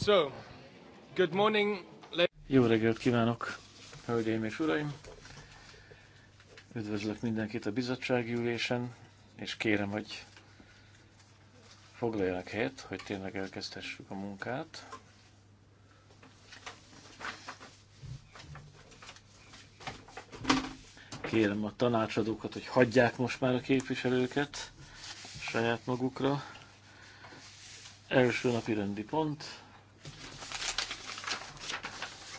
So, good morning. Jó reggelt kívánok, hölgyeim és uraim! Üdvözlök mindenkit a bizottsági ülésen, és kérem, hogy foglaljanak helyet, hogy tényleg elkezdhessük a munkát. Kérem a tanácsadókat, hogy hagyják most már a képviselőket saját magukra. Első napi rendi pont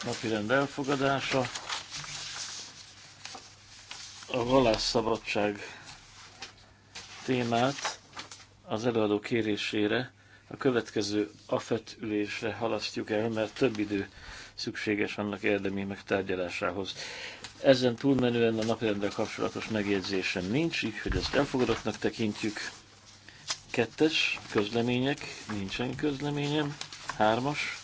napirend elfogadása, a vallásszabadság témát az előadó kérésére a következő AFET ülésre halasztjuk el, mert több idő szükséges annak érdemi megtárgyalásához. Ezen túlmenően a napirendel kapcsolatos megjegyzésem nincs, így hogy ezt elfogadottnak tekintjük. Kettes, közlemények, nincsen közleményem. Hármas,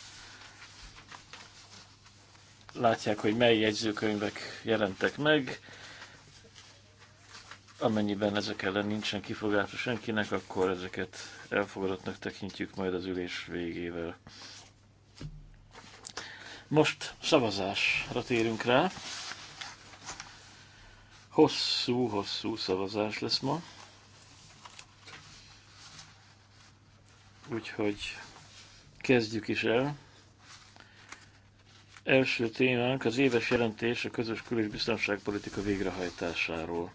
látják, hogy mely jegyzőkönyvek jelentek meg. Amennyiben ezek ellen nincsen kifogása senkinek, akkor ezeket elfogadottnak tekintjük majd az ülés végével. Most szavazásra térünk rá. Hosszú-hosszú szavazás lesz ma. Úgyhogy kezdjük is el. Első témánk az éves jelentés a közös kül- és biztonságpolitika végrehajtásáról.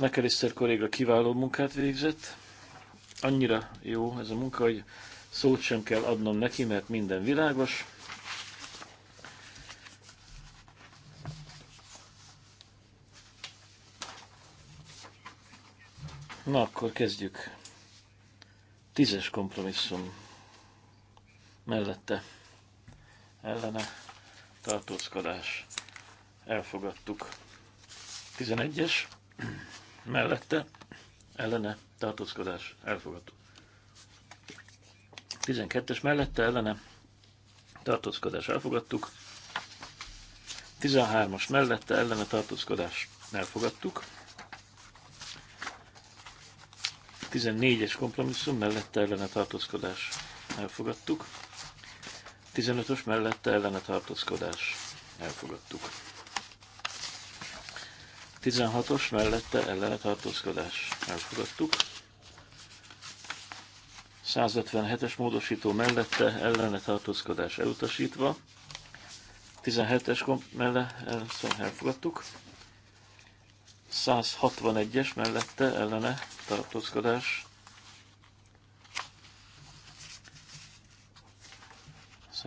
McAllister kolléga kiváló munkát végzett. Annyira jó ez a munka, hogy szót sem kell adnom neki, mert minden világos. Na, akkor kezdjük. Tízes kompromisszum mellette ellene tartózkodás. Elfogadtuk. 11-es mellette ellene tartózkodás. Elfogadtuk. 12-es mellette ellene tartózkodás. Elfogadtuk. 13-as mellette ellene tartózkodás. Elfogadtuk. 14-es kompromisszum mellette ellene tartózkodás. Elfogadtuk. 15-ös mellette ellene tartózkodás. Elfogadtuk. 16-os mellette ellene tartózkodás. Elfogadtuk. 157-es módosító mellette ellene tartózkodás elutasítva. 17-es mellette szóval elfogadtuk. 161-es mellette ellene tartózkodás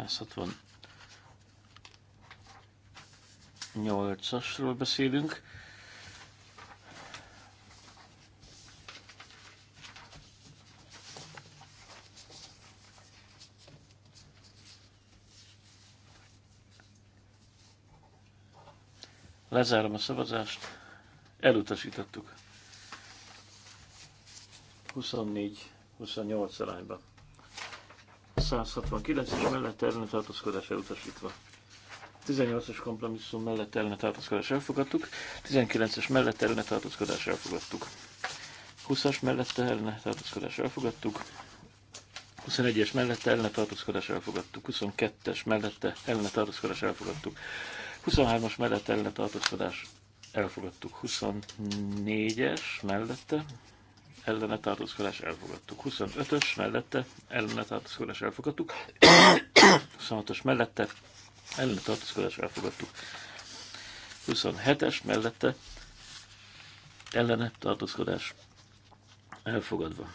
168-asról beszélünk. Lezárom a szavazást. Elutasítottuk. 24-28 arányban. 169-es mellett ellene tartózkodás elutasítva. 18-as kompromisszum mellett ellene tartózkodás elfogadtuk, 19-es mellett ellene tartózkodás elfogadtuk. 20-as mellett ellene tartózkodás elfogadtuk, 21-es mellette ellene tartózkodás elfogadtuk, 22-es mellette ellene tartózkodás elfogadtuk, 23-as mellette ellene tartózkodás elfogadtuk, 24-es mellette ellene tartózkodás elfogadtuk. 25-ös mellette ellene tartózkodás elfogadtuk. 26-os mellette ellene tartózkodás elfogadtuk. 27-es mellette ellene tartózkodás elfogadva.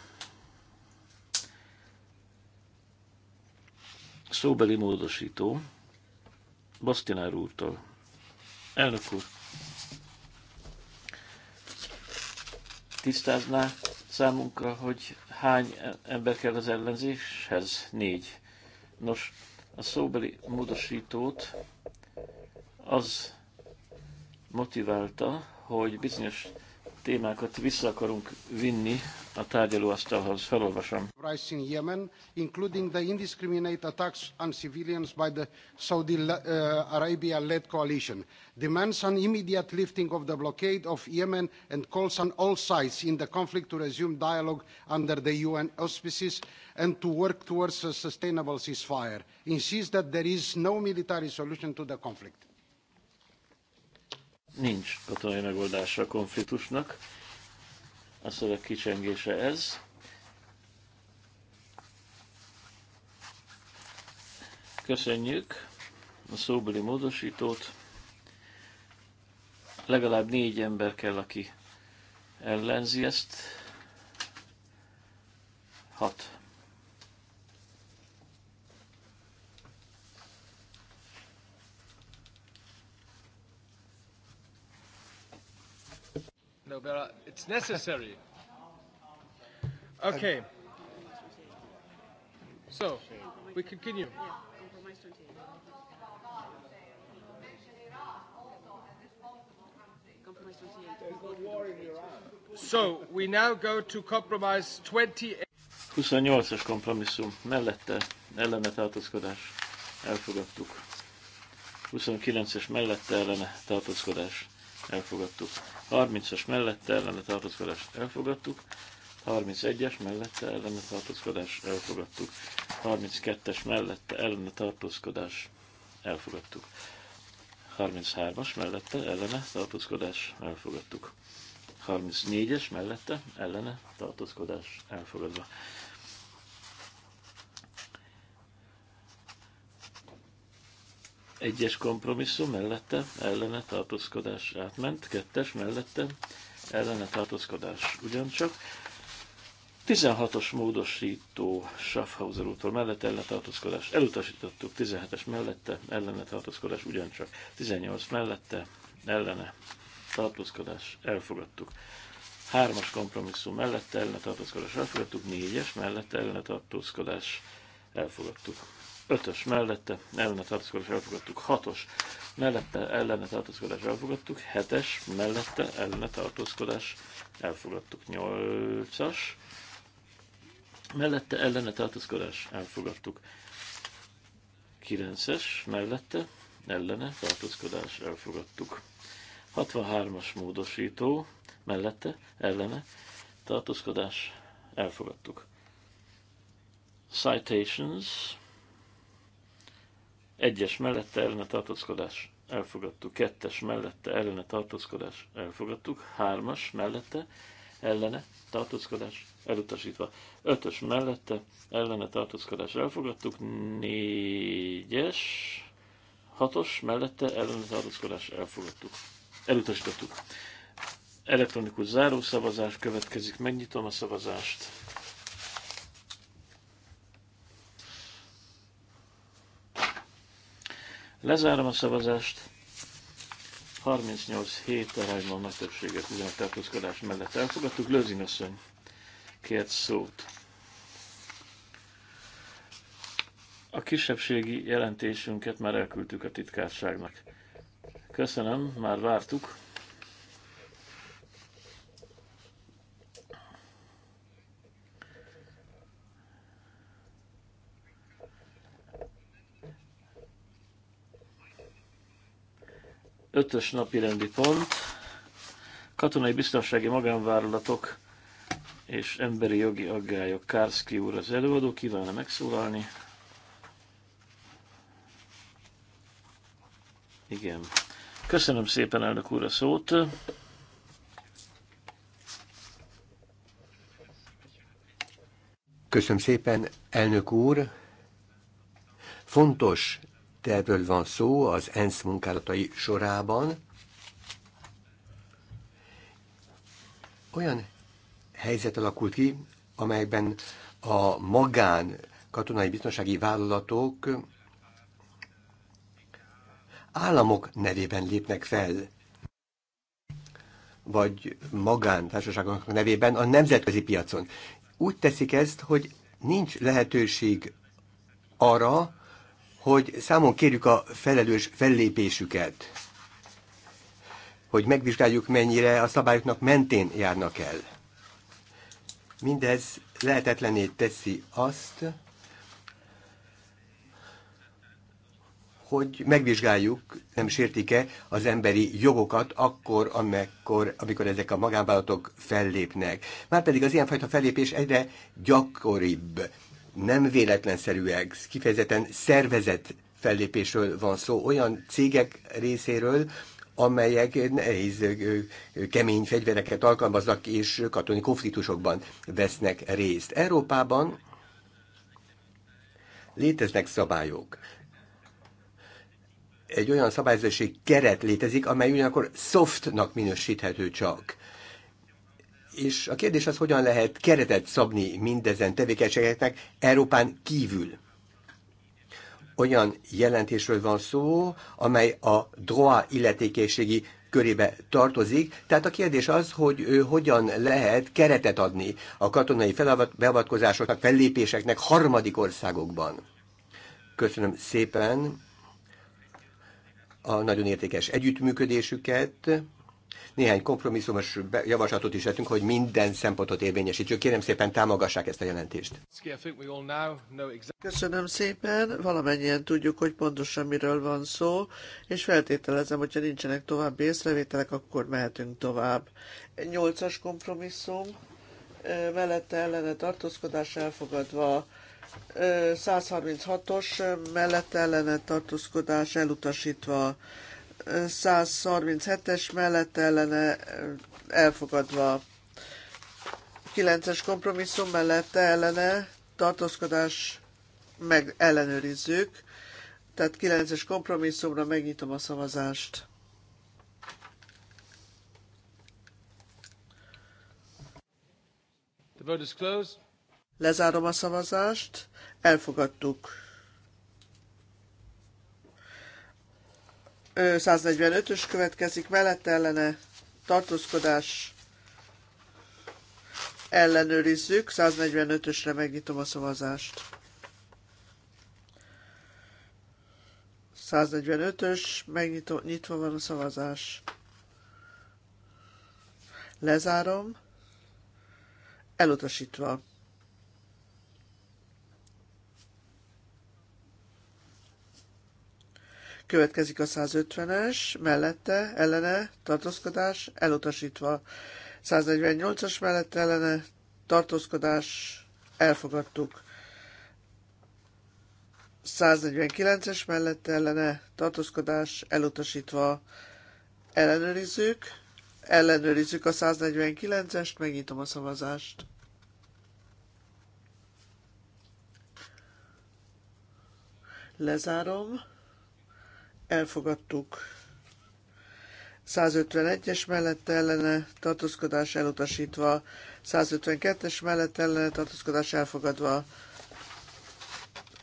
Szóbeli módosító Basztinár úrtól. Elnök úr, tisztázná számunkra, hogy hány ember kell az ellenzéshez? Négy. Nos, a szóbeli módosítót az motiválta, hogy bizonyos témákat vissza akarunk vinni a tárgyalóasztalhoz. Felolvasom. Rise in Yemen, including the indiscriminate attacks on civilians by the Saudi uh, Arabia-led coalition, demands an immediate lifting of the blockade of Yemen and calls on all sides in the conflict to resume dialogue under the UN auspices and to work towards a sustainable ceasefire. Insists that there is no military solution to the conflict. Nincs katonai megoldása a konfliktusnak. A szöveg kicsengése ez. Köszönjük a szóbeli módosítót. Legalább négy ember kell, aki ellenzi ezt. Hat. No, but uh, it's necessary. Okay. So, we continue. So, we now go to compromise 28. 28-as kompromisszum mellette ellene tartózkodás elfogadtuk. 29-es mellette ellene tartózkodás elfogadtuk. 30-as mellette ellene tartózkodást elfogadtuk. 31-es mellette ellene tartózkodást elfogadtuk. 32-es mellette ellene tartózkodás elfogadtuk. 33-as mellette ellene tartózkodás elfogadtuk. 34-es mellette ellene tartózkodás elfogadva. Egyes kompromisszum mellette, ellene tartózkodás átment, kettes mellette, ellene tartózkodás ugyancsak. 16-os módosító Schaffhauser útól mellett ellene tartózkodás elutasítottuk, 17-es mellette ellene tartózkodás ugyancsak, 18 mellette ellene tartózkodás elfogadtuk. 3-as kompromisszum mellette ellene tartózkodás elfogadtuk, 4-es mellette ellene tartózkodás elfogadtuk. Ötös mellette ellene tartózkodás elfogadtuk. Hatos mellette ellene tartózkodás elfogadtuk. Hetes mellette ellene tartózkodás elfogadtuk. Nyolcas mellette ellene tartózkodás elfogadtuk. Kilences mellette ellene tartózkodás elfogadtuk. 63-as módosító mellette ellene tartózkodás elfogadtuk. Citations egyes mellette ellene tartózkodás elfogadtuk. Kettes mellette ellene tartózkodás elfogadtuk. Hármas mellette ellene tartózkodás elutasítva. Ötös mellette ellene tartózkodás elfogadtuk. Négyes, hatos mellette ellene tartózkodás elfogadtuk. Elutasítottuk. Elektronikus zárószavazás következik. Megnyitom a szavazást. Lezárom a szavazást. 38 7 arányban nagy többséget a tartózkodás mellett elfogadtuk. Lőzin asszony kért szót. A kisebbségi jelentésünket már elküldtük a titkárságnak. Köszönöm, már vártuk. Ötös napi rendi pont. Katonai biztonsági magánvállalatok és emberi jogi aggályok. Kárszki úr az előadó, kívánna megszólalni. Igen. Köszönöm szépen, elnök úr, a szót. Köszönöm szépen, elnök úr. Fontos tervről van szó az ENSZ munkálatai sorában. Olyan helyzet alakult ki, amelyben a magán katonai biztonsági vállalatok államok nevében lépnek fel, vagy társaságok nevében a nemzetközi piacon. Úgy teszik ezt, hogy nincs lehetőség arra, hogy számon kérjük a felelős fellépésüket, hogy megvizsgáljuk, mennyire a szabályoknak mentén járnak el. Mindez lehetetlené teszi azt, hogy megvizsgáljuk, nem sértik-e az emberi jogokat akkor, amikor, amikor ezek a magánvállalatok fellépnek. Márpedig az ilyenfajta fellépés egyre gyakoribb nem véletlenszerűek, kifejezetten szervezett fellépésről van szó, olyan cégek részéről, amelyek nehéz, kemény fegyvereket alkalmaznak és katonai konfliktusokban vesznek részt. Európában léteznek szabályok. Egy olyan szabályozási keret létezik, amely ugyanakkor softnak minősíthető csak. És a kérdés az, hogyan lehet keretet szabni mindezen tevékenységeknek Európán kívül olyan jelentésről van szó, amely a DROA illetékességi körébe tartozik. Tehát a kérdés az, hogy ő hogyan lehet keretet adni a katonai beavatkozásoknak, fellépéseknek harmadik országokban. Köszönöm szépen a nagyon értékes együttműködésüket. Néhány kompromisszumos javaslatot is tettünk, hogy minden szempontot érvényesítsük. Kérem szépen támogassák ezt a jelentést. Köszönöm szépen. Valamennyien tudjuk, hogy pontosan miről van szó, és feltételezem, hogyha nincsenek további észrevételek, akkor mehetünk tovább. Nyolcas kompromisszum mellette ellene tartózkodás elfogadva. 136-os mellette ellene tartózkodás elutasítva 137-es mellett ellene eh, elfogadva. 9-es kompromisszum mellette ellene tartózkodás meg ellenőrizzük. Tehát 9-es kompromisszumra megnyitom a szavazást. The vote is closed. Lezárom a szavazást. Elfogadtuk. 145-ös következik, mellett ellene tartózkodás ellenőrizzük, 145-ösre megnyitom a szavazást. 145-ös, megnyitva nyitva van a szavazás. Lezárom. Elutasítva. Következik a 150-es, mellette, ellene, tartózkodás, elutasítva. 148-as mellette, ellene, tartózkodás, elfogadtuk. 149-es mellette, ellene, tartózkodás, elutasítva. Ellenőrizzük, ellenőrizzük a 149-est, megnyitom a szavazást. Lezárom elfogadtuk. 151-es mellett ellene tartózkodás elutasítva, 152-es mellett ellene tartózkodás elfogadva,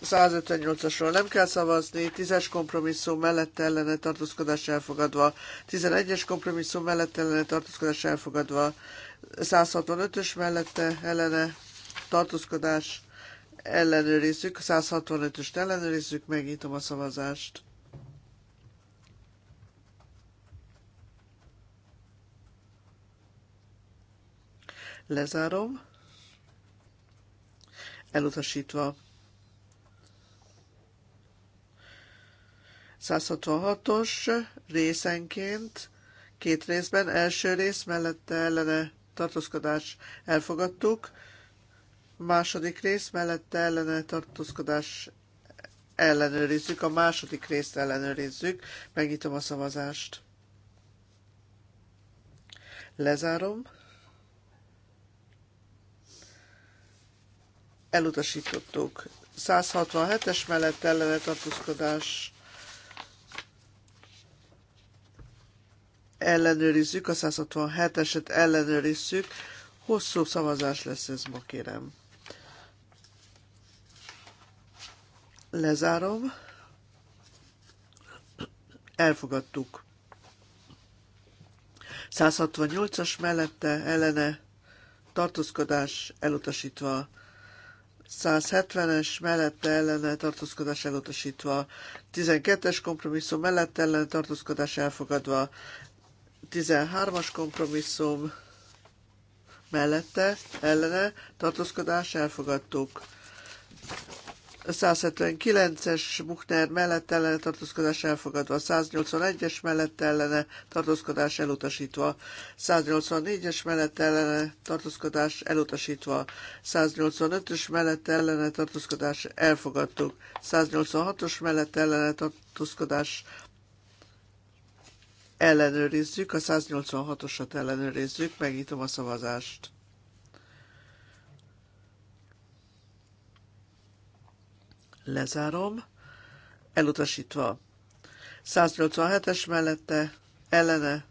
158-asról nem kell szavazni, 10-es kompromisszum mellett ellene tartózkodás elfogadva, 11-es kompromisszum mellett ellene tartózkodás elfogadva, 165-ös mellette ellene tartózkodás ellenőrizzük, 165-öst ellenőrizzük, megnyitom a szavazást. Lezárom. Elutasítva. 166-os részenként, két részben, első rész mellette ellene tartózkodás elfogadtuk, második rész mellette ellene tartózkodás ellenőrizzük, a második részt ellenőrizzük, megnyitom a szavazást. Lezárom. elutasítottuk. 167-es mellett ellene tartózkodás ellenőrizzük, a 167-eset ellenőrizzük. Hosszú szavazás lesz ez ma, kérem. Lezárom. Elfogadtuk. 168-as mellette ellene tartózkodás elutasítva. 170-es mellette ellene tartózkodás elutasítva, 12-es kompromisszum mellette ellene tartózkodás elfogadva, 13-as kompromisszum mellette ellene tartózkodás elfogadtuk. 179-es Buchner mellett ellene tartózkodás elfogadva, 181-es mellett ellene tartózkodás elutasítva, 184-es mellett ellene tartózkodás elutasítva, 185-ös mellett ellene tartózkodás elfogadtuk, 186-os mellett ellene tartózkodás ellenőrizzük, a 186-osat ellenőrizzük, megnyitom a szavazást. Lezárom. Elutasítva. 187-es mellette ellene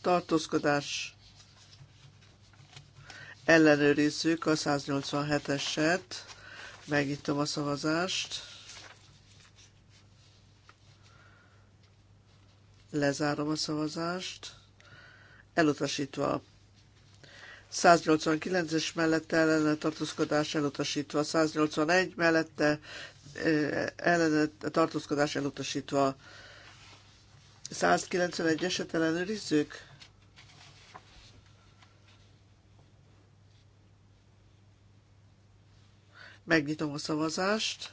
tartózkodás. Ellenőrizzük a 187-eset. Megnyitom a szavazást. Lezárom a szavazást. Elutasítva. 189-es mellette ellene tartózkodás elutasítva, 181 mellette ellene tartózkodás elutasítva. 191 eset ellenőrizzük. Megnyitom a szavazást.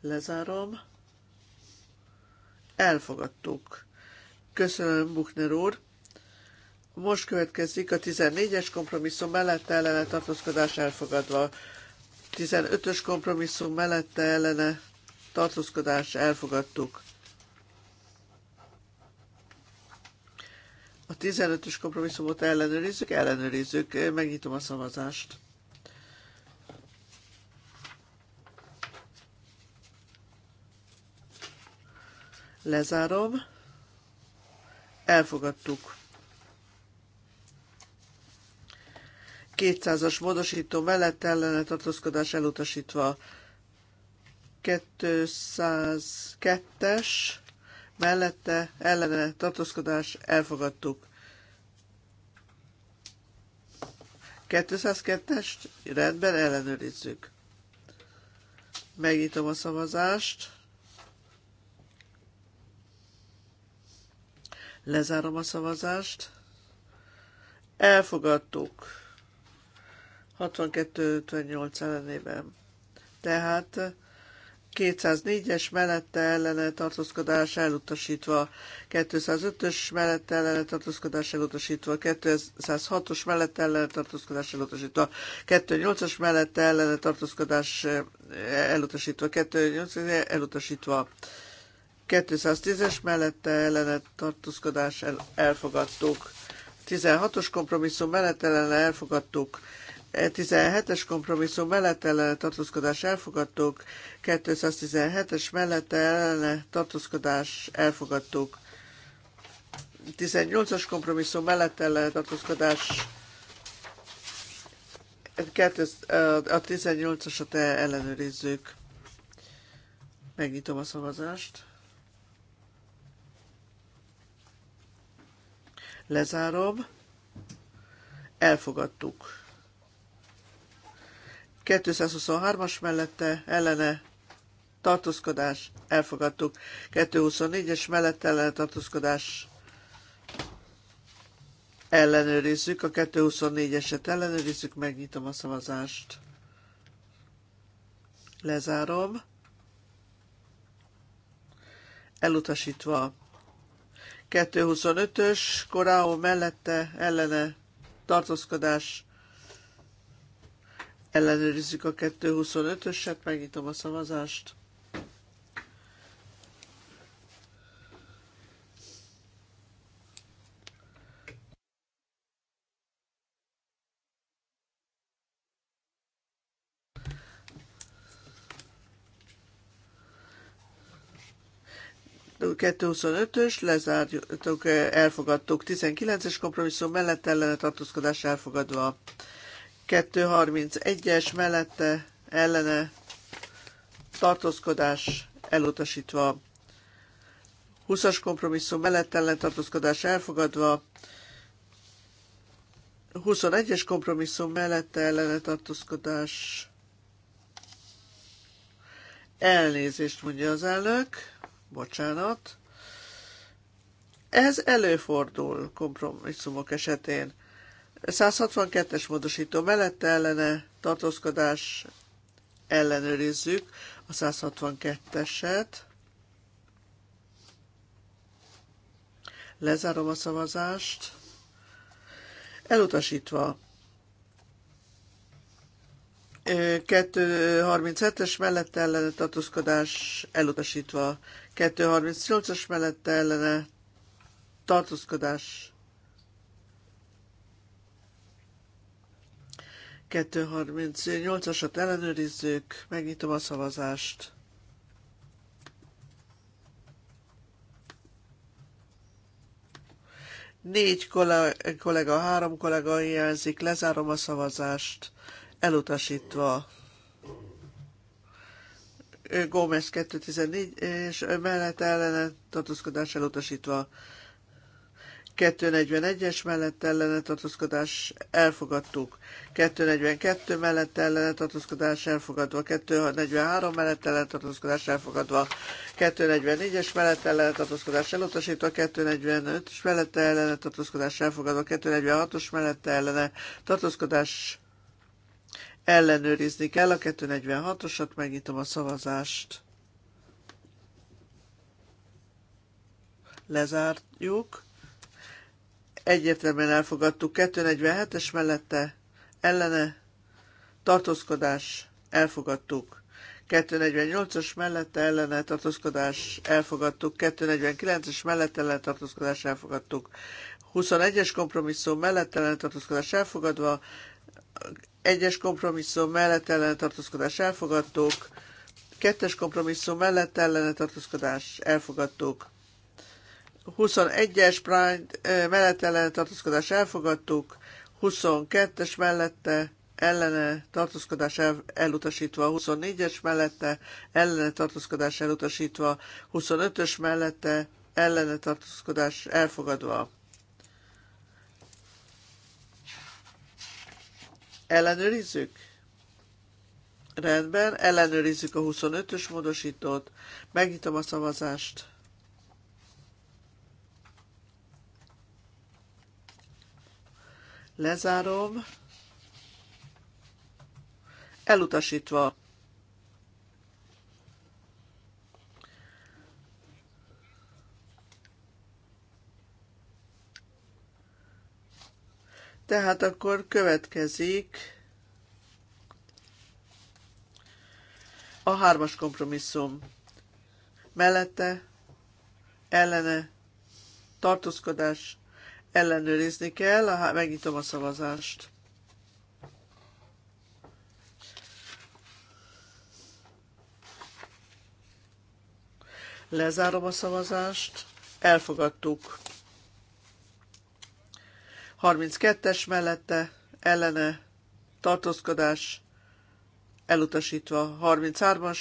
Lezárom. Elfogadtuk. Köszönöm, Buchner úr. Most következik a 14-es kompromisszum mellette ellene tartózkodás elfogadva. 15-ös kompromisszum mellette ellene tartózkodás elfogadtuk. A 15-ös kompromisszumot ellenőrizzük, ellenőrizzük, megnyitom a szavazást. Lezárom. Elfogadtuk. 200-as módosító mellett ellene tartózkodás elutasítva. 202-es mellette ellene tartózkodás elfogadtuk. 202 es rendben ellenőrizzük. Megnyitom a szavazást. Lezárom a szavazást. Elfogadtuk. 62-58 ellenében. Tehát 204-es mellette ellene tartózkodás elutasítva, 205-ös mellette ellene tartózkodás elutasítva, 206-os mellette ellene tartózkodás elutasítva, 208-as mellette ellene tartózkodás elutasítva, 208 elutasítva, 210-es mellette ellene tartózkodás el, elfogadtuk, 16-os kompromisszum mellett ellene elfogadtuk, 17-es kompromisszum mellett ellene tartózkodás elfogadtuk, 217-es mellett ellene tartózkodás elfogadtuk, 18-as kompromisszum mellett ellene tartózkodás a 18-asat ellenőrizzük. Megnyitom a szavazást. Lezárom. Elfogadtuk. 223-as mellette ellene tartózkodás, elfogadtuk. 224-es mellette ellene tartózkodás, ellenőrizzük. A 224-eset ellenőrizzük, megnyitom a szavazást. Lezárom. Elutasítva. 225-ös, Koráó mellette ellene tartózkodás, Ellenőrizzük a 225-öset, megnyitom a szavazást. A 225-ös, lezárjuk, elfogadtuk, 19-es kompromisszum mellett ellene tartózkodás elfogadva, 231-es mellette ellene tartózkodás elutasítva. 20-as kompromisszum mellett ellen tartózkodás elfogadva. 21-es kompromisszum mellette ellene tartózkodás elnézést mondja az elnök, bocsánat. Ez előfordul kompromisszumok esetén. 162-es módosító mellette ellene tartózkodás ellenőrizzük a 162-eset. Lezárom a szavazást. Elutasítva 237-es mellette ellene tartózkodás elutasítva, 238-as mellette ellene tartózkodás 238-asat ellenőrizzük, megnyitom a szavazást. Négy kollega, három kollega jelzik. lezárom a szavazást, elutasítva. Gómez 214, és mellett ellene tartózkodás elutasítva. 241-es mellett ellene tartózkodás elfogadtuk. 242 mellett ellene tartózkodás elfogadva. 243 mellett ellene tartózkodás elfogadva. 244-es mellett ellene tartózkodás elutasítva. 245 es mellett ellene tartózkodás elfogadva. 246-os mellett ellene tartózkodás ellenőrizni kell. A 246-osat megnyitom a szavazást. Lezárjuk egyértelműen elfogadtuk. 247-es mellette ellene tartózkodás elfogadtuk. 248-as mellette ellene tartózkodás elfogadtuk, 249-es mellette ellene tartózkodás elfogadtuk, 21-es kompromisszum mellette ellen tartózkodás elfogadva, 1-es kompromisszum mellette ellen tartózkodás elfogadtuk, 2-es kompromisszum mellette ellen tartózkodás elfogadtuk, 21-es Pride mellette tartózkodás elfogadtuk, 22-es mellette ellene tartózkodás el, elutasítva, 24-es mellette ellene tartózkodás elutasítva, 25-ös mellette ellene tartózkodás elfogadva. Ellenőrizzük? Rendben, ellenőrizzük a 25-ös módosítót. Megnyitom a szavazást. Lezárom. Elutasítva. Tehát akkor következik a hármas kompromisszum. Mellette, ellene, tartózkodás, ellenőrizni kell, megnyitom a szavazást. Lezárom a szavazást. Elfogadtuk. 32-es mellette ellene tartózkodás elutasítva. 33-as,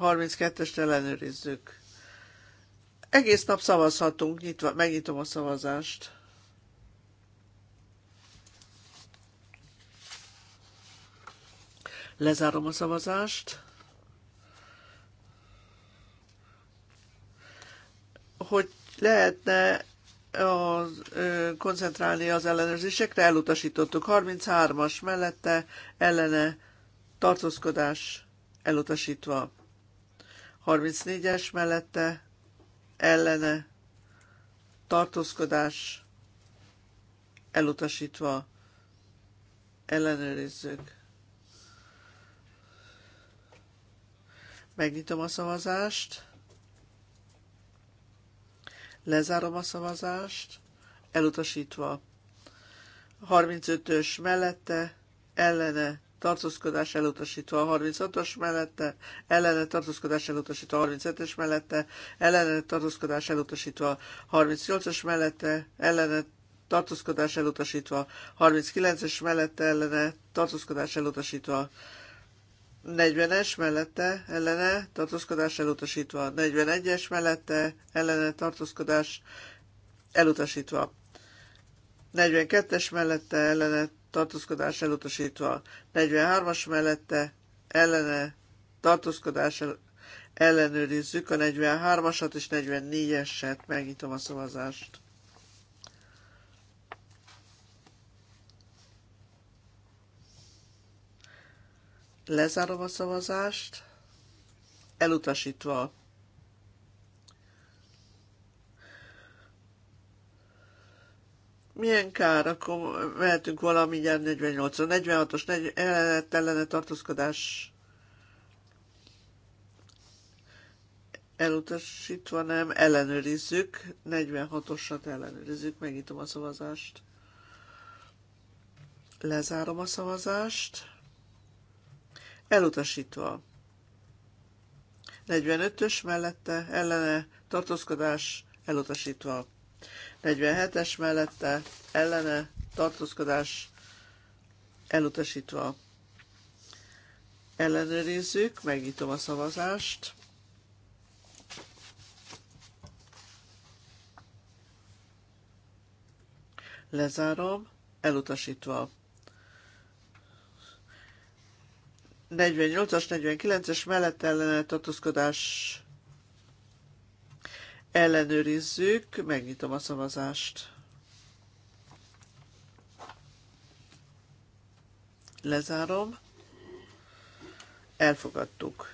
32-est ellenőrizzük. Egész nap szavazhatunk, nyitva, megnyitom a szavazást. Lezárom a szavazást. Hogy lehetne a, koncentrálni az ellenőrzésekre, elutasítottuk. 33-as mellette ellene tartózkodás elutasítva. 34-es mellette ellene tartózkodás elutasítva ellenőrizzük. Megnyitom a szavazást, lezárom a szavazást, elutasítva. 35-ös mellette, ellene tartózkodás elutasítva a 36-os mellette, ellene tartózkodás elutasítva a 37-es mellette, ellene tartózkodás elutasítva a 38 os mellette, ellene tartózkodás elutasítva 39-es mellette, ellene tartózkodás elutasítva 40-es mellette, ellene tartózkodás elutasítva 41-es mellette, ellene tartózkodás elutasítva 42-es mellette, ellene tartózkodás elutasítva. 43-as mellette ellene tartózkodás el, ellenőrizzük a 43-asat és 44-eset. Megnyitom a szavazást. Lezárom a szavazást. Elutasítva. milyen kár, akkor valami gyár 48 46-os negy... ellene tartózkodás elutasítva nem, ellenőrizzük, 46-osat ellenőrizzük, megnyitom a szavazást. Lezárom a szavazást. Elutasítva. 45-ös mellette ellene tartózkodás elutasítva. 47-es mellette ellene tartózkodás elutasítva. Ellenőrizzük, megnyitom a szavazást. Lezárom, elutasítva. 48-as, 49-es mellett ellene tartózkodás Ellenőrizzük, megnyitom a szavazást. Lezárom. Elfogadtuk.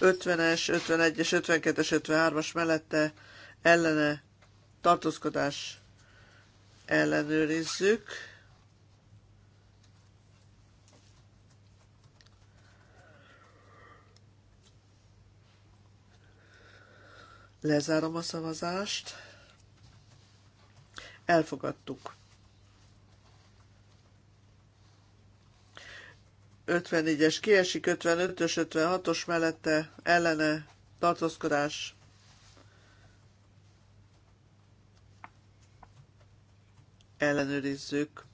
50-es, 51-es, 52-es, 53-as mellette ellene tartózkodás ellenőrizzük. Lezárom a szavazást. Elfogadtuk. 54-es kiesik, 55-ös, 56-os mellette ellene tartózkodás. Ellenőrizzük.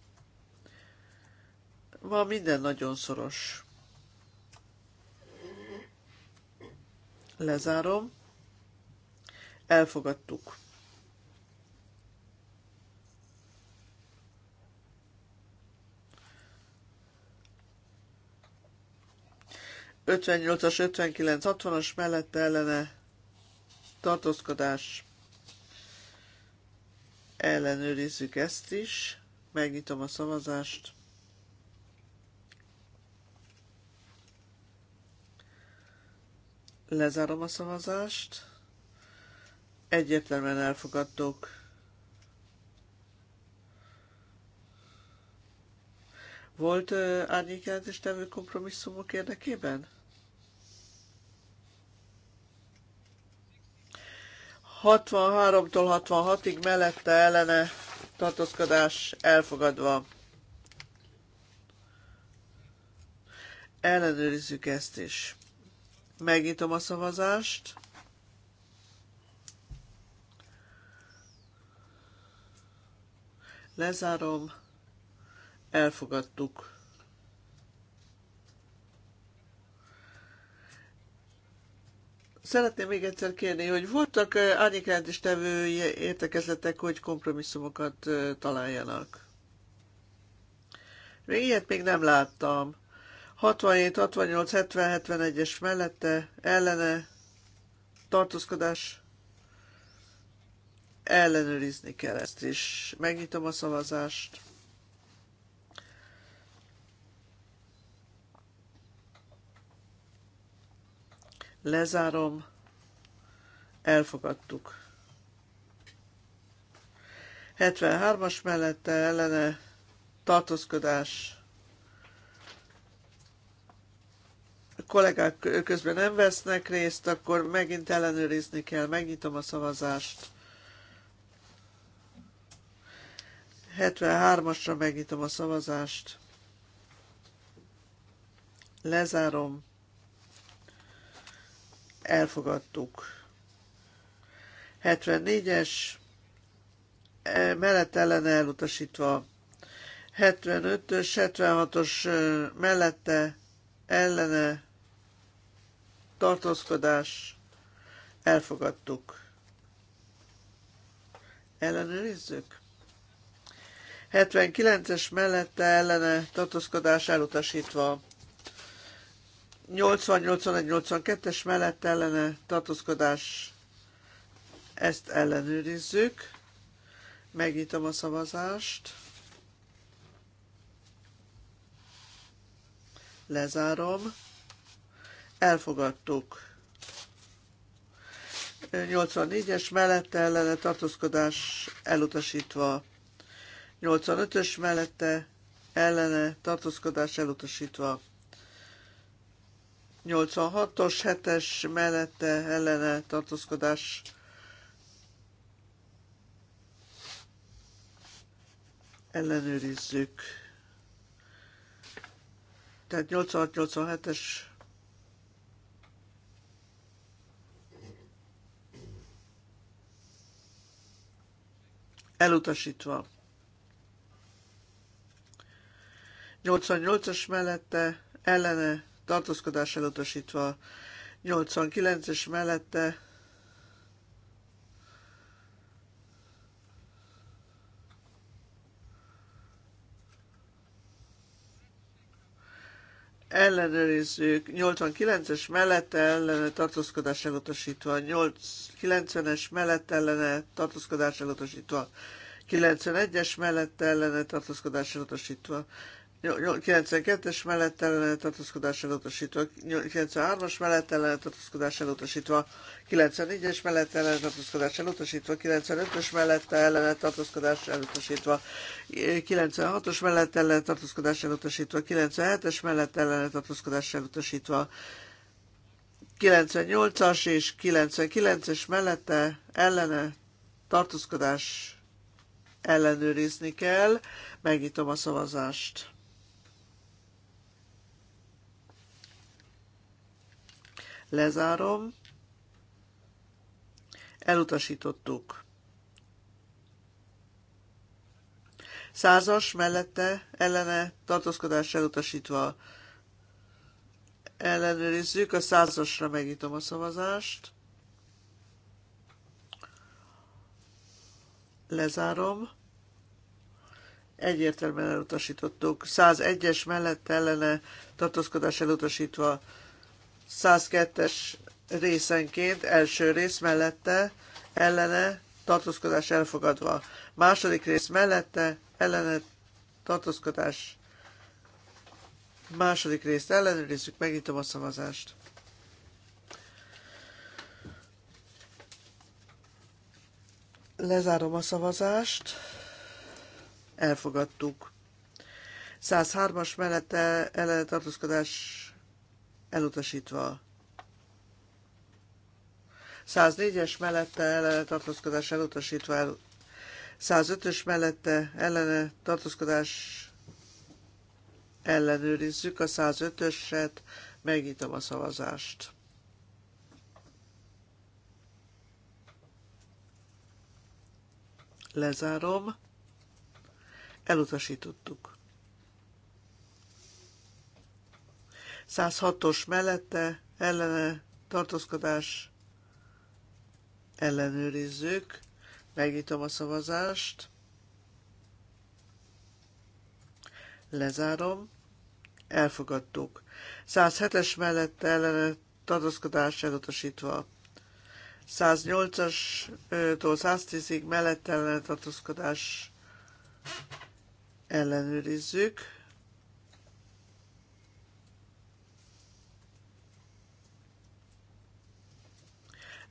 Ma minden nagyon szoros. Lezárom elfogadtuk. Ötvennyolcas, 59, 60-as mellette ellene tartózkodás. Ellenőrizzük ezt is. Megnyitom a szavazást. Lezárom a szavazást egyértelműen elfogadtok. Volt árnyékjelentés tevő kompromisszumok érdekében? 63-tól 66-ig mellette ellene tartózkodás elfogadva. Ellenőrizzük ezt is. Megnyitom a szavazást. Lezárom. Elfogadtuk. Szeretném még egyszer kérni, hogy voltak is eh, tevő értekezletek, hogy kompromisszumokat eh, találjanak. Még ilyet még nem láttam. 67, 68, 70, 71-es mellette, ellene, tartózkodás, ellenőrizni kell ezt is. Megnyitom a szavazást. Lezárom. Elfogadtuk. 73-as mellette ellene tartózkodás. A kollégák közben nem vesznek részt, akkor megint ellenőrizni kell. Megnyitom a szavazást. 73-asra megnyitom a szavazást. Lezárom. Elfogadtuk. 74-es e, mellett ellene elutasítva. 75-ös, 76-os e, mellette ellene tartózkodás. Elfogadtuk. Ellenőrizzük. 79-es mellette ellene tartózkodás elutasítva. 80-81-82-es mellette ellene tartózkodás, ezt ellenőrizzük. Megnyitom a szavazást. Lezárom. Elfogadtuk. 84-es mellette ellene tartózkodás elutasítva. 85-ös mellette ellene tartózkodás elutasítva. 86-os, 7-es mellette ellene tartózkodás ellenőrizzük. Tehát 86-87-es elutasítva. 88-as mellette ellene tartózkodás elutasítva, 89-es mellette ellenőrizzük, 89-es mellette ellene tartózkodás elutasítva, 90-es mellette ellene tartózkodás elutasítva, 91-es mellette ellene tartózkodás elutasítva, 92-es mellett ellene tartózkodás elutasítva, 93-as mellett ellene tartózkodás elutasítva, 94-es mellett ellene tartózkodás elutasítva, 95-ös mellett ellene tartózkodás elutasítva, 96-os mellett ellene tartózkodás elutasítva, 97-es mellett ellene tartózkodás elutasítva, 98-as és 99-es mellette ellene tartózkodás ellenőrizni kell. Megnyitom a szavazást. Lezárom. Elutasítottuk. Százas mellette ellene tartózkodás elutasítva. Ellenőrizzük, a százasra megnyitom a szavazást. Lezárom. Egyértelműen elutasítottuk. 101-es mellett ellene tartózkodás elutasítva. 102-es részenként első rész mellette ellene tartózkodás elfogadva. Második rész mellette ellene tartózkodás. Második részt ellenőrizzük, megnyitom a szavazást. Lezárom a szavazást. Elfogadtuk. 103-as mellette tartózkodás elutasítva. 104-es mellette ellene tartózkodás elutasítva, 105-ös mellette ellene tartózkodás ellenőrizzük a 105-öset, megnyitom a szavazást. Lezárom. Elutasítottuk. 106-os mellette ellene tartózkodás ellenőrizzük. Megnyitom a szavazást. Lezárom. Elfogadtuk. 107-es mellette ellene tartózkodás elutasítva. 108-astól 110-ig mellette ellene tartózkodás ellenőrizzük.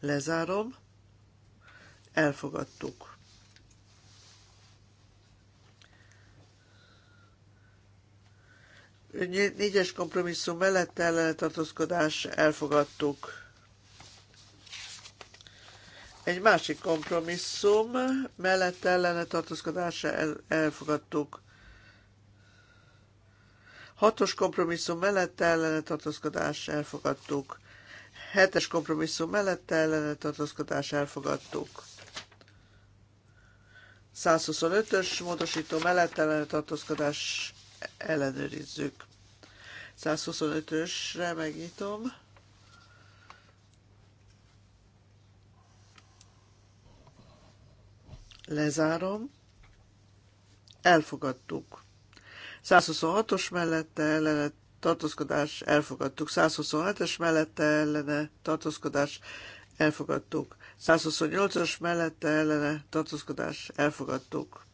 Lezárom. Elfogadtuk. Négyes kompromisszum mellett ellentartózkodás elfogadtuk. Egy másik kompromisszum mellett ellene elfogadtuk. Hatos kompromisszum mellett ellene elfogadtuk. Hetes kompromisszum mellett ellene tartózkodás elfogadtuk. 125-ös módosító mellett ellene tartózkodás ellenőrizzük. 125-ösre megnyitom. Lezárom. Elfogadtuk. 126-os mellette ellenet tartózkodás elfogadtuk. 127-es mellette ellene tartózkodás elfogadtuk. 128-as mellette ellene tartózkodás elfogadtuk.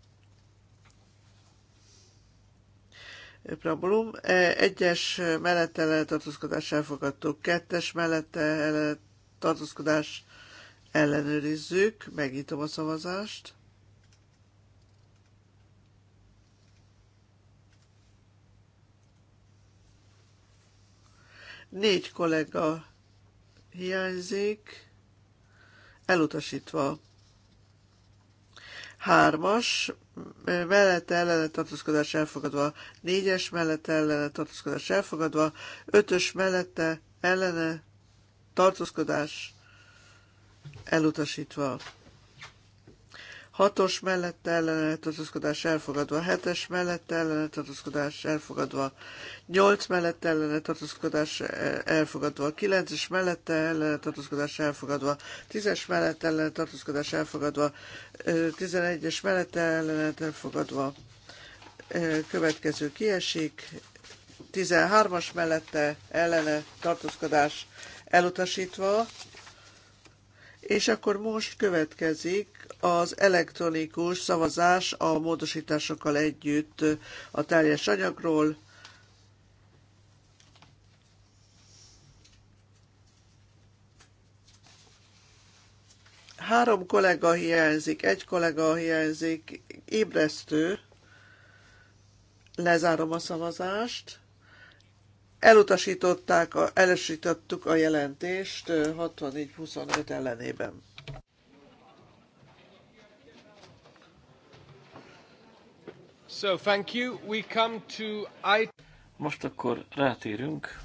Preambulum. E, egyes mellette ellene tartózkodás elfogadtuk. Kettes mellette ellene tartózkodás ellenőrizzük. Megnyitom a szavazást. Négy kollega hiányzik, elutasítva. Hármas, mellette ellene tartózkodás elfogadva, négyes mellette ellene tartózkodás elfogadva, ötös mellette ellene tartózkodás elutasítva. Hatos mellette ellene tartózkodás elfogadva. Hetes mellette ellene tartózkodás elfogadva. Nyolc mellette ellene tartózkodás eh, elfogadva. Kilences mellette ellene tartózkodás elfogadva. Tízes mellette ellene tartózkodás elfogadva. Eh, tizenegyes mellette ellene elfogadva. Eh, következő kiesik. 13-as mellette ellene tartózkodás elutasítva, és akkor most következik az elektronikus szavazás a módosításokkal együtt a teljes anyagról. Három kollega hiányzik, egy kollega hiányzik, ébresztő. Lezárom a szavazást. Elutasították, elutasítottuk a jelentést 64-25 ellenében. So, thank you. We come to I... Most akkor rátérünk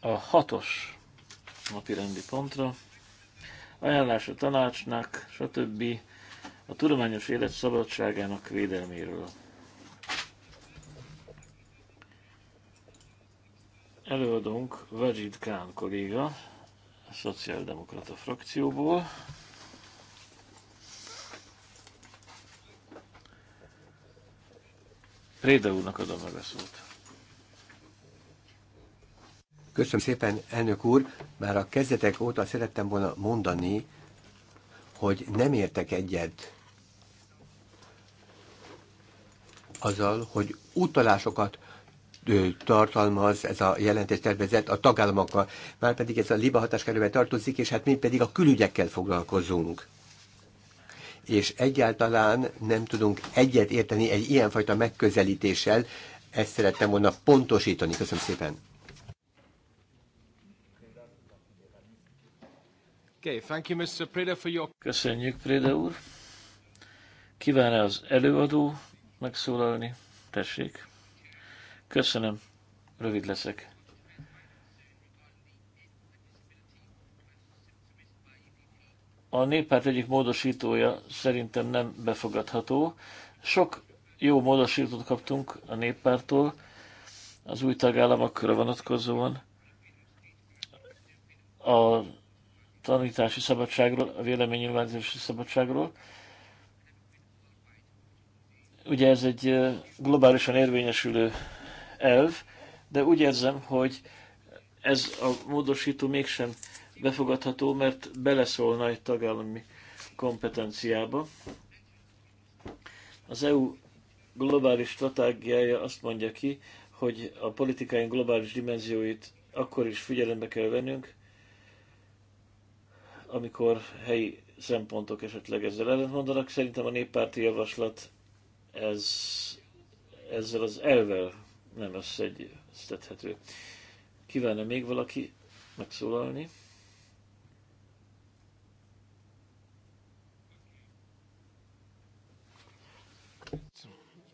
a hatos napi rendi pontra. Ajánlás a tanácsnak, stb. a tudományos élet szabadságának védelméről. Előadónk Vajid Kán kolléga, a Szociáldemokrata frakcióból. Réde úrnak adom meg a szót. Köszönöm szépen, elnök úr. Már a kezdetek óta szerettem volna mondani, hogy nem értek egyet azzal, hogy utalásokat tartalmaz ez a jelentés tervezet a tagállamokkal, már pedig ez a liba hatáskörbe tartozik, és hát mi pedig a külügyekkel foglalkozunk és egyáltalán nem tudunk egyet érteni egy ilyenfajta megközelítéssel. Ezt szerettem volna pontosítani. Köszönöm szépen. Okay, thank you, Mr. Preda, for your... Köszönjük, Préda úr. Kíván-e az előadó megszólalni? Tessék. Köszönöm. Rövid leszek. a néppárt egyik módosítója szerintem nem befogadható. Sok jó módosítót kaptunk a néppártól, az új tagállamokra vonatkozóan. A tanítási szabadságról, a véleménynyilvánítási szabadságról. Ugye ez egy globálisan érvényesülő elv, de úgy érzem, hogy ez a módosító mégsem befogadható, mert beleszólna egy tagállami kompetenciába. Az EU globális stratégiája azt mondja ki, hogy a politikáink globális dimenzióit akkor is figyelembe kell vennünk, amikor helyi szempontok esetleg ezzel ellentmondanak. Szerintem a néppárti javaslat ez, ezzel az elvel nem összeegyeztethető. Kívánna még valaki megszólalni?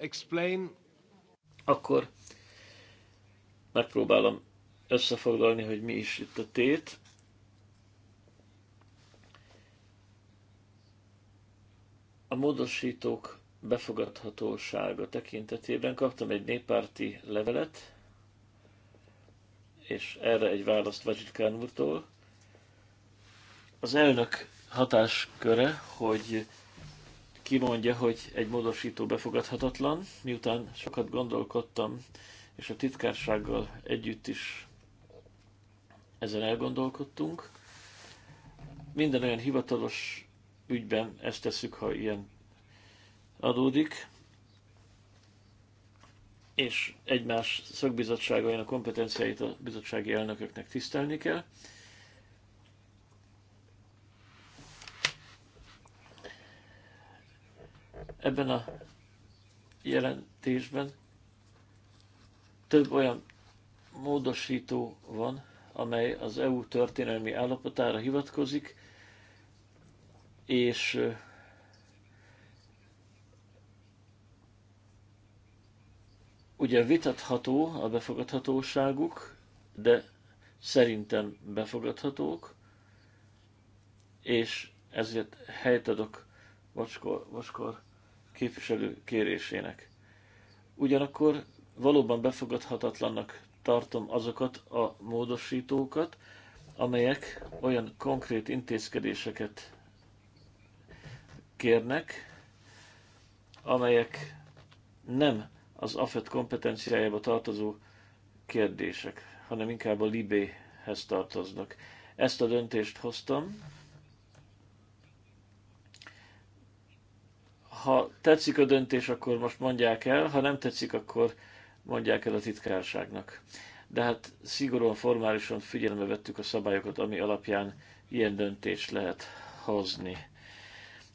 explain. Akkor megpróbálom összefoglalni, hogy mi is itt a tét. A módosítók befogadhatósága tekintetében kaptam egy néppárti levelet, és erre egy választ Vajitkán úrtól. Az elnök hatásköre, hogy kimondja, hogy egy módosító befogadhatatlan. Miután sokat gondolkodtam, és a titkársággal együtt is ezen elgondolkodtunk. Minden olyan hivatalos ügyben ezt tesszük, ha ilyen adódik, és egymás szakbizottságainak kompetenciáit a bizottsági elnököknek tisztelni kell. ebben a jelentésben több olyan módosító van, amely az EU történelmi állapotára hivatkozik, és ugye vitatható a befogadhatóságuk, de szerintem befogadhatók, és ezért helyt adok Vaskor, Vaskor képviselő kérésének. Ugyanakkor valóban befogadhatatlannak tartom azokat a módosítókat, amelyek olyan konkrét intézkedéseket kérnek, amelyek nem az AFET kompetenciájába tartozó kérdések, hanem inkább a libéhez tartoznak. Ezt a döntést hoztam, Ha tetszik a döntés, akkor most mondják el, ha nem tetszik, akkor mondják el a titkárságnak. De hát szigorúan, formálisan figyelembe vettük a szabályokat, ami alapján ilyen döntést lehet hozni.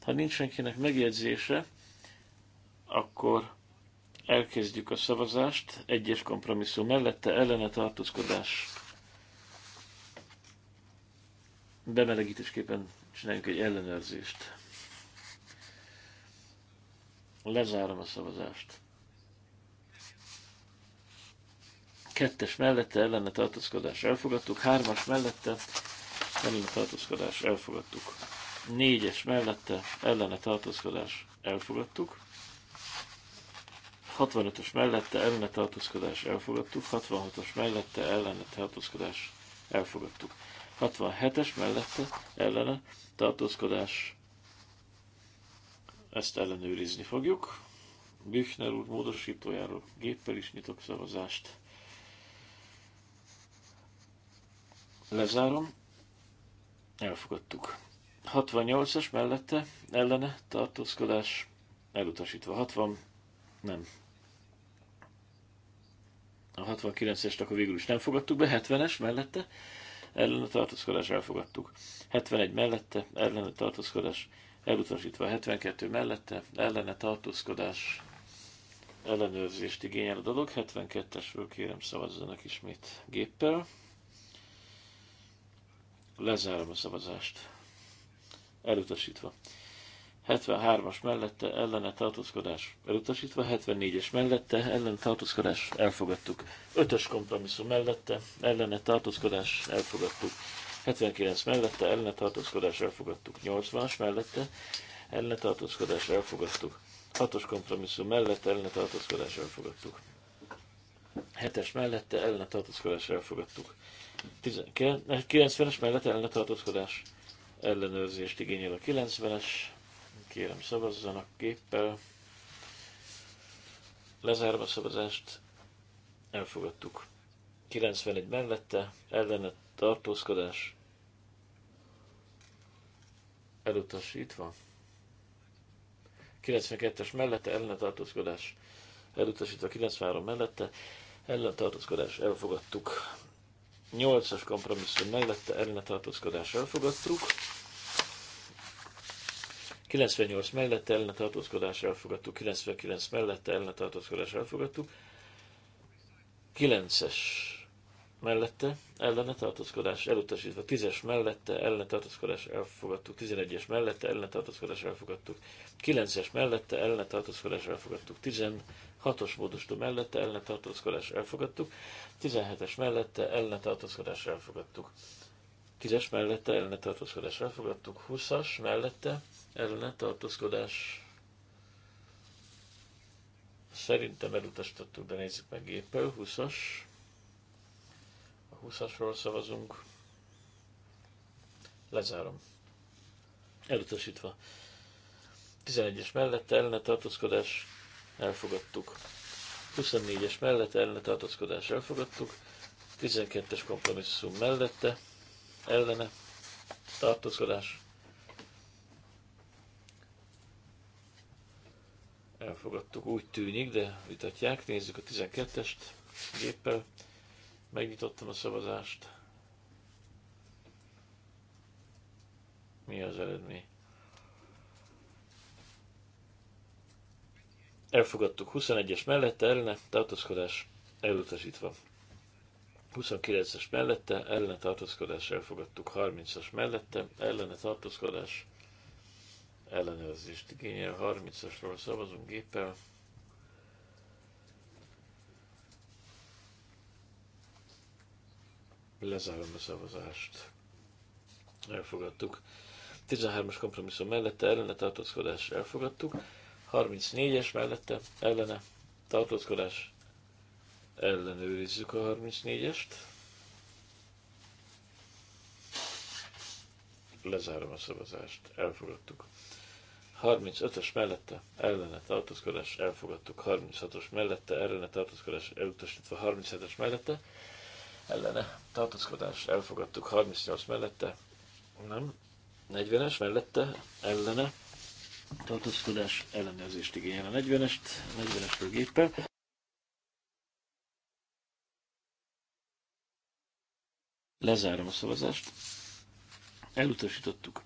Ha nincs senkinek megjegyzése, akkor elkezdjük a szavazást. Egyes kompromisszum mellette ellene tartózkodás. Bemelegítésképpen csináljunk egy ellenőrzést. Lezárom a szavazást. Kettes mellette ellene tartózkodás elfogadtuk, hármas mellette ellene tartózkodás elfogadtuk. Négyes mellette ellene tartózkodás elfogadtuk. 65-ös mellette ellene tartózkodás elfogadtuk, 66-os mellette ellene tartózkodás elfogadtuk. 67-es mellette ellene tartózkodás ezt ellenőrizni fogjuk. Büchner úr módosítójáról géppel is nyitok szavazást. Lezárom. Elfogadtuk. 68-as mellette ellene tartózkodás elutasítva. 60 nem. A 69-est akkor végül is nem fogadtuk be, 70-es mellette ellene tartózkodás elfogadtuk. 71 mellette ellene tartózkodás elutasítva 72 mellette, ellene tartózkodás ellenőrzést igényel a dolog. 72-esről kérem szavazzanak ismét géppel. Lezárom a szavazást. Elutasítva. 73-as mellette ellene tartózkodás elutasítva, 74-es mellette ellene tartózkodás elfogadtuk. 5-ös kompromisszum mellette ellene tartózkodás elfogadtuk. 79 mellette, ellene tartózkodás elfogadtuk. 80-as mellette, ellene tartózkodás elfogadtuk. 6-os kompromisszum mellette, ellene tartózkodás elfogadtuk. 7-es mellette, ellene tartózkodás elfogadtuk. 90-es mellette, ellene tartózkodás ellenőrzést igényel a 90-es. Kérem szavazzanak képpel, Lezárva a szavazást, elfogadtuk. 91 mellette, ellene tartózkodás, elutasítva. 92-es mellette ellentartózkodás elutasítva, 93 mellette ellentartózkodás elfogadtuk. 8-as kompromisszum mellette ellentartózkodás elfogadtuk. 98 mellette ellentartózkodás elfogadtuk, 99 mellette ellentartózkodás elfogadtuk. 9-es mellette, ellene tartózkodás elutasítva, 10-es mellette, ellene tartózkodás elfogadtuk, 11-es mellette, ellene tartózkodás elfogadtuk, 9-es mellette, ellene tartózkodás elfogadtuk, 16-os módosító mellette, ellene tartózkodás elfogadtuk, 17-es mellette, ellene tartózkodás elfogadtuk, 10-es mellette, ellene tartózkodás elfogadtuk, 20-as mellette, ellene tartózkodás szerintem elutasítottuk, de nézzük meg éppen, 20-as 20-asról szavazunk. Lezárom. Elutasítva. 11-es mellette ellene tartózkodás elfogadtuk. 24-es mellette ellene tartózkodás elfogadtuk. 12-es kompromisszum mellette ellene tartózkodás elfogadtuk, úgy tűnik, de vitatják, nézzük a 12-est géppel. Megnyitottam a szavazást. Mi az eredmény? Elfogadtuk 21-es mellette, ellene tartózkodás elutasítva. 29-es mellette, ellene tartózkodás elfogadtuk, 30-as mellette, ellene tartózkodás ellenőrzést igényel, 30-asról szavazunk géppel. Lezárom a szavazást. Elfogadtuk. 13-as kompromisszum mellette ellene tartózkodás elfogadtuk. 34-es mellette ellene tartózkodás ellenőrizzük a 34-est. Lezárom a szavazást. Elfogadtuk. 35-ös mellette ellene tartózkodás elfogadtuk. 36-os mellette ellene tartózkodás elutasítva. 37-es mellette ellene tartózkodás elfogadtuk 38 mellette, nem, 40-es mellette ellene tartózkodás ellenőrzést igényel a 40-est, 40 es géppel. Lezárom a szavazást. Elutasítottuk.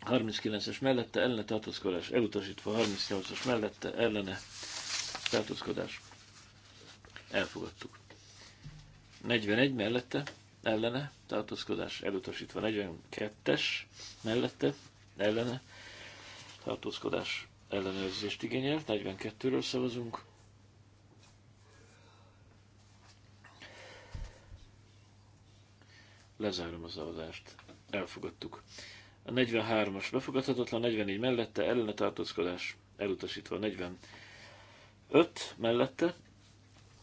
39-es mellette ellene tartózkodás, elutasítva 38-as mellette ellene tartózkodás. Elfogadtuk. 41 mellette, ellene, tartózkodás elutasítva. 42-es mellette, ellene, tartózkodás ellenőrzést igényel. 42-ről szavazunk. Lezárom a szavazást. Elfogadtuk. A 43-as befogadhatatlan, 44 mellette, ellene tartózkodás elutasítva. 45 mellette,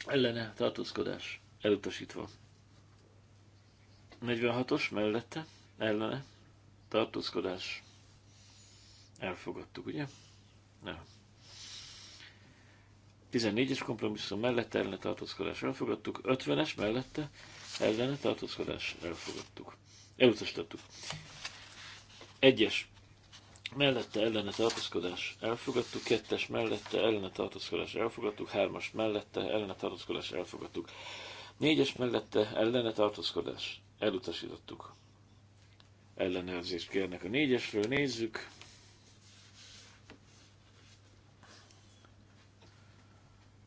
ellene tartózkodás elutasítva. 46-os mellette, ellene, tartózkodás. Elfogadtuk, ugye? Nem. 14-es kompromisszum mellette ellene tartózkodás elfogadtuk, 50-es mellette ellene tartózkodás elfogadtuk. Elutasítottuk. 1-es mellette ellene tartózkodás elfogadtuk, 2-es mellette ellene tartózkodás elfogadtuk, 3-as mellette ellene tartózkodás elfogadtuk. Négyes mellette ellene tartózkodás. Elutasítottuk. Ellenőrzést kérnek a négyesről, nézzük.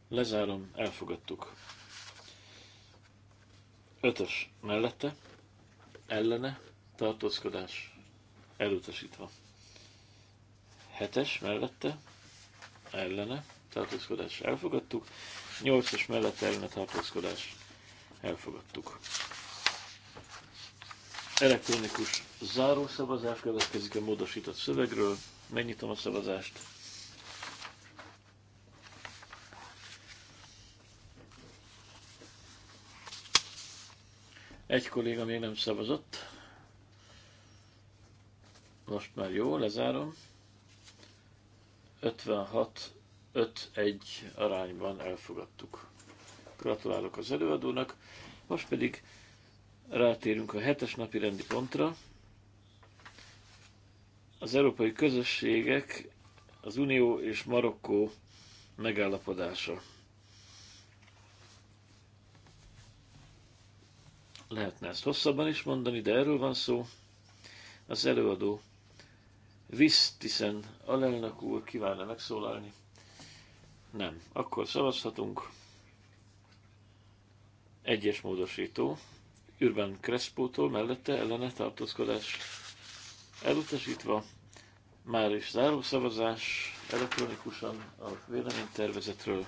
Lezárom, elfogadtuk. Ötös mellette, ellene, tartózkodás, elutasítva. Hetes mellette, ellene, tartózkodás, elfogadtuk. Nyolcas mellette, ellene, tartózkodás, Elfogadtuk. Elektronikus zárószavazás következik a módosított szövegről. Megnyitom a szavazást. Egy kolléga még nem szavazott. Most már jó, lezárom. 56 51 arányban elfogadtuk. Gratulálok az előadónak. Most pedig rátérünk a hetes napi rendi pontra. Az európai közösségek, az Unió és Marokkó megállapodása. Lehetne ezt hosszabban is mondani, de erről van szó. Az előadó Visztisen alelnök úr kívánna megszólalni. Nem. Akkor szavazhatunk. Egyes módosító. Ürben tól mellette ellene tartózkodás elutasítva. Már is záró szavazás elektronikusan a véleménytervezetről.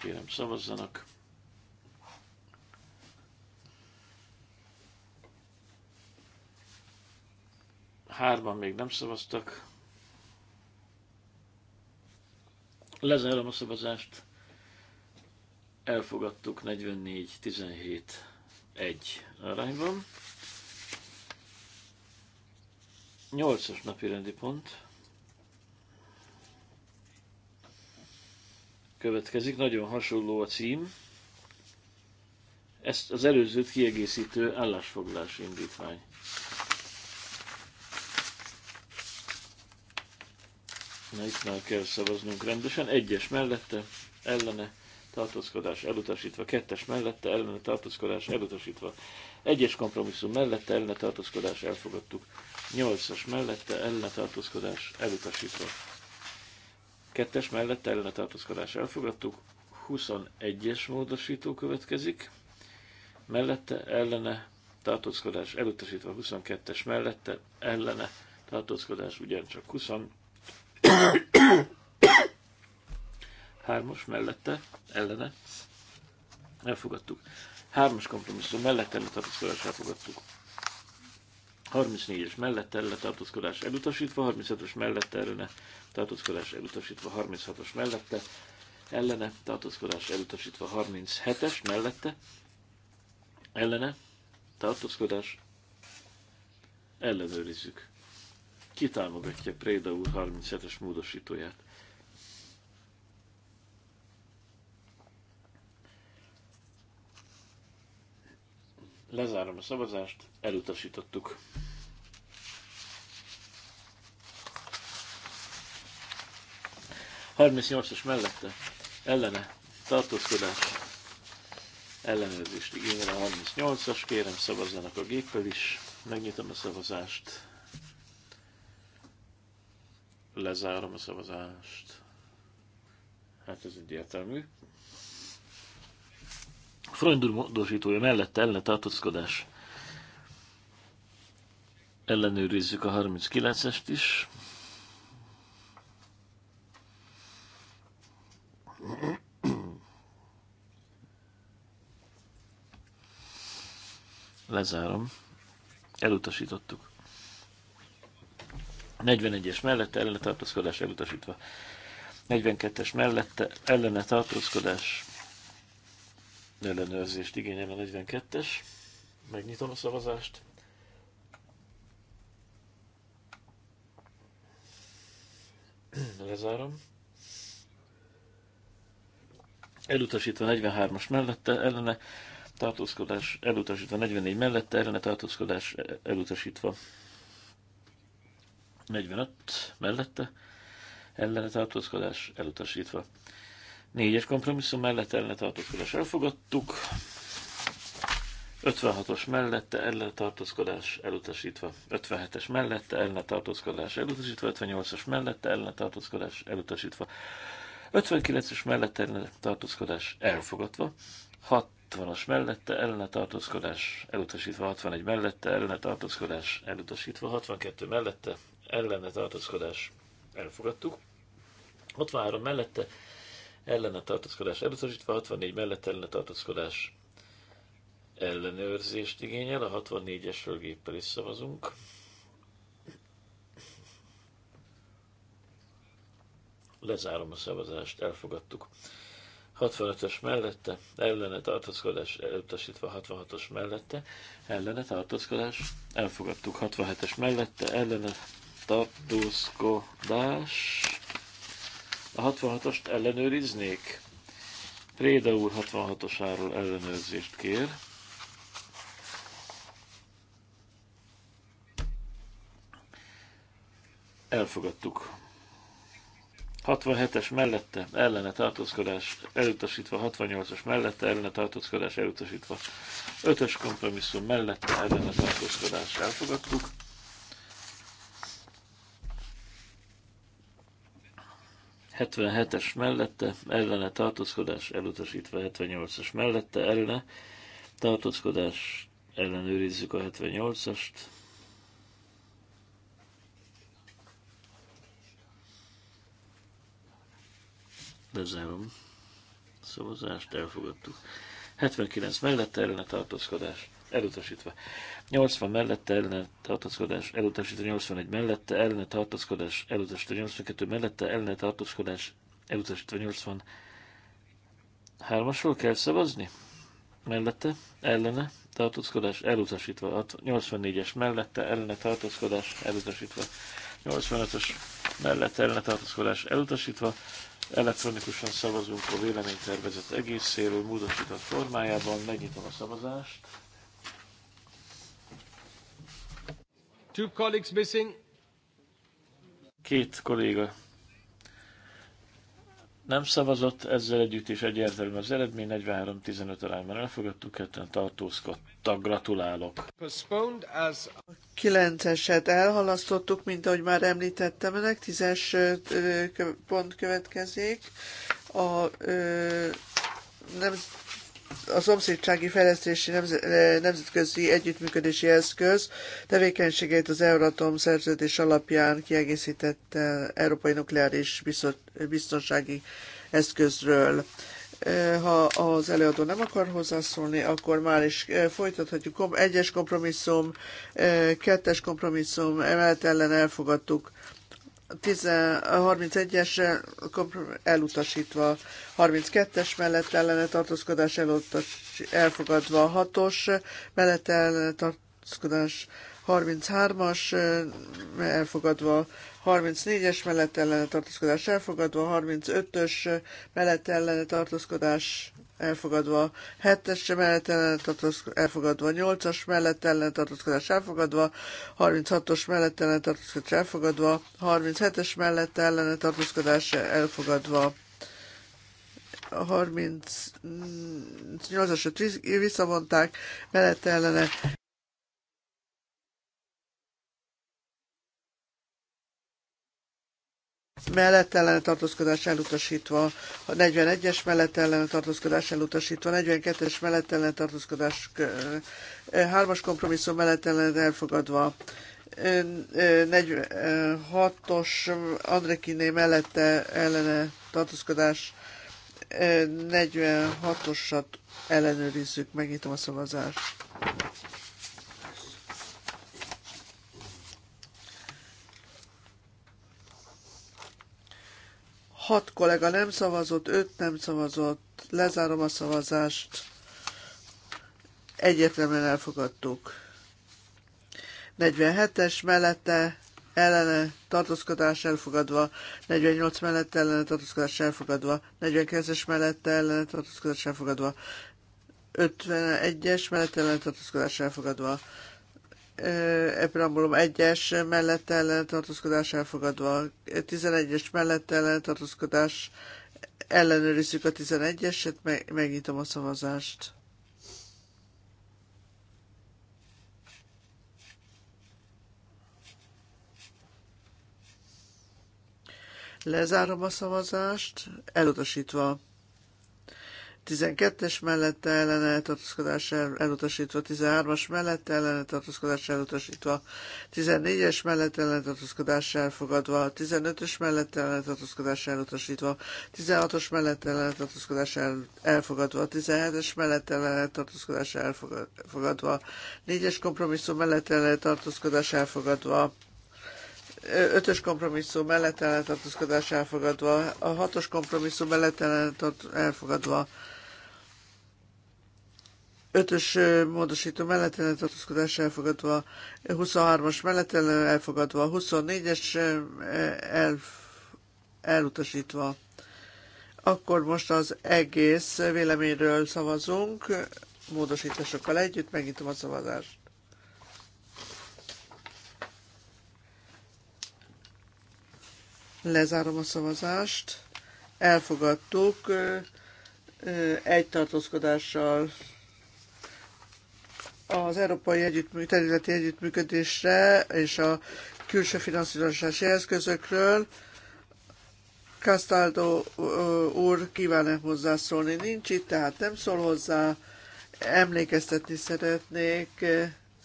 Kérem szavazzanak. Hárman még nem szavaztak. Lezárom a szavazást elfogadtuk 44-17-1 arányban. 8-as napi rendi pont. Következik, nagyon hasonló a cím. Ezt az előzőt kiegészítő állásfoglalás indítvány. Na itt már kell szavaznunk rendesen. Egyes mellette, ellene tartózkodás elutasítva, kettes mellette ellene tartózkodás elutasítva, egyes kompromisszum mellette ellene tartózkodás elfogadtuk, nyolcas mellette ellene tartózkodás elutasítva, kettes mellette ellene tartózkodás elfogadtuk, 21-es módosító következik, mellette ellene tartózkodás elutasítva, 22-es mellette ellene tartózkodás ugyancsak 20 Hármas mellette, ellene. Elfogadtuk. Hármas kompromisszum mellett elletartózkodás elfogadtuk. 34-es mellette ellene tartózkodás elutasítva, 36-os mellette ellene tartózkodás elutasítva, 36-os mellette ellene tartózkodás elutasítva, 37-es mellette ellene tartózkodás ellenőrizzük. Ki támogatja Préda úr 37-es módosítóját? Lezárom a szavazást, elutasítottuk. Harmincnyolcas mellette, ellene, tartózkodás, ellenőrzést igényel a 38-as, kérem szavazzanak a géppel is, megnyitom a szavazást, lezárom a szavazást, hát ez egyértelmű, Freund módosítója mellette ellen tartózkodás. Ellenőrizzük a 39-est is. Lezárom. Elutasítottuk. 41-es mellette ellene tartózkodás elutasítva. 42-es mellette ellene tartózkodás ellenőrzést igényel a 42-es. Megnyitom a szavazást. Lezárom. Elutasítva 43-as mellette ellene tartózkodás, elutasítva 44 e, mellette ellene tartózkodás, elutasítva 45 mellette ellene tartózkodás, elutasítva Négyes kompromisszum mellett ellen tartózkodás elfogadtuk. 56-os mellette ellen tartózkodás elutasítva, 57-es mellette ellen tartózkodás elutasítva, 58-as mellette ellen tartózkodás elutasítva, 59-es mellette ellen tartózkodás elfogadva, 60-as mellette ellen tartózkodás elutasítva, 61 mellette ellen tartózkodás elutasítva, 62 mellette ellen tartózkodás elfogadtuk, 63 mellette ellene tartózkodás elutasítva, 64 mellett ellene tartózkodás ellenőrzést igényel, a 64-esről géppel is szavazunk. Lezárom a szavazást, elfogadtuk. 65-ös mellette, ellene tartózkodás elutasítva 66-os mellette, ellene tartózkodás, elfogadtuk 67-es mellette, ellene tartózkodás, a 66-ost ellenőriznék? Réda úr 66-osáról ellenőrzést kér. Elfogadtuk. 67-es mellette ellene tartózkodás elutasítva, 68-as mellette ellene tartózkodás elutasítva, 5-ös kompromisszum mellette ellene tartózkodás elfogadtuk. 77-es mellette ellene tartózkodás elutasítva, 78-as mellette ellene tartózkodás ellenőrizzük a 78-ast. Lezárom szavazást, elfogadtuk. 79 mellette ellene tartózkodás elutasítva. 80 mellette ellene tartózkodás elutasítva, 81 mellette ellene tartózkodás elutasítva, 82 mellette ellene tartózkodás elutasítva, 80 Hármasról kell szavazni? Mellette, ellene, tartózkodás elutasítva. 84-es mellette, ellene tartózkodás elutasítva. 85-ös mellette, ellene tartózkodás elutasítva. Elektronikusan szavazunk a véleménytervezet egészéről módosított formájában. Megnyitom a szavazást. Two colleagues missing. Két kolléga nem szavazott, ezzel együtt is egyértelmű az eredmény, 43-15 arányban elfogadtuk, ketten tartózkodtak, gratulálok. A 9 elhalasztottuk, mint ahogy már említettem, ennek tízes pont következik. A ö, nem a szomszédsági fejlesztési nemzetközi együttműködési eszköz tevékenységét az Euratom szerződés alapján kiegészített Európai Nukleáris Biztonsági Eszközről. Ha az előadó nem akar hozzászólni, akkor már is folytathatjuk. Egyes kompromisszum, kettes kompromisszum, emellett ellen elfogadtuk 31-es elutasítva, 32-es mellett ellene tartózkodás elutas, elfogadva, 6-os mellett ellene tartózkodás 33-as elfogadva, 34-es mellett ellene tartózkodás elfogadva, 35-ös mellett ellene tartózkodás elfogadva, 7-es mellett ellentartózkodás elfogadva, 8-as mellett ellentartózkodás elfogadva, 36-os mellett ellentartózkodás elfogadva, 37-es mellett ellentartózkodás elfogadva. 38-asra visszavonták, mellett ellene mellett ellene tartózkodás elutasítva, a 41-es mellett ellene tartózkodás elutasítva, 42-es mellett ellen tartózkodás hármas kompromisszum mellett ellene elfogadva, 46-os Andrekiné mellette ellene tartózkodás 46-osat ellenőrizzük, megnyitom a szavazást. Hat kollega nem szavazott, öt nem szavazott. Lezárom a szavazást. Egyértelműen elfogadtuk. 47-es mellette ellene tartózkodás elfogadva, 48 mellette ellene tartózkodás elfogadva, 49-es mellette ellene tartózkodás elfogadva, 51-es mellette ellene tartózkodás elfogadva, preambulum 1-es mellette ellentartózkodás elfogadva, 11-es mellette ellentartózkodás ellenőrizzük a 11-eset, meg, megnyitom a szavazást. Lezárom a szavazást, elutasítva. 12-es mellette ellene tartózkodás elutasítva, 13-as mellette ellene tartózkodás elutasítva, 14-es mellette ellene tartózkodás elfogadva, 15-ös mellette ellene tartózkodás elutasítva, 16-os mellette ellene tartózkodás elfogadva, 17-es mellette ellene tartózkodás elfogadva, 4-es kompromisszum mellette ellene tartózkodás elfogadva, ötös kompromisszum mellett tartózkodás elfogadva, a hatos kompromisszum mellett ellen elfogadva, Ötös módosító mellett tartózkodás elfogadva, 23-as mellett elfogadva, 24-es el, elutasítva. Akkor most az egész véleményről szavazunk, módosításokkal együtt, megnyitom a szavazást. Lezárom a szavazást. Elfogadtuk egy tartózkodással az európai együttmű, területi együttműködésre és a külső finanszírozási eszközökről. Castaldo úr kíván-e hozzászólni? Nincs itt, tehát nem szól hozzá. Emlékeztetni szeretnék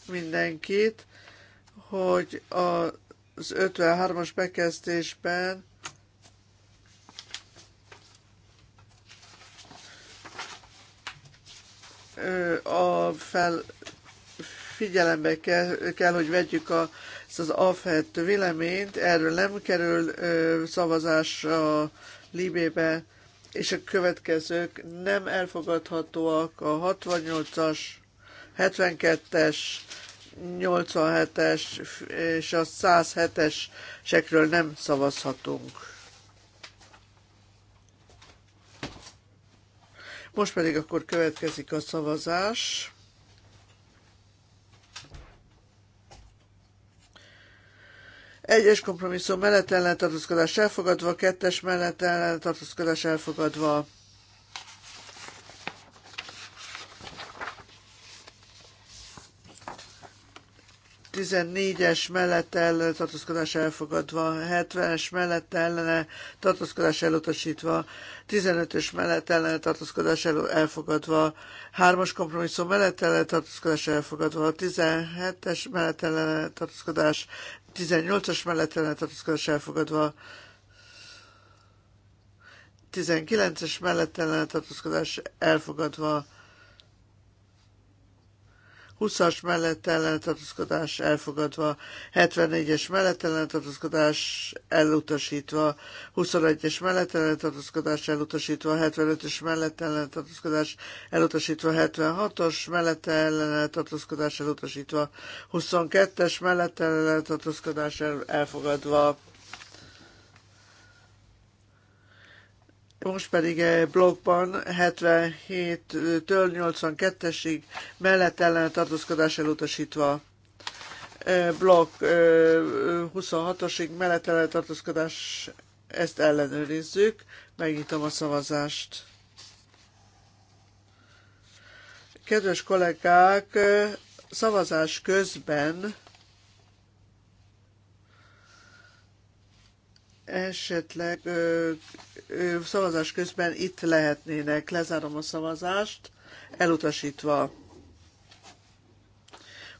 mindenkit, hogy az 53-as bekezdésben a fel figyelembe kell, kell hogy vegyük a, ezt az AFET véleményt, erről nem kerül ö, szavazás a Libébe, és a következők nem elfogadhatóak a 68-as, 72-es, 87-es és a 107-esekről nem szavazhatunk. Most pedig akkor következik a szavazás. Egyes kompromisszum mellett ellentartózkodás elfogadva, kettes mellett ellentartózkodás elfogadva. Tizennégyes mellett ellen tartózkodás elfogadva, 70-es mellett ellene tartózkodás elutasítva, 15-ös mellett ellen tartózkodás elfogadva, 3-as kompromisszum mellett ellen tartózkodás elfogadva, 17-es mellett ellen tartózkodás 18-as mellett lenne tartózkodás elfogadva, 19-es mellett lenne tartózkodás elfogadva, 20-as mellett ellentartózkodás elfogadva, 74-es mellett ellentartózkodás elutasítva, 21-es mellett ellentartózkodás elutasítva, 75-ös mellett ellentartózkodás elutasítva, 76-os mellett ellentartózkodás elutasítva, 22-es mellett ellentartózkodás elfogadva. Most pedig blogban 77-től 82-esig mellett ellen tartózkodás elutasítva. E Blog 26-osig e, mellett ellen tartózkodás, ezt ellenőrizzük. Megnyitom a szavazást. Kedves kollégák, e, szavazás közben esetleg ö, ö, szavazás közben itt lehetnének. Lezárom a szavazást, elutasítva.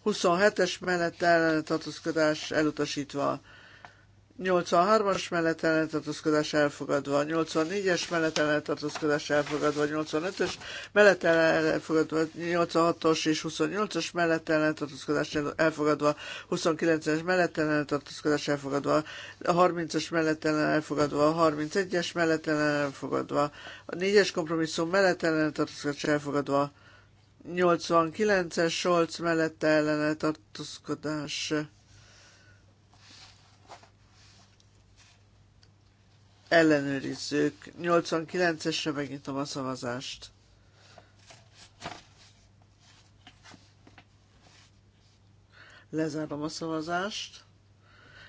27-es mellett tartózkodás elutasítva. 83-as mellett ellentartózkodás elfogadva, 84-es mellett ellentartózkodás elfogadva, 85-ös mellett elfogadva, 86-os és 28-os mellett ellentartózkodás elfogadva, 29-es mellett ellentartózkodás elfogadva, 30-as mellett elfogadva, 31-es mellett elfogadva, 4-es kompromisszum mellett ellentartózkodás elfogadva, 89-es Scholz mellett ellentartózkodás elfogadva, ellenőrizzük. 89-esre megnyitom a szavazást. Lezárom a szavazást.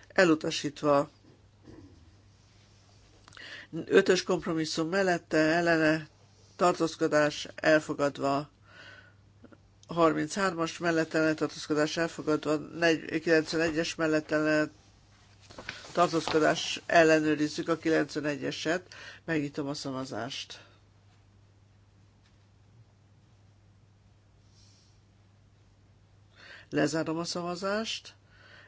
Elutasítva. Ötös kompromisszum mellette, ellene, tartózkodás elfogadva. 33-as mellett tartózkodás elfogadva, 91-es mellett tartózkodás ellenőrizzük a 91-eset, megnyitom a szavazást. Lezárom a szavazást.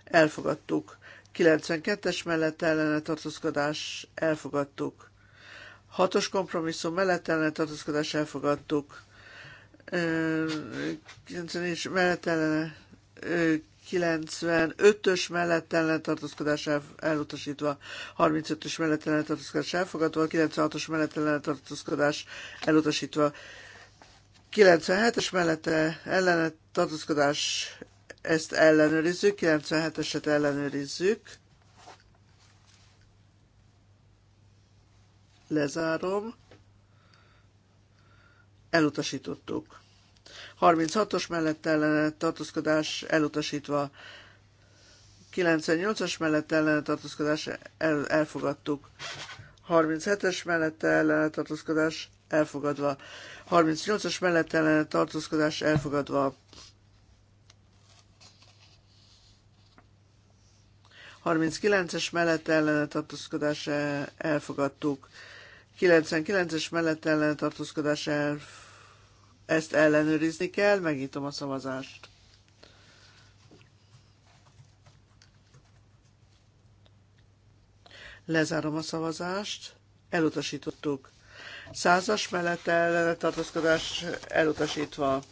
Elfogadtuk. 92-es mellett ellene tartózkodás elfogadtuk. 6-os kompromisszum mellett ellene tartózkodás elfogadtuk. 94 mellett ellene 95-ös mellett ellentartózkodás elutasítva, 35-ös mellett ellentartózkodás elfogadva, 96-os mellett ellentartózkodás elutasítva, 97-es mellette ellentartózkodás ezt ellenőrizzük, 97-eset ellenőrizzük. Lezárom. Elutasítottuk. 36-os mellett ellene tartózkodás elutasítva. 98-as mellett ellene tartózkodás el, elfogadtuk. 37-es mellett ellene tartózkodás elfogadva. 38-as mellett ellene tartózkodás elfogadva. 39-es mellett ellene tartózkodás eh, elfogadtuk. 99-es mellett ellene tartózkodás elfogadtuk. Ezt ellenőrizni kell, megnyitom a szavazást. Lezárom a szavazást. Elutasítottuk. Százas mellett ellene tartózkodás elutasítva.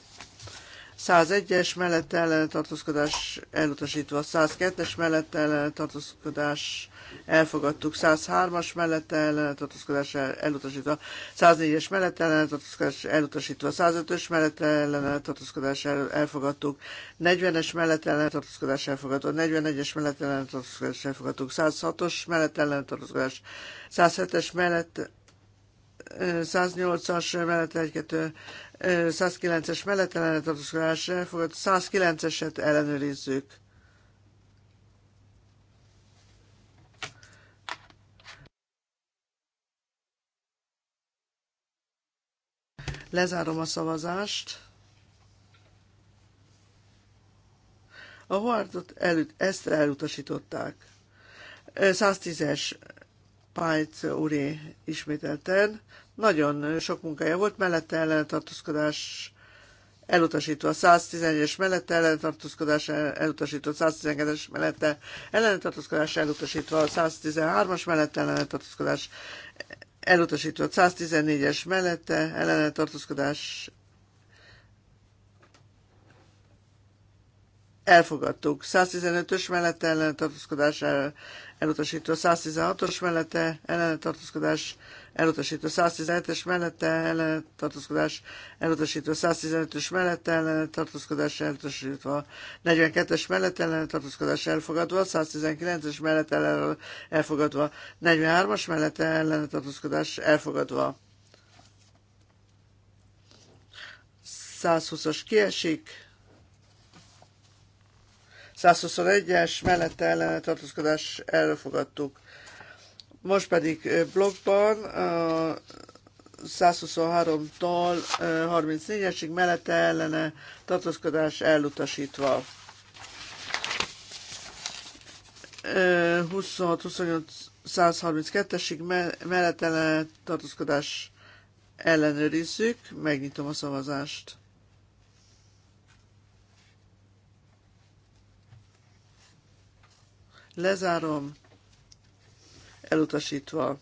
101-es mellette ellene tartózkodás elutasítva, 102-es mellette ellene tartózkodás elfogadtuk, 103-as mellette ellene tartózkodás elutasítva, 104-es mellette ellene tartózkodás elutasítva, 105-ös mellette ellene tartózkodás elfogadtuk, 40-es mellette ellene tartózkodás elfogadtuk, 41-es mellette ellene tartózkodás elfogadtuk, 106-os mellette ellene tartózkodás, 107-es mellett, 108-as mellett 1 109-es mellett ellene tartózkodás 109-eset ellenőrizzük. Lezárom a szavazást. A hoártot előtt ezt elutasították. 110-es Pájc úré ismételten, nagyon sok munkája volt, mellette ellentartózkodás elutasítva 111-es mellette ellentartózkodás elutasítva 112-es mellette ellentartózkodás elutasítva 113-as mellette ellentartózkodás elutasítva 114-es mellette ellentartózkodás elfogadtuk. 115-ös mellette ellentartózkodás el, elutasítva, 116-os mellette ellentartózkodás elutasító 117-es mellette ellene tartózkodás elutasító 115-ös mellette ellene tartózkodás elutasítva 42-es mellette ellene tartózkodás elfogadva 119-es mellette elfogadva 43-as mellette ellene tartózkodás elfogadva 120-as kiesik, 121-es mellette ellene tartózkodás elfogadtuk, most pedig blogban a 123-tól 34-esig mellette ellene tartózkodás elutasítva. 26-28-132-esig ellene tartózkodás ellenőrizzük. Megnyitom a szavazást. Lezárom elutasítva.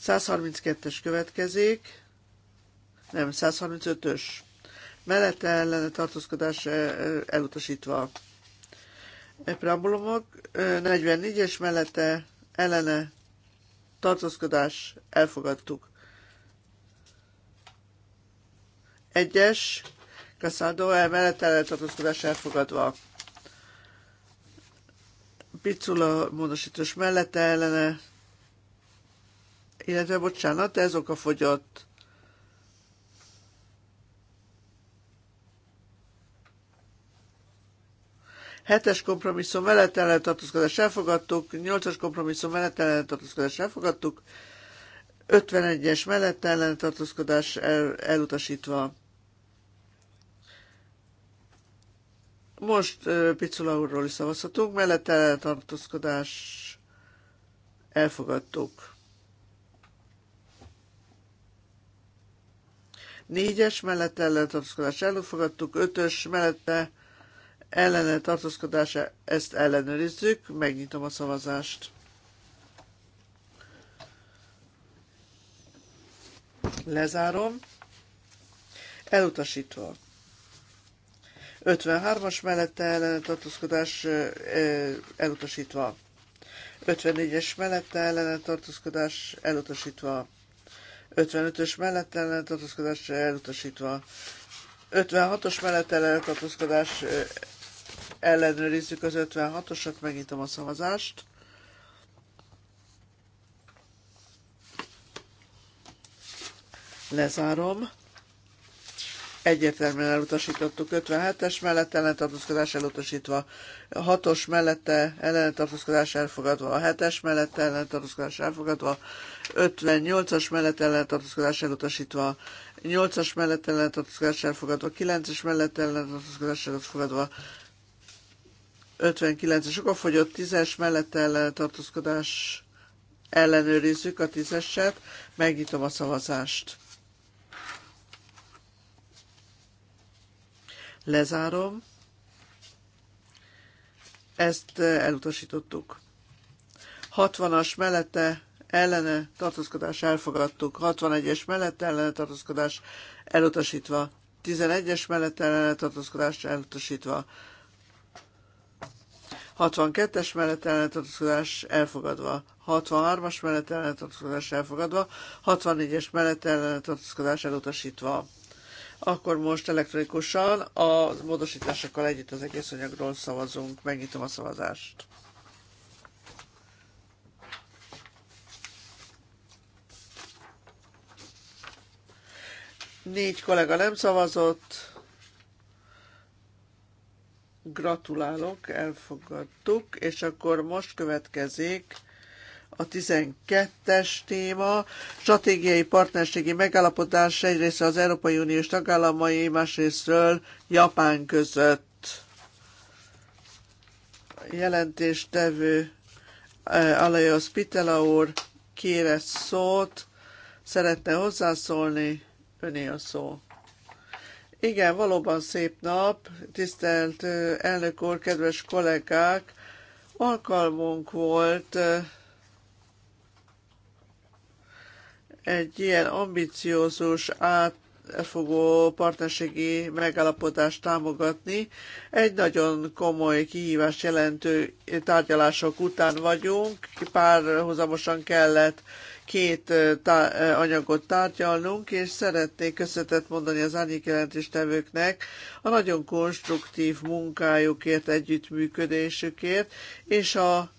132-es következik, nem, 135-ös. Mellette ellene tartózkodás e, e, elutasítva. E preambulumok 44-es mellette ellene tartózkodás elfogadtuk. Egyes, Cassandro mellette ellene tartózkodás elfogadva. Picula módosítós mellette ellene, illetve bocsánat, ez oka fogyott. Hetes kompromisszum mellett tartózkodás elfogadtuk, nyolcas kompromisszum mellett tartózkodás elfogadtuk, 51-es mellett tartózkodás el, elutasítva. Most Picula úrról is szavazhatunk, mellette tartózkodás elfogadtuk. Négyes mellette ellen tartózkodás elfogadtuk, ötös mellette ellene tartózkodás, ezt ellenőrizzük, megnyitom a szavazást. Lezárom. Elutasítva. 53-as mellette ellene tartózkodás elutasítva. 54-es mellette ellene tartózkodás elutasítva. 55-ös mellette ellene tartózkodás elutasítva. 56-os mellett ellene tartózkodás ellenőrizzük az 56-osat, megnyitom a szavazást. Lezárom egyértelműen elutasítottuk 57-es mellett ellentartózkodás elutasítva, 6-os mellette ellentartózkodás elfogadva, a 7-es mellette ellentartózkodás elfogadva, 58-as mellett ellentartózkodás elutasítva, 8-as mellett ellentartózkodás elfogadva, 9-es mellett ellentartózkodás elfogadva, 59-es okafogyott, 10-es mellett ellentartózkodás ellenőrizzük a 10-eset, megnyitom a szavazást. Lezárom. Ezt eh, elutasítottuk. 60-as mellette ellene tartózkodás elfogadtuk. 61-es mellette ellene tartózkodás elutasítva. 11-es mellette ellene tartózkodás elutasítva. 62-es mellett tartózkodás elfogadva, 63-as mellett tartózkodás elfogadva, 64-es mellett tartózkodás elutasítva. Akkor most elektronikusan a módosításokkal együtt az egész anyagról szavazunk. Megnyitom a szavazást. Négy kollega nem szavazott. Gratulálok, elfogadtuk, és akkor most következik a 12-es téma, stratégiai partnerségi megállapodás egyrészt az Európai Uniós tagállamai, másrésztről Japán között jelentéstevő eh, Alajos Pitela úr kére szót, szeretne hozzászólni, öné a szó. Igen, valóban szép nap, tisztelt eh, elnök úr, kedves kollégák, alkalmunk volt eh, Egy ilyen ambiciózus át fogó partnerségi megállapodást támogatni. Egy nagyon komoly kihívást jelentő tárgyalások után vagyunk, párhuzamosan kellett két tá- anyagot tárgyalnunk, és szeretnék köszönetet mondani az árnyék jelentéstevőknek a nagyon konstruktív munkájukért, együttműködésükért, és a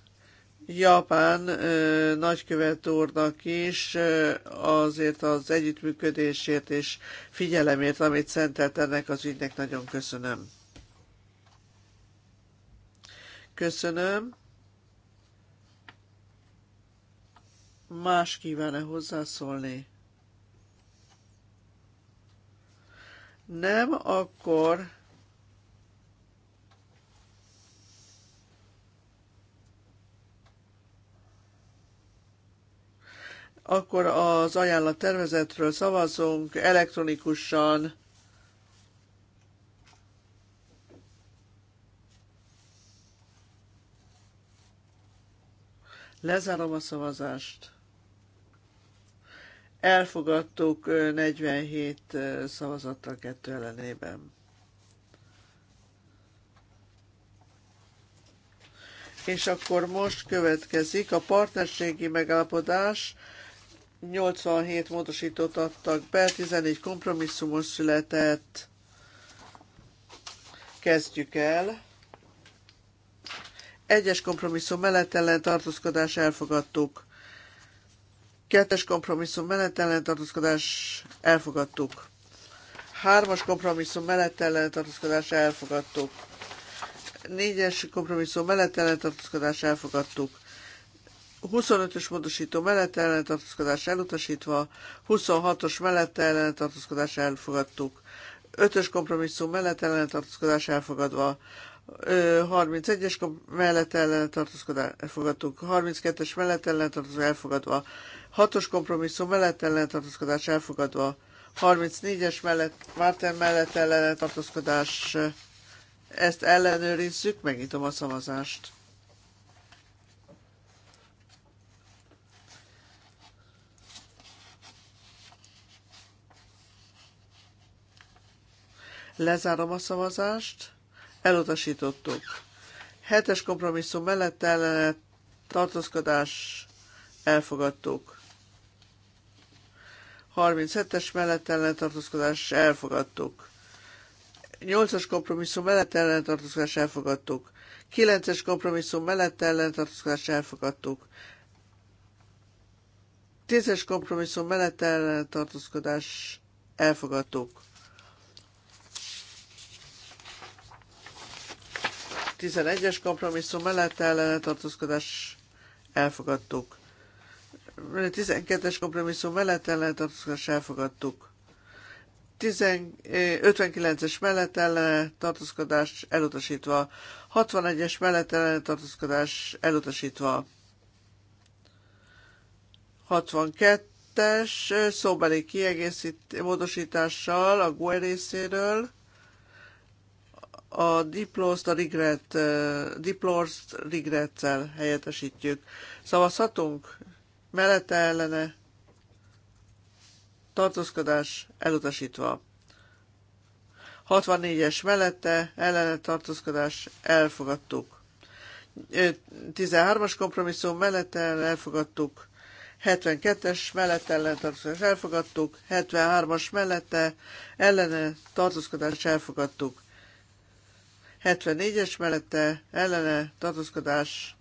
Japán nagykövet úrnak is azért az együttműködésért és figyelemért, amit szentelt ennek az ügynek, nagyon köszönöm. Köszönöm. Más kíván-e hozzászólni? Nem, akkor Akkor az ajánlat tervezetről szavazunk elektronikusan. Lezárom a szavazást. Elfogadtuk 47 szavazattal kettő ellenében. És akkor most következik a partnerségi megállapodás 87 módosítót adtak be, 14 kompromisszumos született. Kezdjük el. Egyes kompromisszum mellett ellen tartózkodás elfogadtuk. Kettes kompromisszum mellett ellen tartózkodás elfogadtuk. Hármas kompromisszum mellett ellen tartózkodás elfogadtuk. Négyes kompromisszum mellett ellen tartózkodás elfogadtuk. 25-ös módosító mellett ellentartózkodás elutasítva, 26-os mellett ellentartózkodás elfogadtuk, 5-ös kompromisszum mellett ellentartózkodás elfogadva, 31-es mellett ellentartózkodás elfogadtuk, 32-es mellett ellentartózkodás elfogadva, 6-os kompromisszum mellett ellentartózkodás elfogadva, 34-es mellett, Márten mellett ellentartózkodás, ezt ellenőrizzük, megnyitom a szavazást. Lezárom a szavazást. Elutasítottuk. Hetes kompromisszum mellett ellene tartózkodás elfogadtuk. 37-es mellett ellen tartózkodás elfogadtuk. 8-as kompromisszum mellett ellen tartózkodás elfogadtuk. 9-es kompromisszum mellett ellen tartózkodás elfogadtuk. 10-es kompromisszum mellett ellen tartózkodás elfogadtuk. 11-es kompromisszum mellett ellene tartózkodás elfogadtuk. 12-es kompromisszum mellett ellene tartózkodás elfogadtuk. 59-es eh, mellett ellene tartózkodás elutasítva. 61-es mellett ellene tartózkodás elutasítva. 62-es eh, szóbeli kiegészít, módosítással a GUE részéről a diplost a regret, diplors regrettel helyettesítjük. Szavazhatunk? Mellette ellene tartózkodás elutasítva. 64-es mellette ellene tartózkodás elfogadtuk. 13-as kompromisszum mellette elfogadtuk. 72-es mellett ellen tartózkodás elfogadtuk, 73-as mellette ellene tartózkodás elfogadtuk, 74-es mellette ellene tartózkodás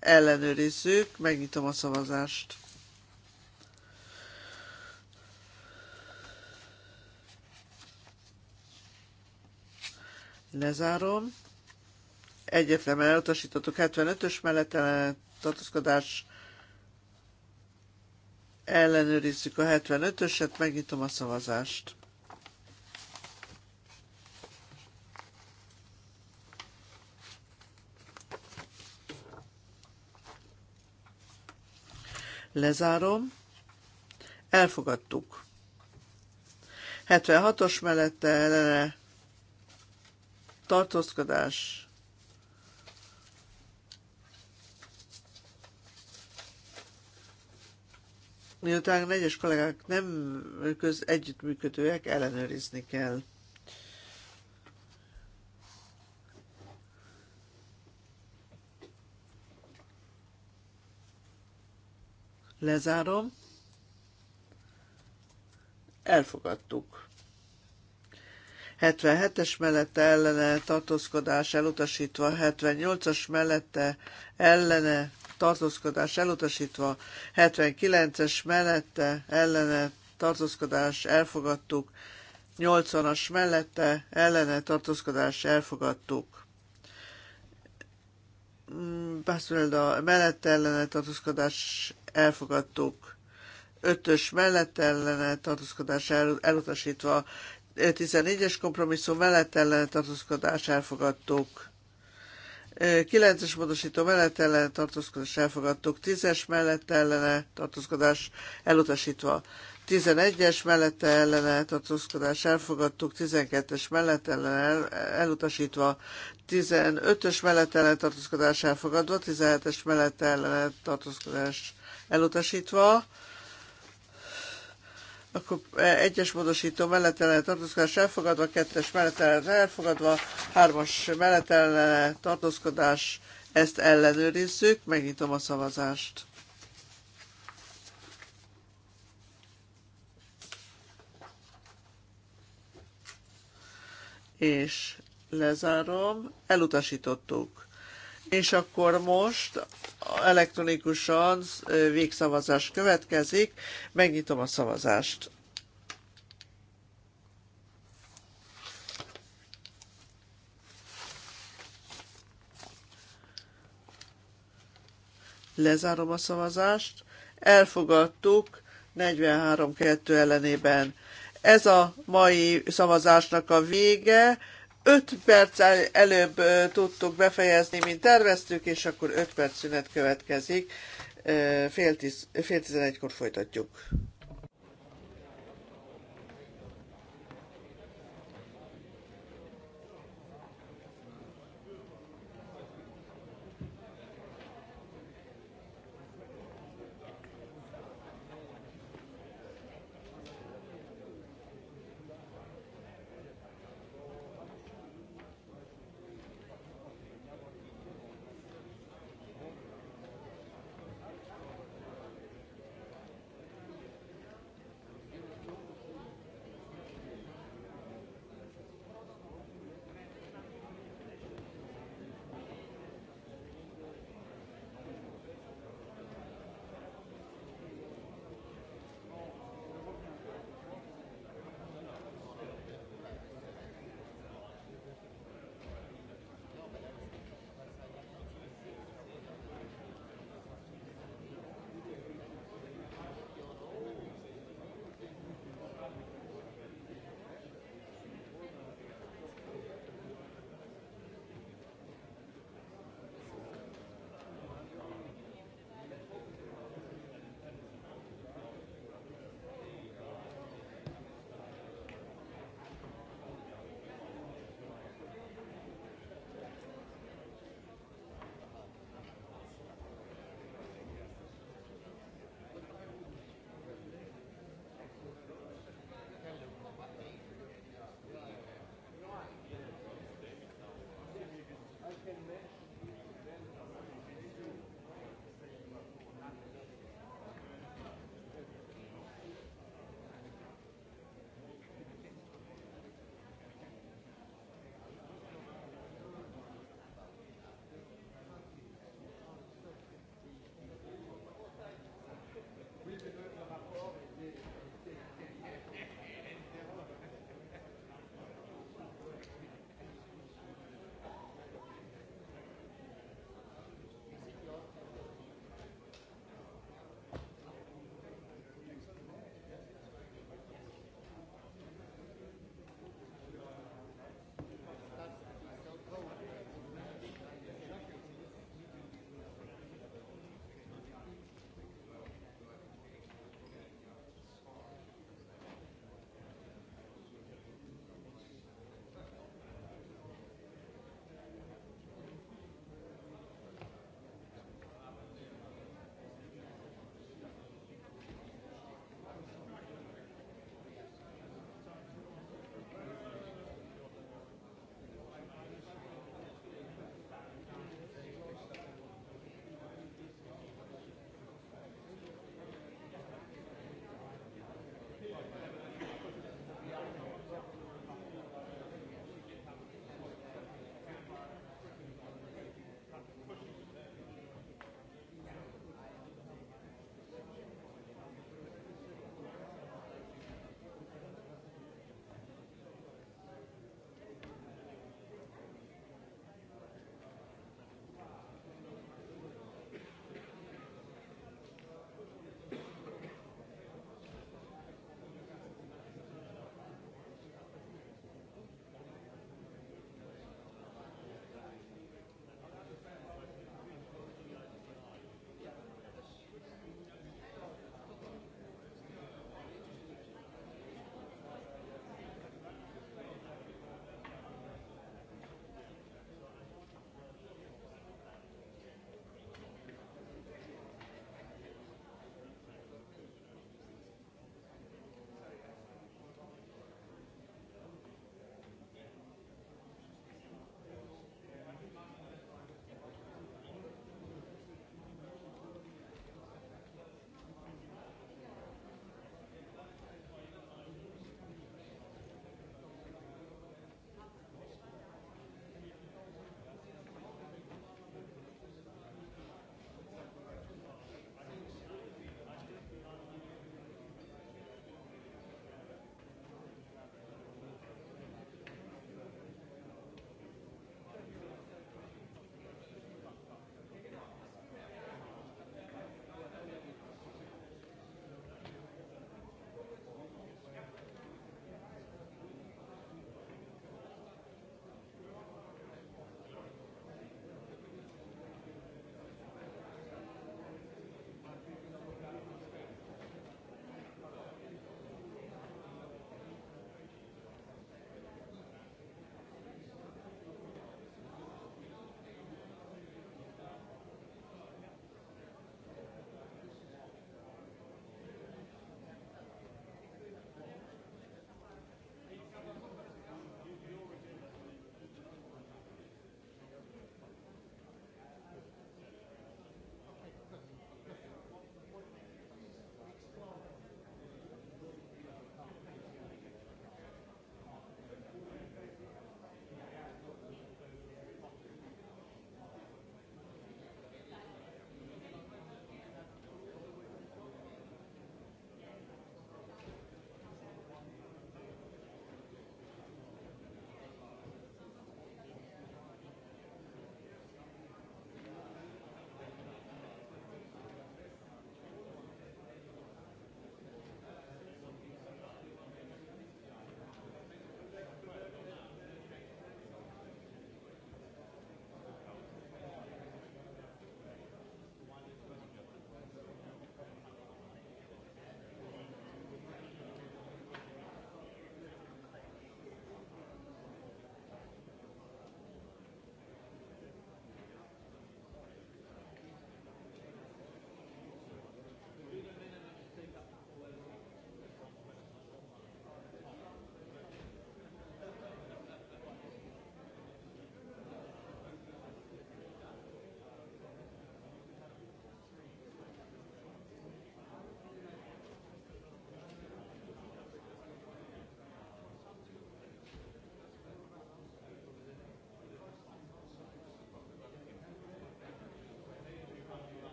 ellenőrizzük, megnyitom a szavazást. Lezárom. Egyetlen elutasítottuk 75-ös mellett ellene tartózkodás ellenőrizzük a 75-öset, megnyitom a szavazást. Lezárom. Elfogadtuk. 76-os mellette ellene tartózkodás. Miután a negyes kollégák nem köz együttműködőek, ellenőrizni kell. Lezárom. Elfogadtuk. 77-es mellette ellene tartózkodás elutasítva, 78-as mellette ellene tartózkodás elutasítva, 79-es mellette ellene tartózkodás elfogadtuk, 80-as mellette ellene tartózkodás elfogadtuk. Bászfölda mellett ellene tartózkodás elfogadtuk. Ötös mellett ellene tartózkodás el, elutasítva. 14-es kompromisszum mellett ellene tartózkodás elfogadtuk. 9-es módosító mellett ellene tartózkodás elfogadtuk, 10-es mellett ellene tartózkodás elutasítva, 11-es mellette ellene tartózkodás elfogadtuk, 12-es mellette el, elutasítva, 15-ös mellette ellen tartózkodás elfogadva, 17-es mellette ellen tartózkodás elutasítva, akkor e, egyes módosító mellett ellen tartózkodás elfogadva, kettes mellett ellen elfogadva, hármas mellett ellen tartózkodás, ezt ellenőrizzük, megnyitom a szavazást. és lezárom, elutasítottuk. És akkor most elektronikusan végszavazás következik, megnyitom a szavazást. Lezárom a szavazást. Elfogadtuk 43-2 ellenében. Ez a mai szavazásnak a vége. 5 perc előbb tudtuk befejezni, mint terveztük, és akkor 5 perc szünet következik. Fél, tiz, fél tizenegykor folytatjuk.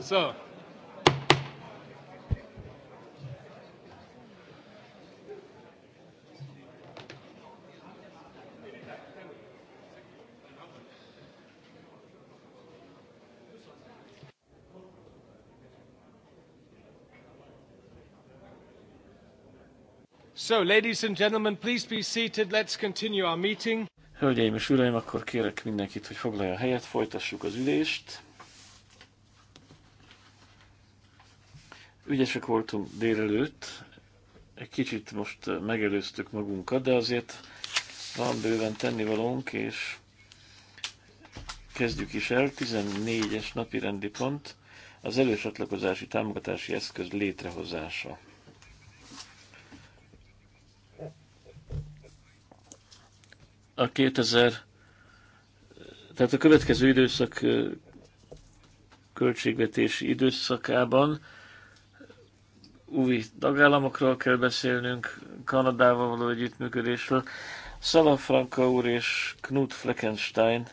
So. So, ladies and gentlemen, please be seated. Let's continue our meeting. Hölgyeim és uraim, akkor kérek mindenkit, hogy foglalja a helyet, folytassuk az ülést. ügyesek voltunk délelőtt, egy kicsit most megelőztük magunkat, de azért van bőven tennivalónk, és kezdjük is el. 14-es napi rendi pont az elősatlakozási támogatási eszköz létrehozása. A 2000, tehát a következő időszak költségvetési időszakában új tagállamokról kell beszélnünk, Kanadával való együttműködésről. Franka úr és Knut Fleckenstein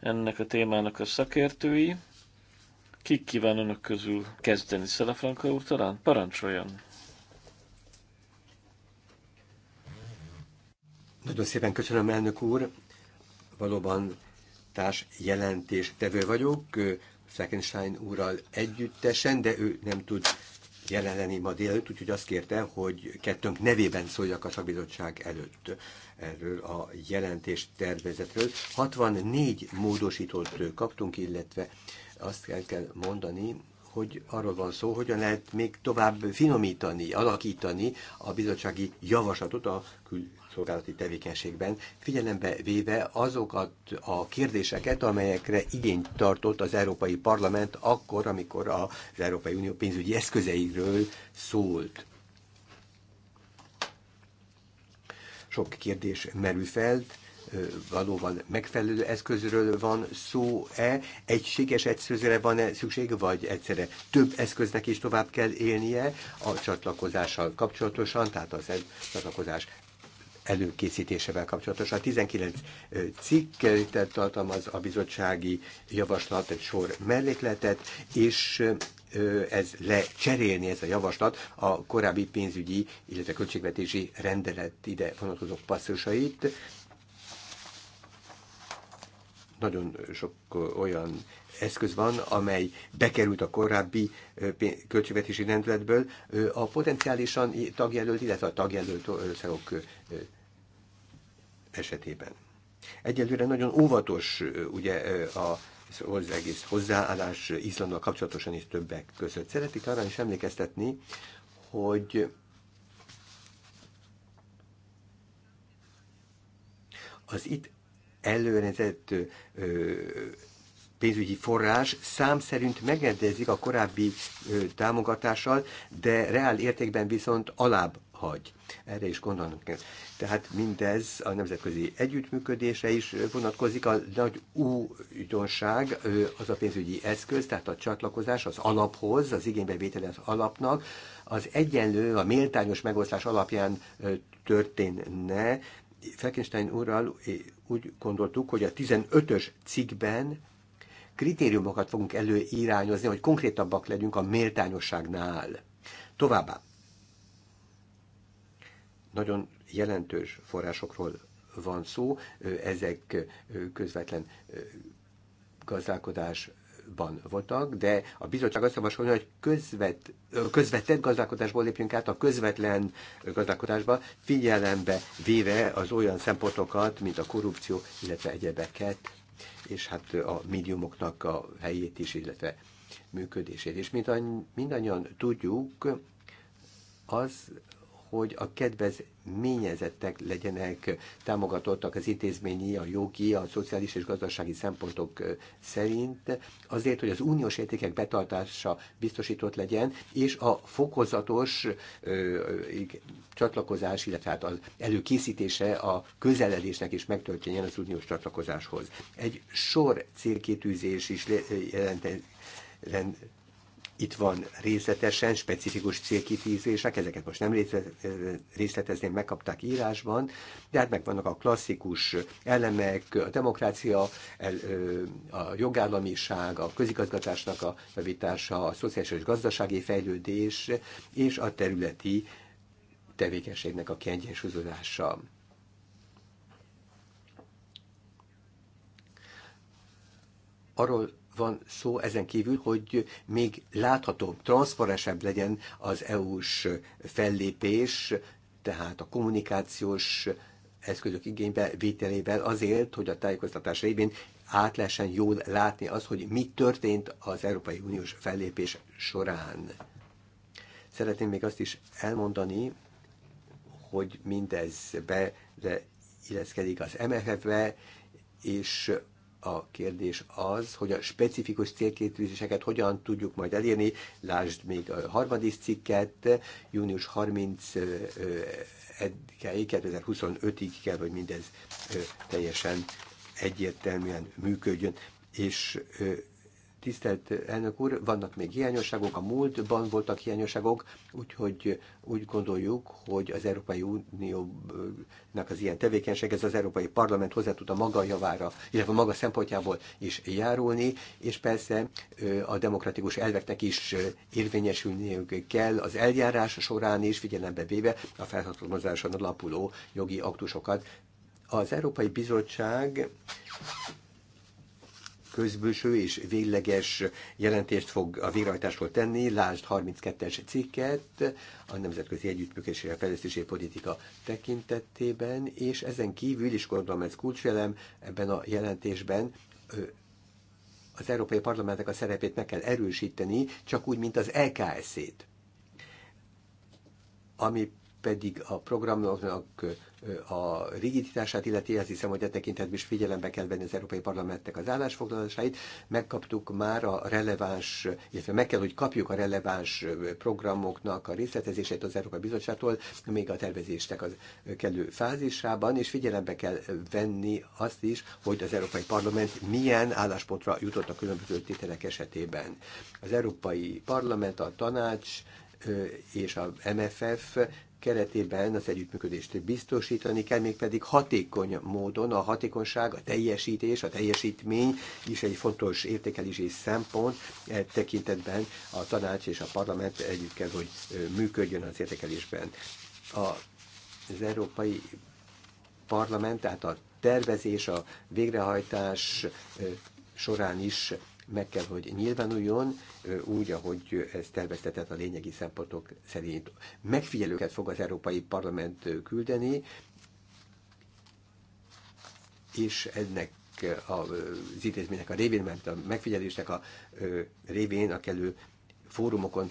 ennek a témának a szakértői. Kik kíván önök közül kezdeni? Franka úr talán? Parancsoljon! Nagyon szépen köszönöm, elnök úr. Valóban társ tevő vagyok, Fleckenstein úrral együttesen, de ő nem tud jelen lenni ma délelőtt, úgyhogy azt kérte, hogy kettőnk nevében szóljak a szakbizottság előtt erről a jelentés tervezetről. 64 módosítót kaptunk, illetve azt kell, kell mondani, hogy arról van szó, hogyan lehet még tovább finomítani, alakítani a bizottsági javaslatot a külszolgálati tevékenységben, figyelembe véve azokat a kérdéseket, amelyekre igényt tartott az Európai Parlament akkor, amikor az Európai Unió pénzügyi eszközeiről szólt. Sok kérdés merül fel, valóban megfelelő eszközről van szó-e, egységes eszközre van-e szükség, vagy egyszerre több eszköznek is tovább kell élnie a csatlakozással kapcsolatosan, tehát az e- csatlakozás előkészítésevel kapcsolatosan. 19 cikket tartalmaz a bizottsági javaslat, egy sor mellékletet, és ez lecserélni ez a javaslat a korábbi pénzügyi, illetve költségvetési rendelet ide vonatkozó passzusait. Nagyon sok olyan eszköz van, amely bekerült a korábbi költségvetési rendeletből a potenciálisan tagjelölt, illetve a tagjelölt országok esetében. Egyelőre nagyon óvatos ugye a az egész hozzáállás Izlandnal kapcsolatosan is többek között. Szeretik arra is emlékeztetni, hogy az itt előrendezett pénzügyi forrás szám szerint megrendezik a korábbi támogatással, de reál értékben viszont alább hagy. Erre is gondolnunk kell. Tehát mindez a nemzetközi együttműködése is vonatkozik. A nagy újdonság az a pénzügyi eszköz, tehát a csatlakozás az alaphoz, az igénybevétel az alapnak, az egyenlő, a méltányos megosztás alapján történne. Fleckenstein úrral úgy gondoltuk, hogy a 15-ös cikkben kritériumokat fogunk előirányozni, hogy konkrétabbak legyünk a méltányosságnál. Továbbá, nagyon jelentős forrásokról van szó, ezek közvetlen gazdálkodás ban voltak, de a bizottság azt javasolja, hogy közvet, közvetett gazdálkodásból lépjünk át a közvetlen gazdálkodásba, figyelembe véve az olyan szempontokat, mint a korrupció, illetve egyebeket, és hát a médiumoknak a helyét is, illetve működését. És mindannyian tudjuk, az hogy a kedvezményezettek legyenek támogatottak az intézményi, a jogi, a szociális és gazdasági szempontok szerint, azért, hogy az uniós értékek betartása biztosított legyen, és a fokozatos ö, csatlakozás, illetve hát az előkészítése a közeledésnek is megtörténjen az uniós csatlakozáshoz. Egy sor célkétűzés is jelent, itt van részletesen specifikus célkitűzések, ezeket most nem részletezném, megkapták írásban, de hát megvannak a klasszikus elemek, a demokrácia, a jogállamiság, a közigazgatásnak a javítása, a szociális és gazdasági fejlődés és a területi tevékenységnek a kiegyensúlyozása. Arról van szó ezen kívül, hogy még láthatóbb, transzparensebb legyen az EU-s fellépés, tehát a kommunikációs eszközök igénybe vételével azért, hogy a tájékoztatás révén át lehessen jól látni az, hogy mi történt az Európai Uniós fellépés során. Szeretném még azt is elmondani, hogy mindez be illeszkedik az MFF-be, és a kérdés az, hogy a specifikus célkétűzéseket hogyan tudjuk majd elérni. Lásd még a harmadik cikket, június 30 2025-ig kell, hogy mindez teljesen egyértelműen működjön, és Tisztelt elnök úr, vannak még hiányosságok, a múltban voltak hiányosságok, úgyhogy úgy gondoljuk, hogy az Európai Uniónak az ilyen tevékenység, ez az Európai Parlament hozzá tud a maga javára, illetve a maga szempontjából is járulni, és persze a demokratikus elveknek is érvényesülniük kell az eljárás során is, figyelembe véve a felhatalmazáson alapuló jogi aktusokat. Az Európai Bizottság közbőső és végleges jelentést fog a végrehajtásról tenni, lásd 32-es cikket a Nemzetközi Együttműködési Fejlesztési Politika tekintetében, és ezen kívül is gondolom ez kulcsjelem ebben a jelentésben, az Európai Parlamentnek a szerepét meg kell erősíteni, csak úgy, mint az EKS-ét. Ami pedig a programnak a rigiditását illeti, azt hiszem, hogy a e tekintetben is figyelembe kell venni az Európai Parlamentnek az állásfoglalásait. Megkaptuk már a releváns, illetve meg kell, hogy kapjuk a releváns programoknak a részletezését az Európai Bizottságtól, még a tervezésnek az kellő fázisában, és figyelembe kell venni azt is, hogy az Európai Parlament milyen álláspontra jutott a különböző tételek esetében. Az Európai Parlament, a tanács és a MFF keretében az együttműködést biztosítani kell, mégpedig hatékony módon a hatékonyság, a teljesítés, a teljesítmény is egy fontos értékelési szempont e tekintetben a tanács és a parlament együtt kell, hogy működjön az értékelésben. A, az Európai Parlament, tehát a tervezés, a végrehajtás során is meg kell, hogy nyilvánuljon úgy, ahogy ez terveztetett a lényegi szempontok szerint. Megfigyelőket fog az Európai Parlament küldeni, és ennek az intézménynek a révén, mert a megfigyelésnek a révén a kellő fórumokon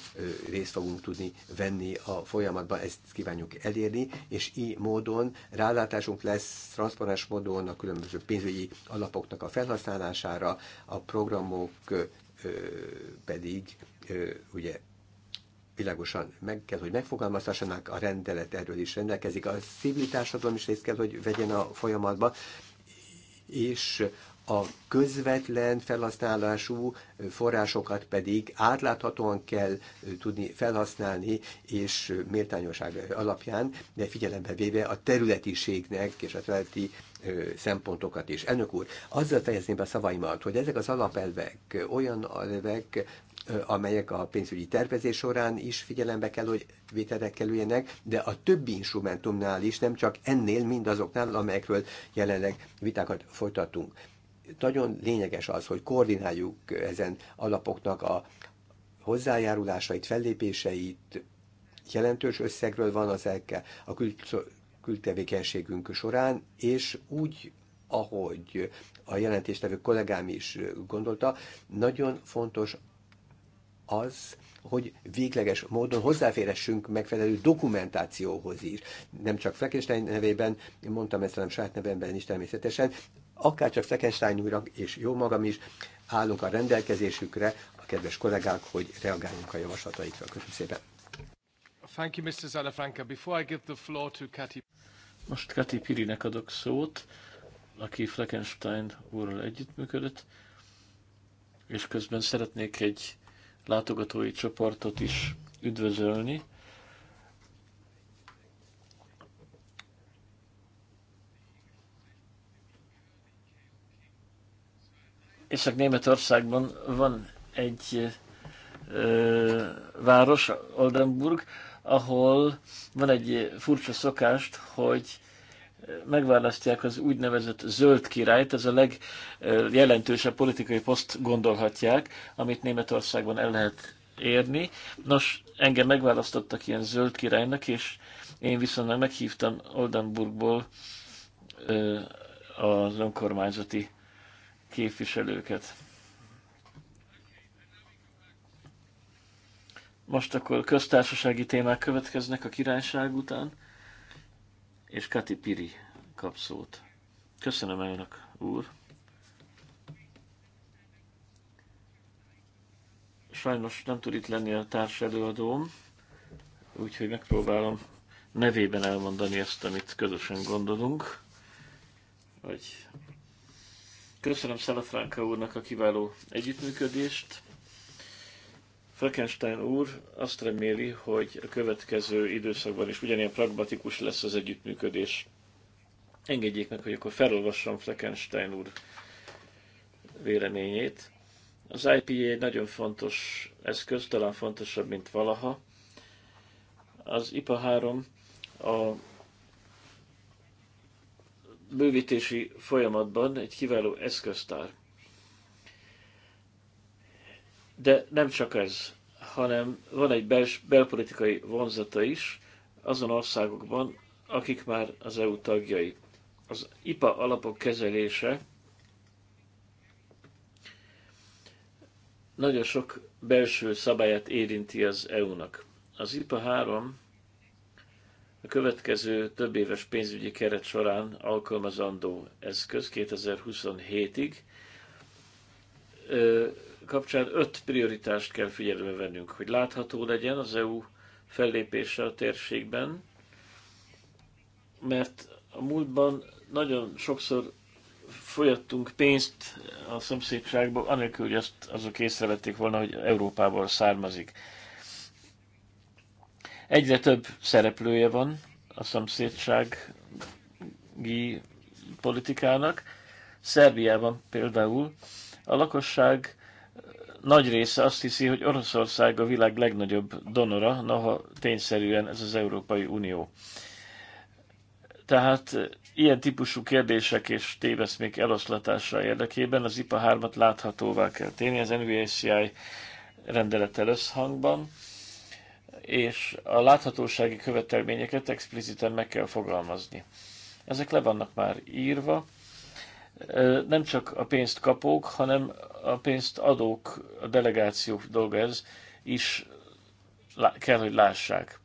részt fogunk tudni venni a folyamatban, ezt kívánjuk elérni, és így módon rálátásunk lesz transzparens módon a különböző pénzügyi alapoknak a felhasználására, a programok pedig ugye világosan meg kell, hogy megfogalmazhassanak, a rendelet erről is rendelkezik, a civil társadalom is részt kell, hogy vegyen a folyamatba, és a közvetlen felhasználású forrásokat pedig átláthatóan kell tudni felhasználni, és méltányosság alapján, de figyelembe véve a területiségnek és a területi szempontokat is. Elnök úr, azzal fejezném be a szavaimat, hogy ezek az alapelvek olyan elvek, amelyek a pénzügyi tervezés során is figyelembe kell, hogy vételre kerüljenek, de a többi instrumentumnál is, nem csak ennél, mindazoknál, amelyekről jelenleg vitákat folytatunk nagyon lényeges az, hogy koordináljuk ezen alapoknak a hozzájárulásait, fellépéseit, jelentős összegről van az elke a kül- kültevékenységünk során, és úgy, ahogy a jelentéstevő kollégám is gondolta, nagyon fontos az, hogy végleges módon hozzáférhessünk megfelelő dokumentációhoz is. Nem csak Frankenstein nevében, mondtam ezt, hanem saját nevemben is természetesen, akárcsak Szekenstein úrak és jó magam is állunk a rendelkezésükre, a kedves kollégák, hogy reagáljunk a javaslataikra. Köszönöm szépen. Thank you, Mr. Zalafranca. Before I give the floor to Kati... Most Kati Pirinek adok szót, aki Fleckenstein úrral együttműködött, és közben szeretnék egy látogatói csoportot is üdvözölni, Észak-Németországban hát van egy ö, város, Oldenburg, ahol van egy furcsa szokást, hogy megválasztják az úgynevezett zöld királyt, ez a legjelentősebb politikai poszt gondolhatják, amit Németországban el lehet érni. Nos, engem megválasztottak ilyen zöld királynak, és én viszont meghívtam Oldenburgból az önkormányzati képviselőket. Most akkor köztársasági témák következnek a királyság után, és Kati Piri kap szót. Köszönöm elnök úr. Sajnos nem tud itt lenni a társ előadóm, úgyhogy megpróbálom nevében elmondani ezt, amit közösen gondolunk, vagy Köszönöm Szelefránka úrnak a kiváló együttműködést. Frankenstein úr azt reméli, hogy a következő időszakban is ugyanilyen pragmatikus lesz az együttműködés. Engedjék meg, hogy akkor felolvassam Frankenstein úr véleményét. Az IPA egy nagyon fontos eszköz, talán fontosabb, mint valaha. Az IPA 3 a bővítési folyamatban egy kiváló eszköztár. De nem csak ez, hanem van egy bels, belpolitikai vonzata is azon országokban, akik már az EU tagjai. Az IPA alapok kezelése nagyon sok belső szabályát érinti az EU-nak. Az IPA 3 a következő több éves pénzügyi keret során alkalmazandó eszköz 2027-ig kapcsán öt prioritást kell figyelembe vennünk, hogy látható legyen az EU fellépése a térségben, mert a múltban nagyon sokszor folyattunk pénzt a szomszédságból, anélkül, hogy azt azok észrevették volna, hogy Európából származik. Egyre több szereplője van a szomszédsági politikának. Szerbiában például a lakosság nagy része azt hiszi, hogy Oroszország a világ legnagyobb donora, noha tényszerűen ez az Európai Unió. Tehát ilyen típusú kérdések és téveszmék eloszlatása érdekében az IPA 3-at láthatóvá kell tenni az NVSCI rendelettel összhangban és a láthatósági követelményeket expliciten meg kell fogalmazni. Ezek le vannak már írva, nem csak a pénzt kapók, hanem a pénzt adók, a delegációk dolga ez is kell, hogy lássák.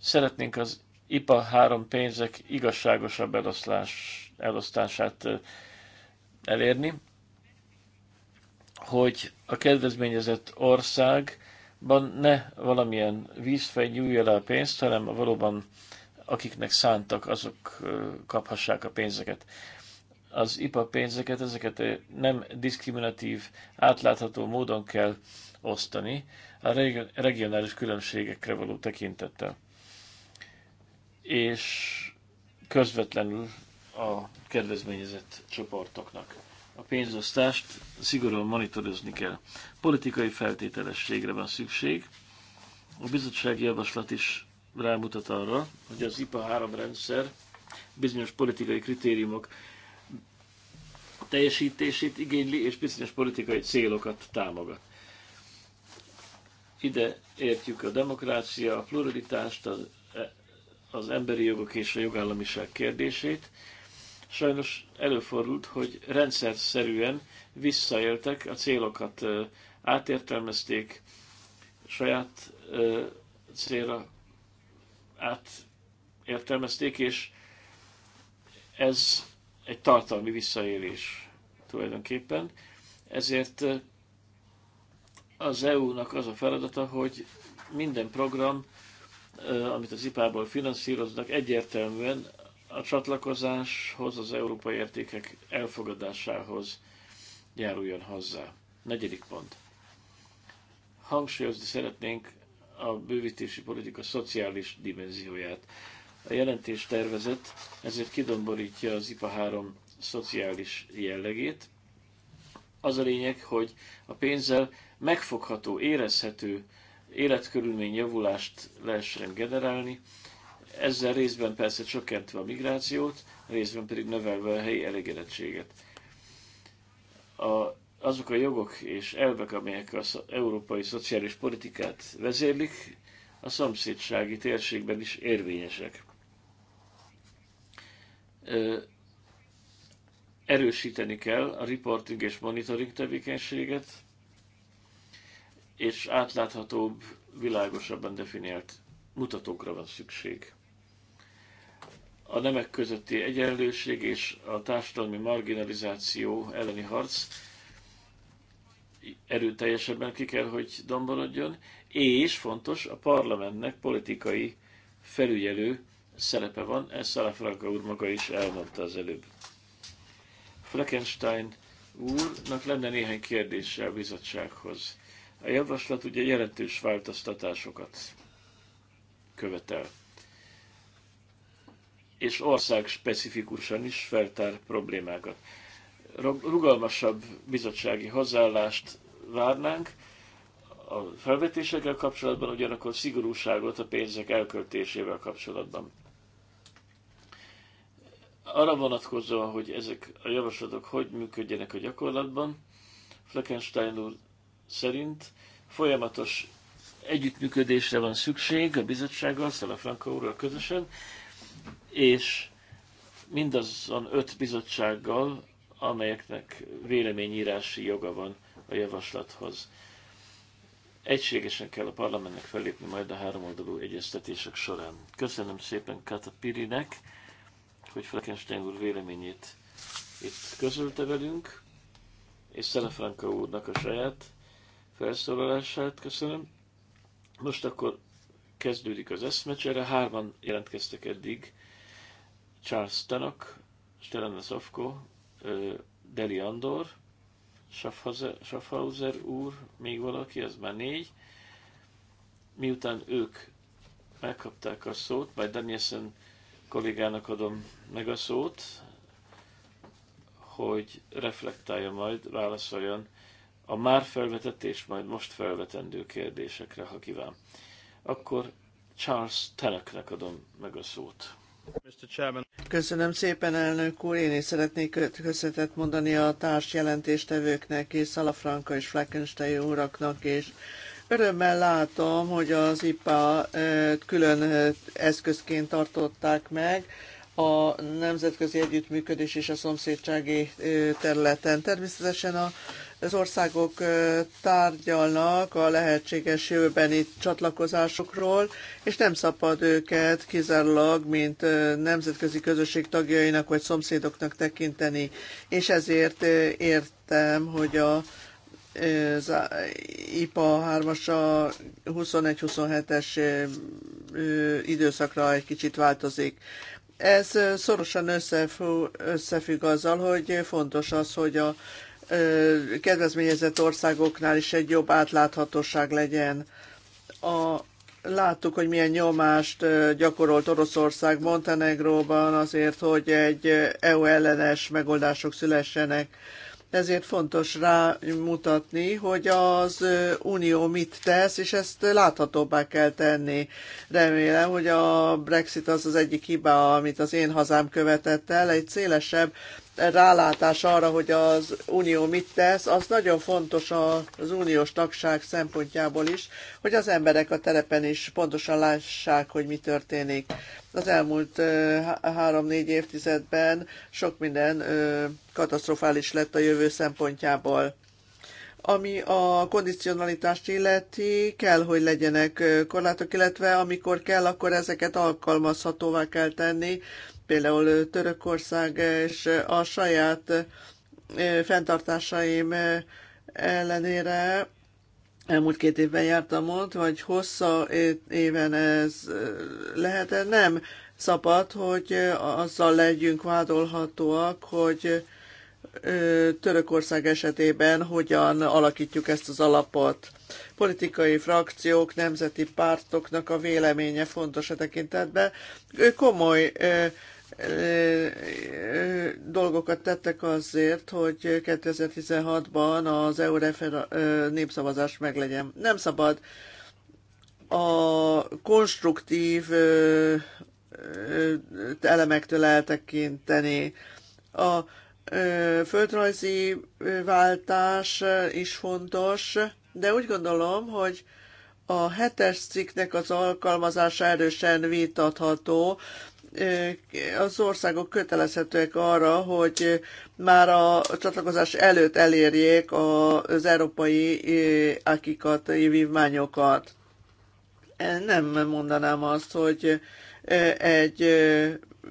Szeretnénk az IPA három pénzek igazságosabb eloszlás, elosztását elérni, hogy a kedvezményezett ország ne valamilyen vízfej nyújja le a pénzt, hanem valóban akiknek szántak, azok kaphassák a pénzeket. Az IPA pénzeket, ezeket nem diszkriminatív, átlátható módon kell osztani a regionális különbségekre való tekintettel. És közvetlenül a kedvezményezett csoportoknak a pénzosztást szigorúan monitorozni kell. Politikai feltételességre van szükség. A bizottsági javaslat is rámutat arra, hogy az IPA 3 rendszer bizonyos politikai kritériumok teljesítését igényli, és bizonyos politikai célokat támogat. Ide értjük a demokrácia, a pluralitást, az, e, az emberi jogok és a jogállamiság kérdését, sajnos előfordult, hogy rendszer szerűen visszaéltek, a célokat átértelmezték, saját célra átértelmezték, és ez egy tartalmi visszaélés tulajdonképpen. Ezért az EU-nak az a feladata, hogy minden program, amit az IPA-ból finanszíroznak, egyértelműen a csatlakozáshoz, az európai értékek elfogadásához járuljon hozzá. Negyedik pont. Hangsúlyozni szeretnénk a bővítési politika szociális dimenzióját. A jelentés tervezet ezért kidomborítja az IPA 3 szociális jellegét. Az a lényeg, hogy a pénzzel megfogható, érezhető életkörülmény javulást lehessen generálni, ezzel részben persze csökkentve a migrációt, részben pedig növelve a helyi elégedettséget. A, azok a jogok és elvek, amelyek az európai szociális politikát vezérlik, a szomszédsági térségben is érvényesek. Erősíteni kell a reporting és monitoring tevékenységet, és átláthatóbb, világosabban definiált mutatókra van szükség a nemek közötti egyenlőség és a társadalmi marginalizáció elleni harc erőteljesebben ki kell, hogy domborodjon, és fontos, a parlamentnek politikai felügyelő szerepe van, ezt Szalafranka úr maga is elmondta az előbb. Fleckenstein úrnak lenne néhány kérdése a bizottsághoz. A javaslat ugye jelentős változtatásokat követel és ország specifikusan is feltár problémákat. Rugalmasabb bizottsági hozzáállást várnánk a felvetésekkel kapcsolatban, ugyanakkor szigorúságot a pénzek elköltésével kapcsolatban. Arra vonatkozóan, hogy ezek a javaslatok hogy működjenek a gyakorlatban, Fleckenstein úr szerint folyamatos együttműködésre van szükség a bizottsággal, Szalafranka úrral közösen, és mindazon öt bizottsággal, amelyeknek véleményírási joga van a javaslathoz. Egységesen kell a parlamentnek fellépni majd a háromoldalú egyeztetések során. Köszönöm szépen Kata Pirinek, hogy Frankenstein úr véleményét itt közölte velünk, és Franka úrnak a saját felszólalását köszönöm. Most akkor kezdődik az eszmecsere, hárman jelentkeztek eddig Charles Tanok, Stellana Szofko, Deli Andor, Schaffhauser, úr, még valaki, ez már négy. Miután ők megkapták a szót, majd Danielsen kollégának adom meg a szót, hogy reflektálja majd, válaszoljon a már felvetett és majd most felvetendő kérdésekre, ha kíván. Akkor Charles Teneknek adom meg a szót. Köszönöm szépen, elnök úr. Én is szeretnék köszönetet mondani a társ jelentéstevőknek és Szalafranka és Fleckenstein uraknak, és örömmel látom, hogy az IPA külön eszközként tartották meg, a nemzetközi együttműködés és a szomszédsági területen. Természetesen a az országok tárgyalnak a lehetséges jövőbeni csatlakozásokról, és nem szabad őket kizárólag, mint nemzetközi közösség tagjainak vagy szomszédoknak tekinteni. És ezért értem, hogy a az IPA 3-as a 21-27-es időszakra egy kicsit változik. Ez szorosan összefügg azzal, hogy fontos az, hogy a kedvezményezett országoknál is egy jobb átláthatóság legyen. A, láttuk, hogy milyen nyomást gyakorolt Oroszország Montenegróban azért, hogy egy EU ellenes megoldások szülessenek. Ezért fontos rámutatni, hogy az Unió mit tesz, és ezt láthatóbbá kell tenni. Remélem, hogy a Brexit az az egyik hiba, amit az én hazám követett el, egy szélesebb rálátás arra, hogy az Unió mit tesz, az nagyon fontos az uniós tagság szempontjából is, hogy az emberek a terepen is pontosan lássák, hogy mi történik. Az elmúlt három-négy évtizedben sok minden katasztrofális lett a jövő szempontjából. Ami a kondicionalitást illeti, kell, hogy legyenek korlátok, illetve amikor kell, akkor ezeket alkalmazhatóvá kell tenni Például Törökország és a saját fenntartásaim ellenére elmúlt két évben jártam ott, vagy hossza éven ez lehet -e? Nem szabad, hogy azzal legyünk vádolhatóak, hogy Törökország esetében hogyan alakítjuk ezt az alapot. Politikai frakciók, nemzeti pártoknak a véleménye fontos a tekintetben. Komoly dolgokat tettek azért, hogy 2016-ban az EU népszavazás meglegyen. Nem szabad a konstruktív elemektől eltekinteni. A földrajzi váltás is fontos, de úgy gondolom, hogy a hetes cikknek az alkalmazása erősen vitatható, az országok kötelezhetőek arra, hogy már a csatlakozás előtt elérjék az európai akikat, vívmányokat. Nem mondanám azt, hogy egy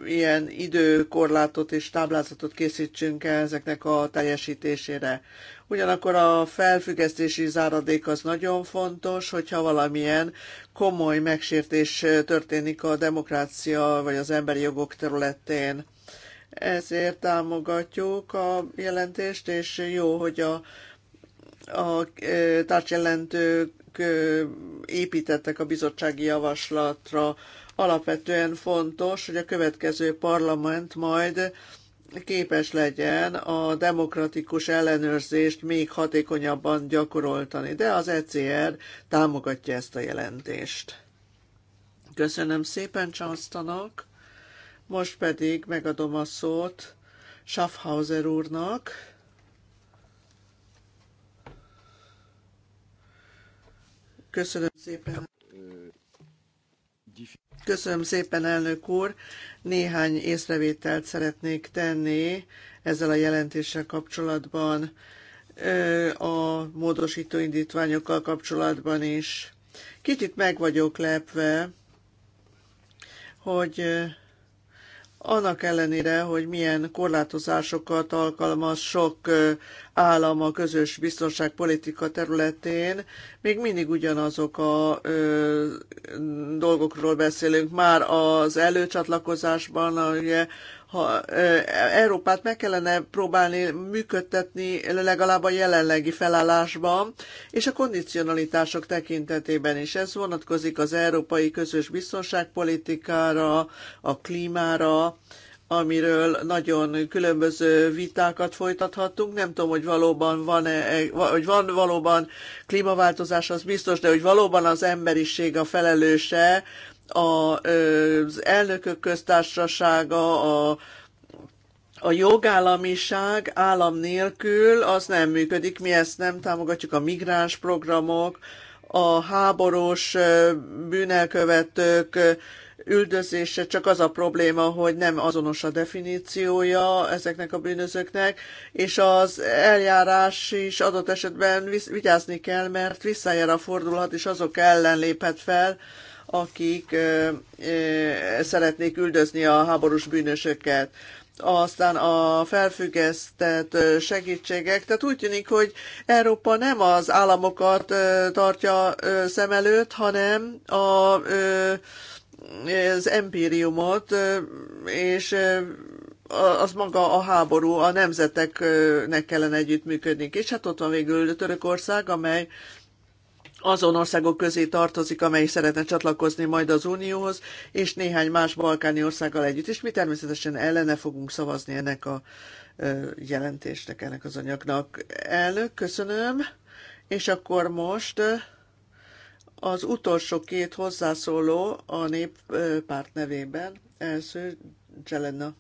ilyen időkorlátot és táblázatot készítsünk ezeknek a teljesítésére. Ugyanakkor a felfüggesztési záradék az nagyon fontos, hogyha valamilyen komoly megsértés történik a demokrácia vagy az emberi jogok területén. Ezért támogatjuk a jelentést, és jó, hogy a, a e, tárcsjelentők e, építettek a bizottsági javaslatra. Alapvetően fontos, hogy a következő parlament majd képes legyen a demokratikus ellenőrzést még hatékonyabban gyakoroltani, de az ECR támogatja ezt a jelentést. Köszönöm szépen Csansztanak, most pedig megadom a szót Schaffhauser úrnak. Köszönöm szépen. Köszönöm szépen, elnök úr! Néhány észrevételt szeretnék tenni ezzel a jelentéssel kapcsolatban, a módosító indítványokkal kapcsolatban is. Kicsit meg vagyok lepve, hogy annak ellenére, hogy milyen korlátozásokat alkalmaz sok állam a közös biztonságpolitika területén, még mindig ugyanazok a dolgokról beszélünk. Már az előcsatlakozásban ugye, ha Európát meg kellene próbálni működtetni legalább a jelenlegi felállásban, és a kondicionalitások tekintetében is. Ez vonatkozik az európai közös biztonságpolitikára, a klímára, amiről nagyon különböző vitákat folytathatunk. Nem tudom, hogy valóban van-e, hogy van valóban klímaváltozás, az biztos, de hogy valóban az emberiség a felelőse, az elnökök köztársasága, a a jogállamiság állam nélkül az nem működik, mi ezt nem támogatjuk, a migráns programok, a háborús bűnelkövetők üldözése, csak az a probléma, hogy nem azonos a definíciója ezeknek a bűnözőknek, és az eljárás is adott esetben vigyázni kell, mert a fordulhat, és azok ellen léphet fel, akik szeretnék üldözni a háborús bűnösöket aztán a felfüggesztett segítségek. Tehát úgy tűnik, hogy Európa nem az államokat tartja szem előtt, hanem a, az empíriumot, és az maga a háború, a nemzeteknek kellene együttműködni. És hát ott van végül Törökország, amely azon országok közé tartozik, amely szeretne csatlakozni majd az Unióhoz, és néhány más balkáni országgal együtt. És mi természetesen ellene fogunk szavazni ennek a jelentésnek, ennek az anyagnak. Elnök, köszönöm. És akkor most az utolsó két hozzászóló a néppárt nevében. Első Jelenna.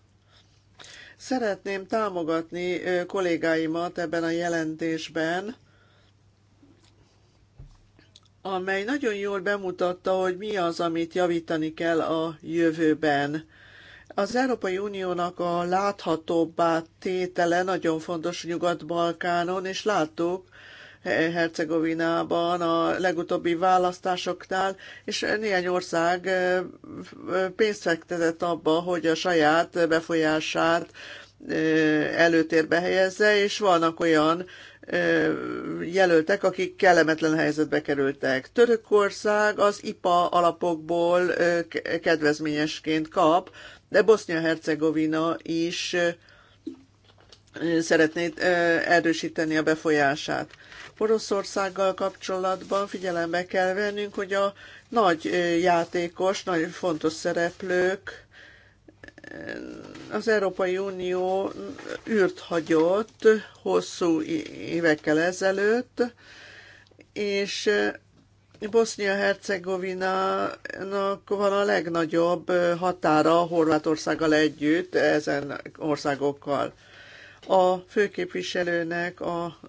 Szeretném támogatni kollégáimat ebben a jelentésben amely nagyon jól bemutatta, hogy mi az, amit javítani kell a jövőben. Az Európai Uniónak a láthatóbbá tétele nagyon fontos Nyugat-Balkánon, és láttuk, Hercegovinában a legutóbbi választásoknál, és néhány ország pénzt fektetett abba, hogy a saját befolyását előtérbe helyezze, és vannak olyan jelöltek, akik kellemetlen helyzetbe kerültek. Törökország az IPA alapokból kedvezményesként kap, de Bosznia-Hercegovina is szeretné erősíteni a befolyását. Oroszországgal kapcsolatban figyelembe kell vennünk, hogy a nagy játékos, nagyon fontos szereplők az Európai Unió űrt hagyott hosszú évekkel ezelőtt, és Bosznia-Hercegovinának van a legnagyobb határa Horvátországgal együtt ezen országokkal. A főképviselőnek a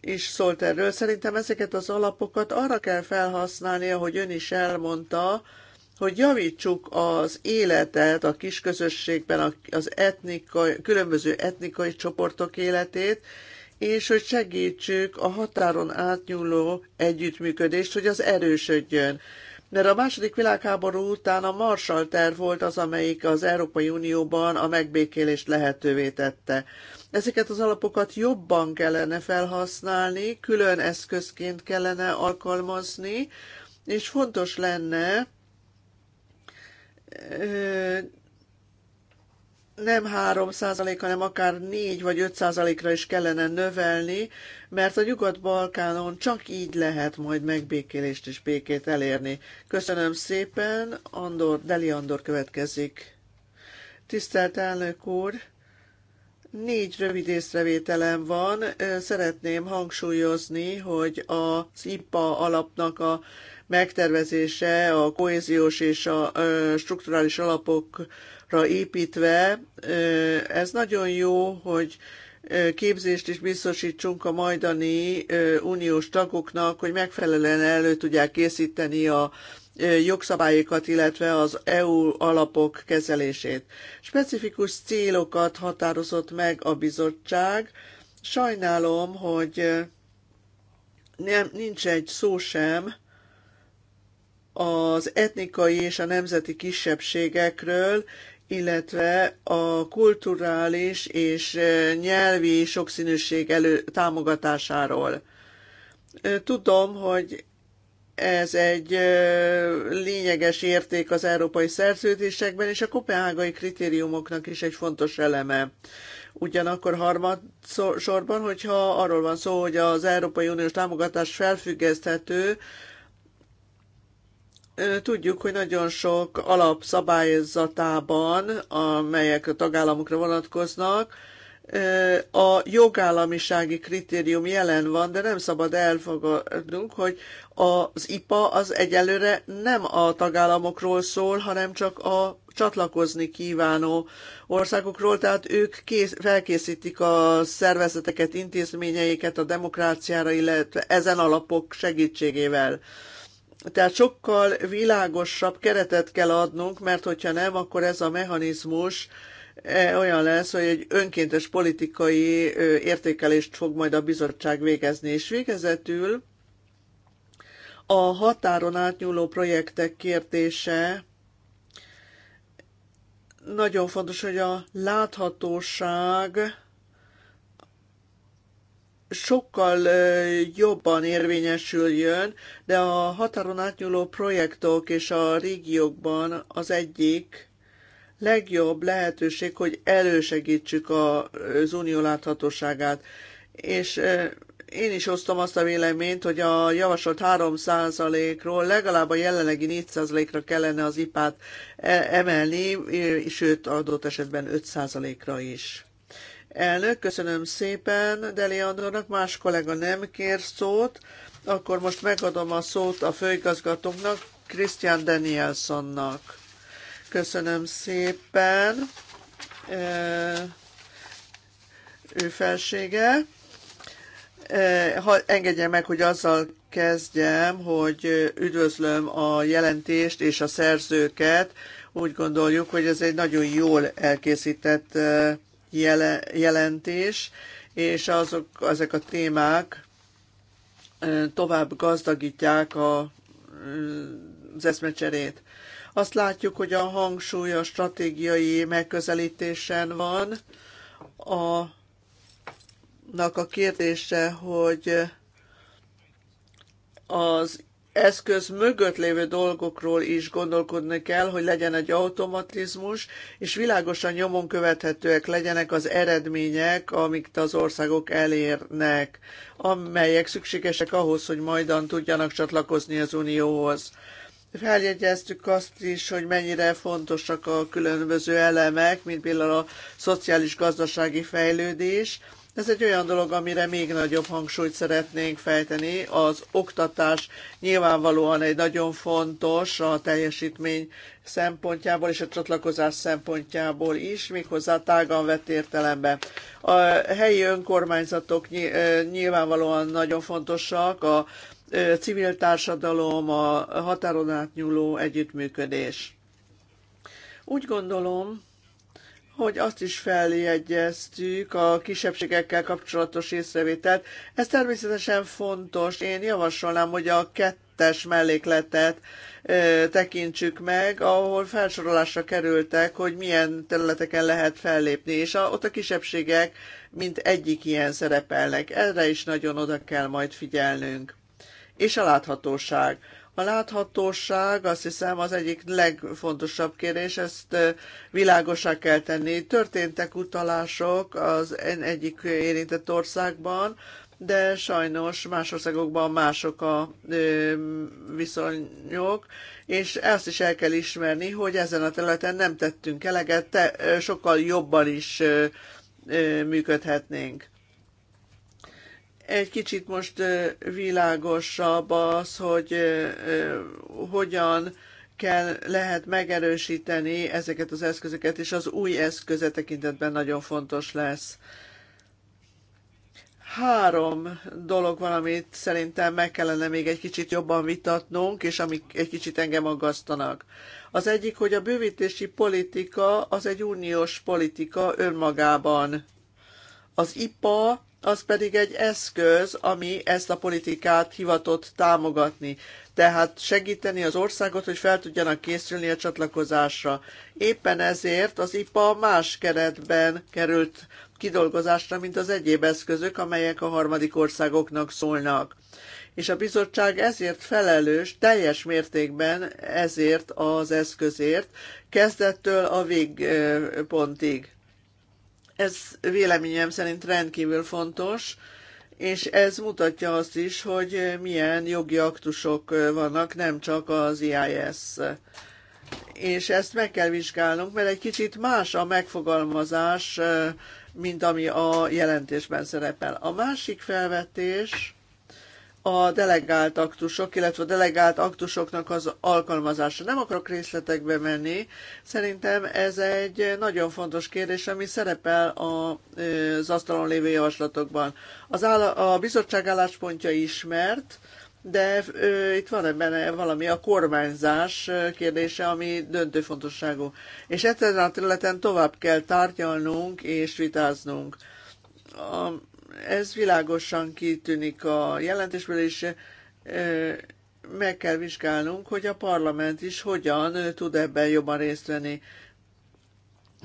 is szólt erről. Szerintem ezeket az alapokat arra kell felhasználnia, hogy ön is elmondta, hogy javítsuk az életet a kisközösségben, az etnikai, különböző etnikai csoportok életét, és hogy segítsük a határon átnyúló együttműködést, hogy az erősödjön. Mert a második világháború után a Marshall terv volt az, amelyik az Európai Unióban a megbékélést lehetővé tette. Ezeket az alapokat jobban kellene felhasználni, külön eszközként kellene alkalmazni, és fontos lenne, nem 3 hanem akár 4 vagy 5 százalékra is kellene növelni, mert a Nyugat-Balkánon csak így lehet majd megbékélést és békét elérni. Köszönöm szépen, Andor, Deli Andor következik. Tisztelt elnök úr! Négy rövid észrevételem van. Szeretném hangsúlyozni, hogy az IPA alapnak a megtervezése a kohéziós és a strukturális alapokra építve. Ez nagyon jó, hogy képzést is biztosítsunk a majdani uniós tagoknak, hogy megfelelően elő tudják készíteni a jogszabályokat, illetve az EU alapok kezelését. Specifikus célokat határozott meg a bizottság. Sajnálom, hogy nem, nincs egy szó sem az etnikai és a nemzeti kisebbségekről, illetve a kulturális és nyelvi sokszínűség elő támogatásáról. Tudom, hogy ez egy lényeges érték az európai szerződésekben, és a kopenhágai kritériumoknak is egy fontos eleme. Ugyanakkor harmadsorban, hogyha arról van szó, hogy az Európai Uniós támogatás felfüggeszthető, Tudjuk, hogy nagyon sok alapszabályzatában, amelyek a tagállamokra vonatkoznak, a jogállamisági kritérium jelen van, de nem szabad elfogadnunk, hogy az IPA az egyelőre nem a tagállamokról szól, hanem csak a csatlakozni kívánó országokról, tehát ők kész, felkészítik a szervezeteket, intézményeiket a demokráciára, illetve ezen alapok segítségével. Tehát sokkal világosabb keretet kell adnunk, mert hogyha nem, akkor ez a mechanizmus e, olyan lesz, hogy egy önkéntes politikai értékelést fog majd a bizottság végezni. És végezetül a határon átnyúló projektek kérdése nagyon fontos, hogy a láthatóság sokkal jobban érvényesüljön, de a határon átnyúló projektok és a régiókban az egyik legjobb lehetőség, hogy elősegítsük az unió láthatóságát. És én is osztom azt a véleményt, hogy a javasolt 3%-ról legalább a jelenlegi 4%-ra kellene az ipát e-, emelni, sőt adott esetben 5%-ra is. Elnök, köszönöm szépen. Deli Andrónak, más kollega nem kér szót. Akkor most megadom a szót a főigazgatóknak, Christian Danielsonnak. Köszönöm szépen. Ő felsége. Ha engedje meg, hogy azzal kezdjem, hogy üdvözlöm a jelentést és a szerzőket. Úgy gondoljuk, hogy ez egy nagyon jól elkészített jele, jelentés, és azok, ezek a témák tovább gazdagítják a, az eszmecserét. Azt látjuk, hogy a hangsúly a stratégiai megközelítésen van. A, a kérdése, hogy az eszköz mögött lévő dolgokról is gondolkodni kell, hogy legyen egy automatizmus, és világosan nyomon követhetőek legyenek az eredmények, amiket az országok elérnek, amelyek szükségesek ahhoz, hogy majdan tudjanak csatlakozni az Unióhoz. Feljegyeztük azt is, hogy mennyire fontosak a különböző elemek, mint például a szociális-gazdasági fejlődés, ez egy olyan dolog, amire még nagyobb hangsúlyt szeretnénk fejteni. Az oktatás nyilvánvalóan egy nagyon fontos a teljesítmény szempontjából és a csatlakozás szempontjából is, méghozzá tágan vett értelembe. A helyi önkormányzatok nyilvánvalóan nagyon fontosak, a civil társadalom, a határon átnyúló együttműködés. Úgy gondolom, hogy azt is feljegyeztük a kisebbségekkel kapcsolatos észrevételt. Ez természetesen fontos. Én javasolnám, hogy a kettes mellékletet ö, tekintsük meg, ahol felsorolásra kerültek, hogy milyen területeken lehet fellépni, és a, ott a kisebbségek mint egyik ilyen szerepelnek. Erre is nagyon oda kell majd figyelnünk. És a láthatóság. A láthatóság azt hiszem az egyik legfontosabb kérés, ezt világosá kell tenni. Történtek utalások az egyik érintett országban, de sajnos más országokban mások a viszonyok, és ezt is el kell ismerni, hogy ezen a területen nem tettünk eleget, te, sokkal jobban is működhetnénk egy kicsit most világosabb az, hogy hogyan kell, lehet megerősíteni ezeket az eszközöket, és az új eszköze tekintetben nagyon fontos lesz. Három dolog van, amit szerintem meg kellene még egy kicsit jobban vitatnunk, és amik egy kicsit engem aggasztanak. Az egyik, hogy a bővítési politika az egy uniós politika önmagában. Az IPA az pedig egy eszköz, ami ezt a politikát hivatott támogatni. Tehát segíteni az országot, hogy fel tudjanak készülni a csatlakozásra. Éppen ezért az IPA más keretben került kidolgozásra, mint az egyéb eszközök, amelyek a harmadik országoknak szólnak. És a bizottság ezért felelős, teljes mértékben ezért az eszközért, kezdettől a végpontig ez véleményem szerint rendkívül fontos, és ez mutatja azt is, hogy milyen jogi aktusok vannak, nem csak az IIS. És ezt meg kell vizsgálnunk, mert egy kicsit más a megfogalmazás, mint ami a jelentésben szerepel. A másik felvetés, a delegált aktusok, illetve a delegált aktusoknak az alkalmazása. Nem akarok részletekbe menni, szerintem ez egy nagyon fontos kérdés, ami szerepel az asztalon lévő javaslatokban. Az a bizottság álláspontja ismert, de ö, itt van ebben valami a kormányzás kérdése, ami döntő fontosságú. És ezen a területen tovább kell tárgyalnunk és vitáznunk. A, ez világosan kitűnik a jelentésből, és meg kell vizsgálnunk, hogy a parlament is hogyan tud ebben jobban részt venni.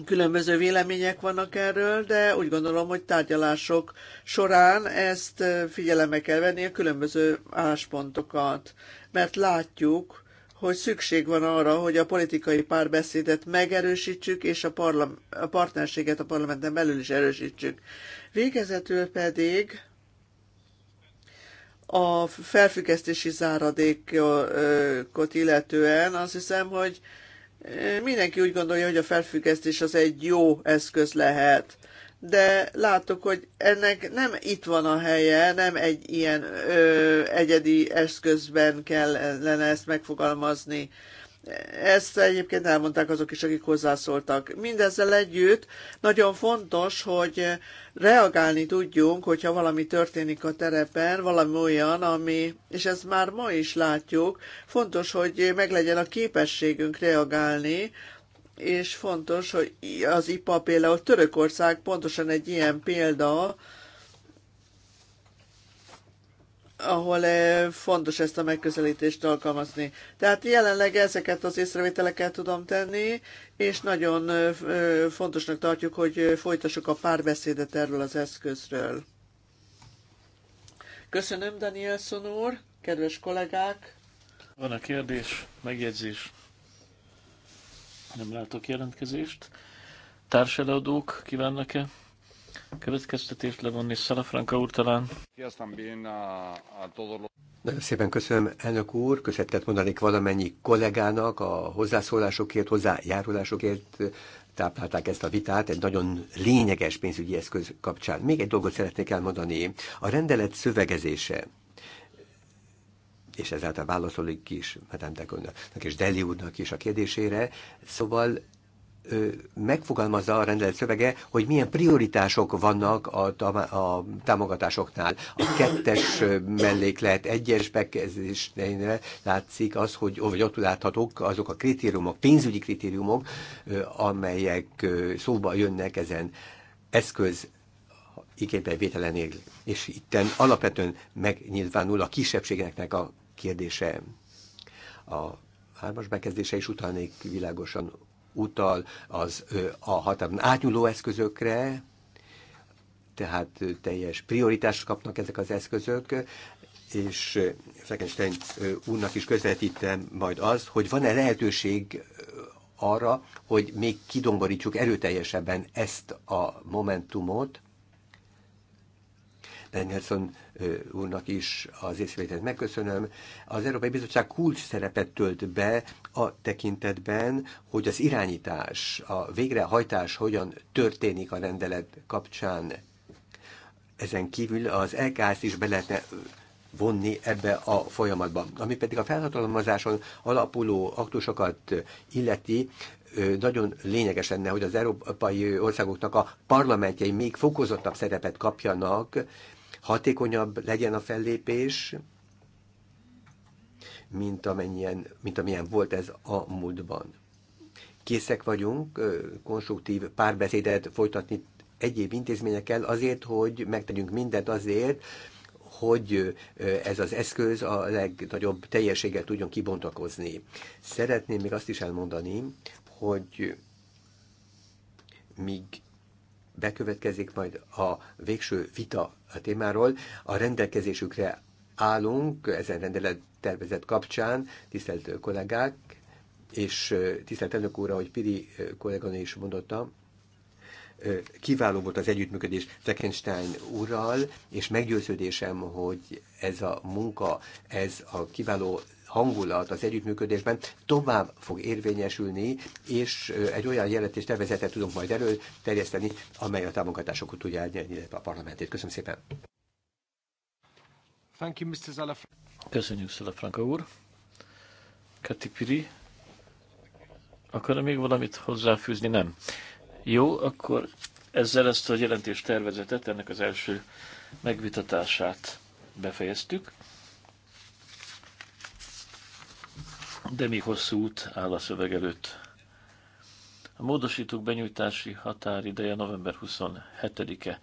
Különböző vélemények vannak erről, de úgy gondolom, hogy tárgyalások során ezt figyelembe kell venni a különböző álláspontokat, mert látjuk, hogy szükség van arra, hogy a politikai párbeszédet megerősítsük, és a, parlam- a partnerséget a parlamenten belül is erősítsük. Végezetül pedig a felfüggesztési záradékot illetően azt hiszem, hogy eh, mindenki úgy gondolja, hogy a felfüggesztés az egy jó eszköz lehet de látok, hogy ennek nem itt van a helye, nem egy ilyen ö, egyedi eszközben kellene ezt megfogalmazni. Ezt egyébként elmondták azok is, akik hozzászóltak. Mindezzel együtt nagyon fontos, hogy reagálni tudjunk, hogyha valami történik a terepen, valami olyan, ami, és ezt már ma is látjuk, fontos, hogy meglegyen a képességünk reagálni, és fontos, hogy az IPA például Törökország pontosan egy ilyen példa, ahol eh, fontos ezt a megközelítést alkalmazni. Tehát jelenleg ezeket az észrevételeket tudom tenni, és nagyon eh, eh, fontosnak tartjuk, hogy folytassuk a párbeszédet erről az eszközről. Köszönöm, Danielson úr, kedves kollégák! Van a kérdés, megjegyzés? Nem látok jelentkezést. Társeladók kívánnak-e? következtetést levonni. Szalafranka úr talán. Nagyon szépen köszönöm, elnök úr. Köszönetet mondanék valamennyi kollégának a hozzászólásokért, hozzájárulásokért táplálták ezt a vitát egy nagyon lényeges pénzügyi eszköz kapcsán. Még egy dolgot szeretnék elmondani. A rendelet szövegezése és ezáltal válaszolik is Madame de Gondnak és Deli úrnak is a kérdésére. Szóval megfogalmazza a rendelet szövege, hogy milyen prioritások vannak a, a támogatásoknál. A kettes melléklet egyes bekezdésnél látszik az, hogy vagy ott láthatók azok a kritériumok, pénzügyi kritériumok, amelyek szóba jönnek ezen eszköz igénybevételenél. És itten alapvetően megnyilvánul a kisebbségeknek a kérdése. A hármas bekezdése is utalnék világosan utal az a határon átnyúló eszközökre, tehát teljes prioritást kapnak ezek az eszközök, és Fekenstein úrnak is közvetítem majd az, hogy van-e lehetőség arra, hogy még kidomborítsuk erőteljesebben ezt a momentumot. Danielson úrnak is az észrevételt megköszönöm. Az Európai Bizottság kulcs szerepet tölt be a tekintetben, hogy az irányítás, a végrehajtás hogyan történik a rendelet kapcsán. Ezen kívül az EKS is be lehetne vonni ebbe a folyamatba. Ami pedig a felhatalmazáson alapuló aktusokat illeti, nagyon lényeges lenne, hogy az európai országoknak a parlamentjei még fokozottabb szerepet kapjanak, hatékonyabb legyen a fellépés, mint, amennyien, mint amilyen volt ez a múltban. Készek vagyunk konstruktív párbeszédet folytatni egyéb intézményekkel azért, hogy megtegyünk mindent azért, hogy ez az eszköz a legnagyobb teljességet tudjon kibontakozni. Szeretném még azt is elmondani, hogy míg bekövetkezik majd a végső vita a témáról, a rendelkezésükre állunk ezen rendelet tervezet kapcsán, tisztelt kollégák, és tisztelt elnök úr, ahogy Piri kolléganő is mondotta, kiváló volt az együttműködés Fleckenstein úrral, és meggyőződésem, hogy ez a munka, ez a kiváló hangulat az együttműködésben tovább fog érvényesülni, és egy olyan jelentés tervezetet tudunk majd előterjeszteni, amely a támogatásokat tudja elnyerni, illetve a parlamentét. Köszönöm szépen! Thank you, Mr. Köszönjük szépen, Franka úr. Kati Piri. Akar még valamit hozzáfűzni? Nem. Jó, akkor ezzel ezt a jelentés tervezetet, ennek az első megvitatását befejeztük. De még hosszú út áll a szöveg előtt. A módosítók benyújtási határideje november 27-e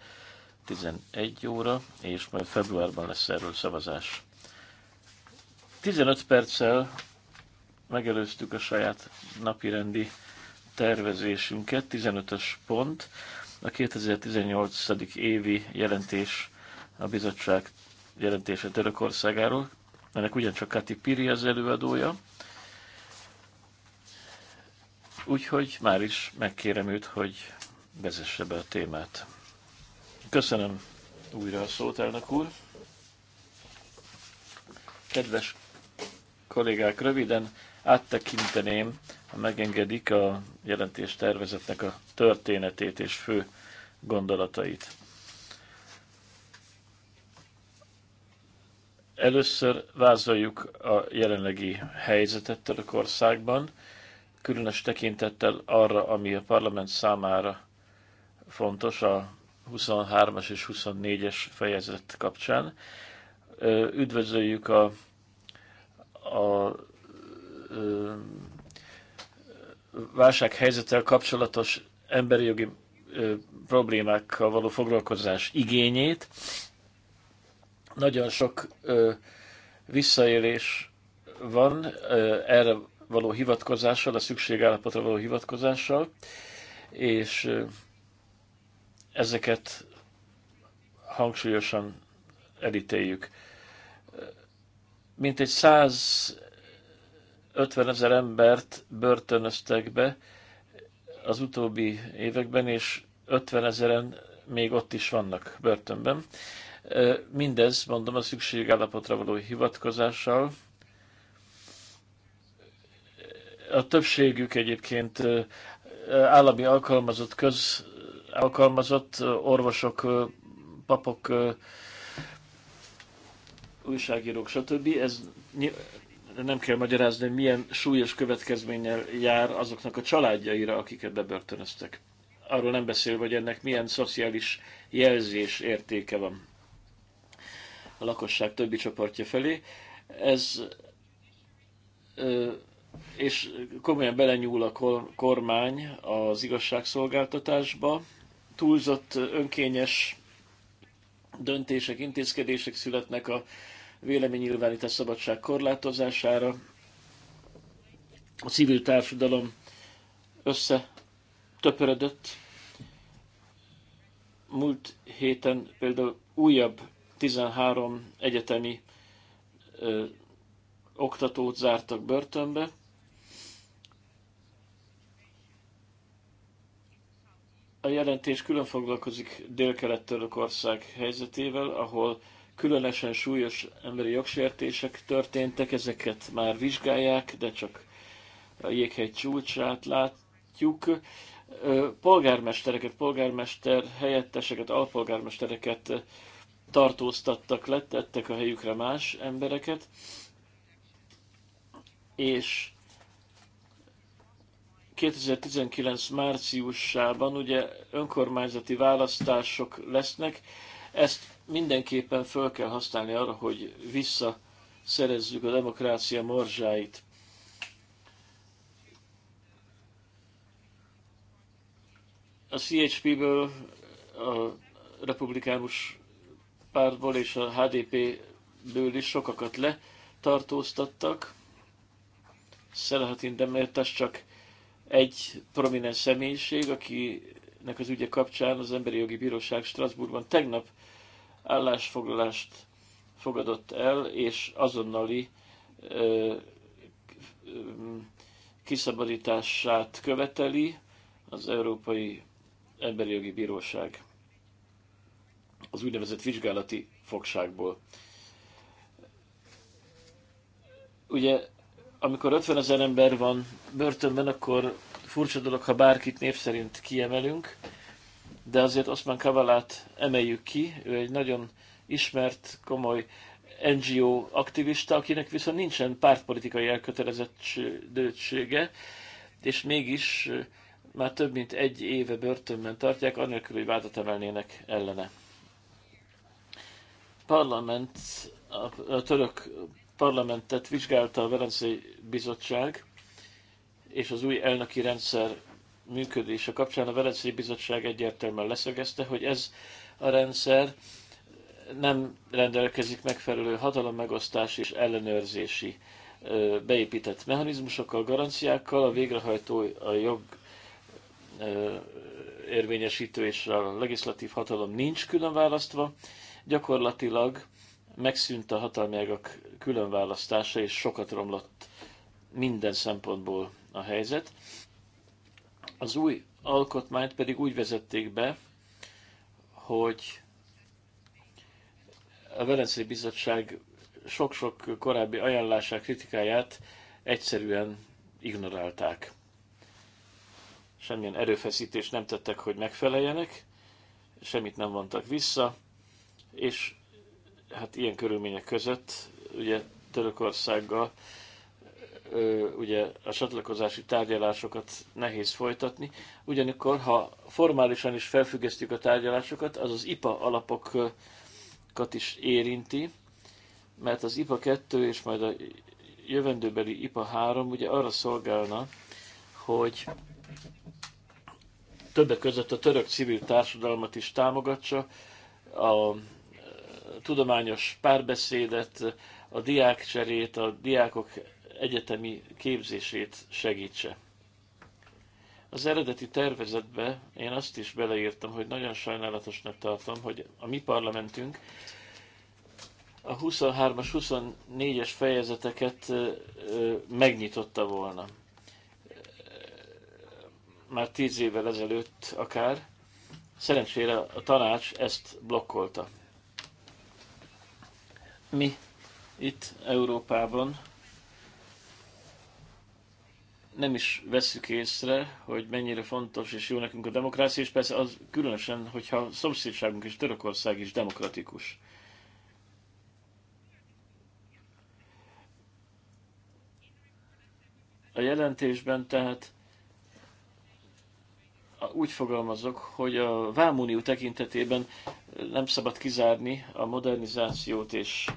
11 óra, és majd februárban lesz erről szavazás. 15 perccel megelőztük a saját napirendi tervezésünket, 15-ös pont, a 2018. évi jelentés a bizottság jelentése Törökországáról, ennek ugyancsak Kati Piri az előadója, úgyhogy már is megkérem őt, hogy vezesse be a témát. Köszönöm újra a szót, elnök úr. Kedves kollégák, röviden áttekinteném, ha megengedik a jelentés tervezetnek a történetét és fő gondolatait. Először vázoljuk a jelenlegi helyzetet Törökországban, különös tekintettel arra, ami a parlament számára fontos a 23-as és 24-es fejezet kapcsán. Üdvözöljük a a válsághelyzettel kapcsolatos emberi jogi problémákkal való foglalkozás igényét. Nagyon sok visszaélés van erre való hivatkozással, a szükségállapotra való hivatkozással, és ezeket hangsúlyosan elítéljük mintegy 150 ezer embert börtönöztek be az utóbbi években, és 50 ezeren még ott is vannak börtönben. Mindez, mondom, a szükségállapotra való hivatkozással. A többségük egyébként állami alkalmazott, köz alkalmazott, orvosok, papok, újságírók, stb. Ez nem kell magyarázni, hogy milyen súlyos következménnyel jár azoknak a családjaira, akiket bebörtönöztek. Arról nem beszélve, hogy ennek milyen szociális jelzés értéke van a lakosság többi csoportja felé. Ez és komolyan belenyúl a kormány az igazságszolgáltatásba. Túlzott önkényes döntések, intézkedések születnek a véleménynyilvánítás szabadság korlátozására, a civil társadalom össze töpörödött. Múlt héten például újabb 13 egyetemi ö, oktatót zártak börtönbe. A jelentés külön foglalkozik Dél-Kelet-Törökország helyzetével, ahol különösen súlyos emberi jogsértések történtek, ezeket már vizsgálják, de csak a jéghegy csúcsát látjuk. Polgármestereket, polgármester helyetteseket, alpolgármestereket tartóztattak, letettek a helyükre más embereket, és 2019 márciusában ugye önkormányzati választások lesznek, ezt mindenképpen föl kell használni arra, hogy visszaszerezzük a demokrácia morzsáit. A CHP-ből, a republikánus pártból és a HDP-ből is sokakat letartóztattak. Szelahatin Demertes csak egy prominens személyiség, akinek az ügye kapcsán az Emberi Jogi Bíróság Strasbourgban tegnap állásfoglalást fogadott el, és azonnali ö, ö, kiszabadítását követeli az Európai Emberi Jogi Bíróság az úgynevezett vizsgálati fogságból. Ugye, amikor 50 ezer ember van börtönben, akkor furcsa dolog, ha bárkit név szerint kiemelünk, de azért Osman Kavalát emeljük ki, ő egy nagyon ismert, komoly NGO aktivista, akinek viszont nincsen pártpolitikai elkötelezettsége, és mégis már több mint egy éve börtönben tartják, anélkül, hogy vádat emelnének ellene. Parlament, a török parlamentet vizsgálta a Velencei Bizottság, és az új elnöki rendszer működése kapcsán a Velencei Bizottság egyértelműen leszögezte, hogy ez a rendszer nem rendelkezik megfelelő hatalommegosztási és ellenőrzési beépített mechanizmusokkal, garanciákkal, a végrehajtó, a jog érvényesítő és a legislatív hatalom nincs különválasztva, gyakorlatilag megszűnt a hatalmi ágak különválasztása, és sokat romlott minden szempontból a helyzet. Az új alkotmányt pedig úgy vezették be, hogy a Velencei Bizottság sok-sok korábbi ajánlását, kritikáját egyszerűen ignorálták. Semmilyen erőfeszítést nem tettek, hogy megfeleljenek, semmit nem vontak vissza, és hát ilyen körülmények között ugye Törökországgal ugye a csatlakozási tárgyalásokat nehéz folytatni. Ugyanakkor, ha formálisan is felfüggesztjük a tárgyalásokat, az az IPA alapokat is érinti, mert az IPA 2 és majd a jövendőbeli IPA 3 ugye arra szolgálna, hogy többek között a török civil társadalmat is támogatsa, a tudományos párbeszédet, a diákcserét, a diákok egyetemi képzését segítse. Az eredeti tervezetbe én azt is beleírtam, hogy nagyon sajnálatosnak tartom, hogy a mi parlamentünk a 23-as, 24-es fejezeteket megnyitotta volna. Már tíz évvel ezelőtt akár. Szerencsére a tanács ezt blokkolta. Mi itt Európában nem is vesszük észre, hogy mennyire fontos és jó nekünk a demokrácia, és persze az különösen, hogyha a szomszédságunk és Törökország is demokratikus. A jelentésben tehát úgy fogalmazok, hogy a Vámunió tekintetében nem szabad kizárni a modernizációt és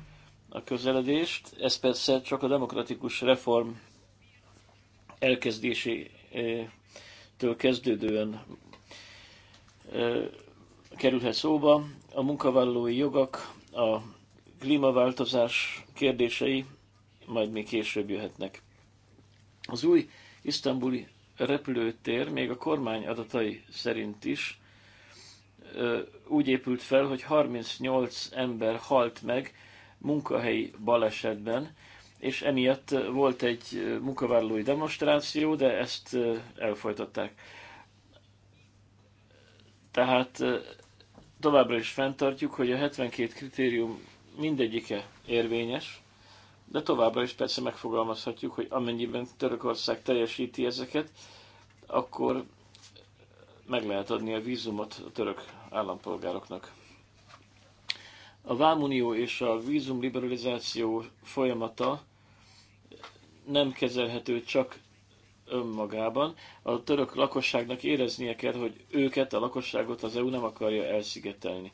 a közeledést. Ez persze csak a demokratikus reform elkezdésétől kezdődően kerülhet szóba. A munkavállalói jogok, a klímaváltozás kérdései majd még később jöhetnek. Az új isztambuli repülőtér még a kormány adatai szerint is úgy épült fel, hogy 38 ember halt meg munkahelyi balesetben, és emiatt volt egy munkavállalói demonstráció, de ezt elfolytatták. Tehát továbbra is fenntartjuk, hogy a 72 kritérium mindegyike érvényes, de továbbra is persze megfogalmazhatjuk, hogy amennyiben Törökország teljesíti ezeket, akkor meg lehet adni a vízumot a török állampolgároknak. A vámunió és a vízum liberalizáció folyamata nem kezelhető csak önmagában. A török lakosságnak éreznie kell, hogy őket, a lakosságot az EU nem akarja elszigetelni.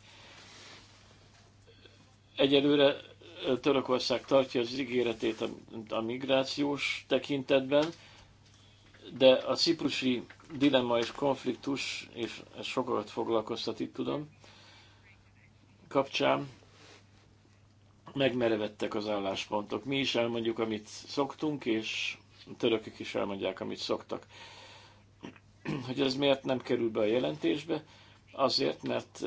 Egyelőre Törökország tartja az ígéretét a, migrációs tekintetben, de a ciprusi dilemma és konfliktus, és ez sokat foglalkoztat itt tudom, kapcsán megmerevettek az álláspontok. Mi is elmondjuk, amit szoktunk, és a törökök is elmondják, amit szoktak. Hogy ez miért nem kerül be a jelentésbe? Azért, mert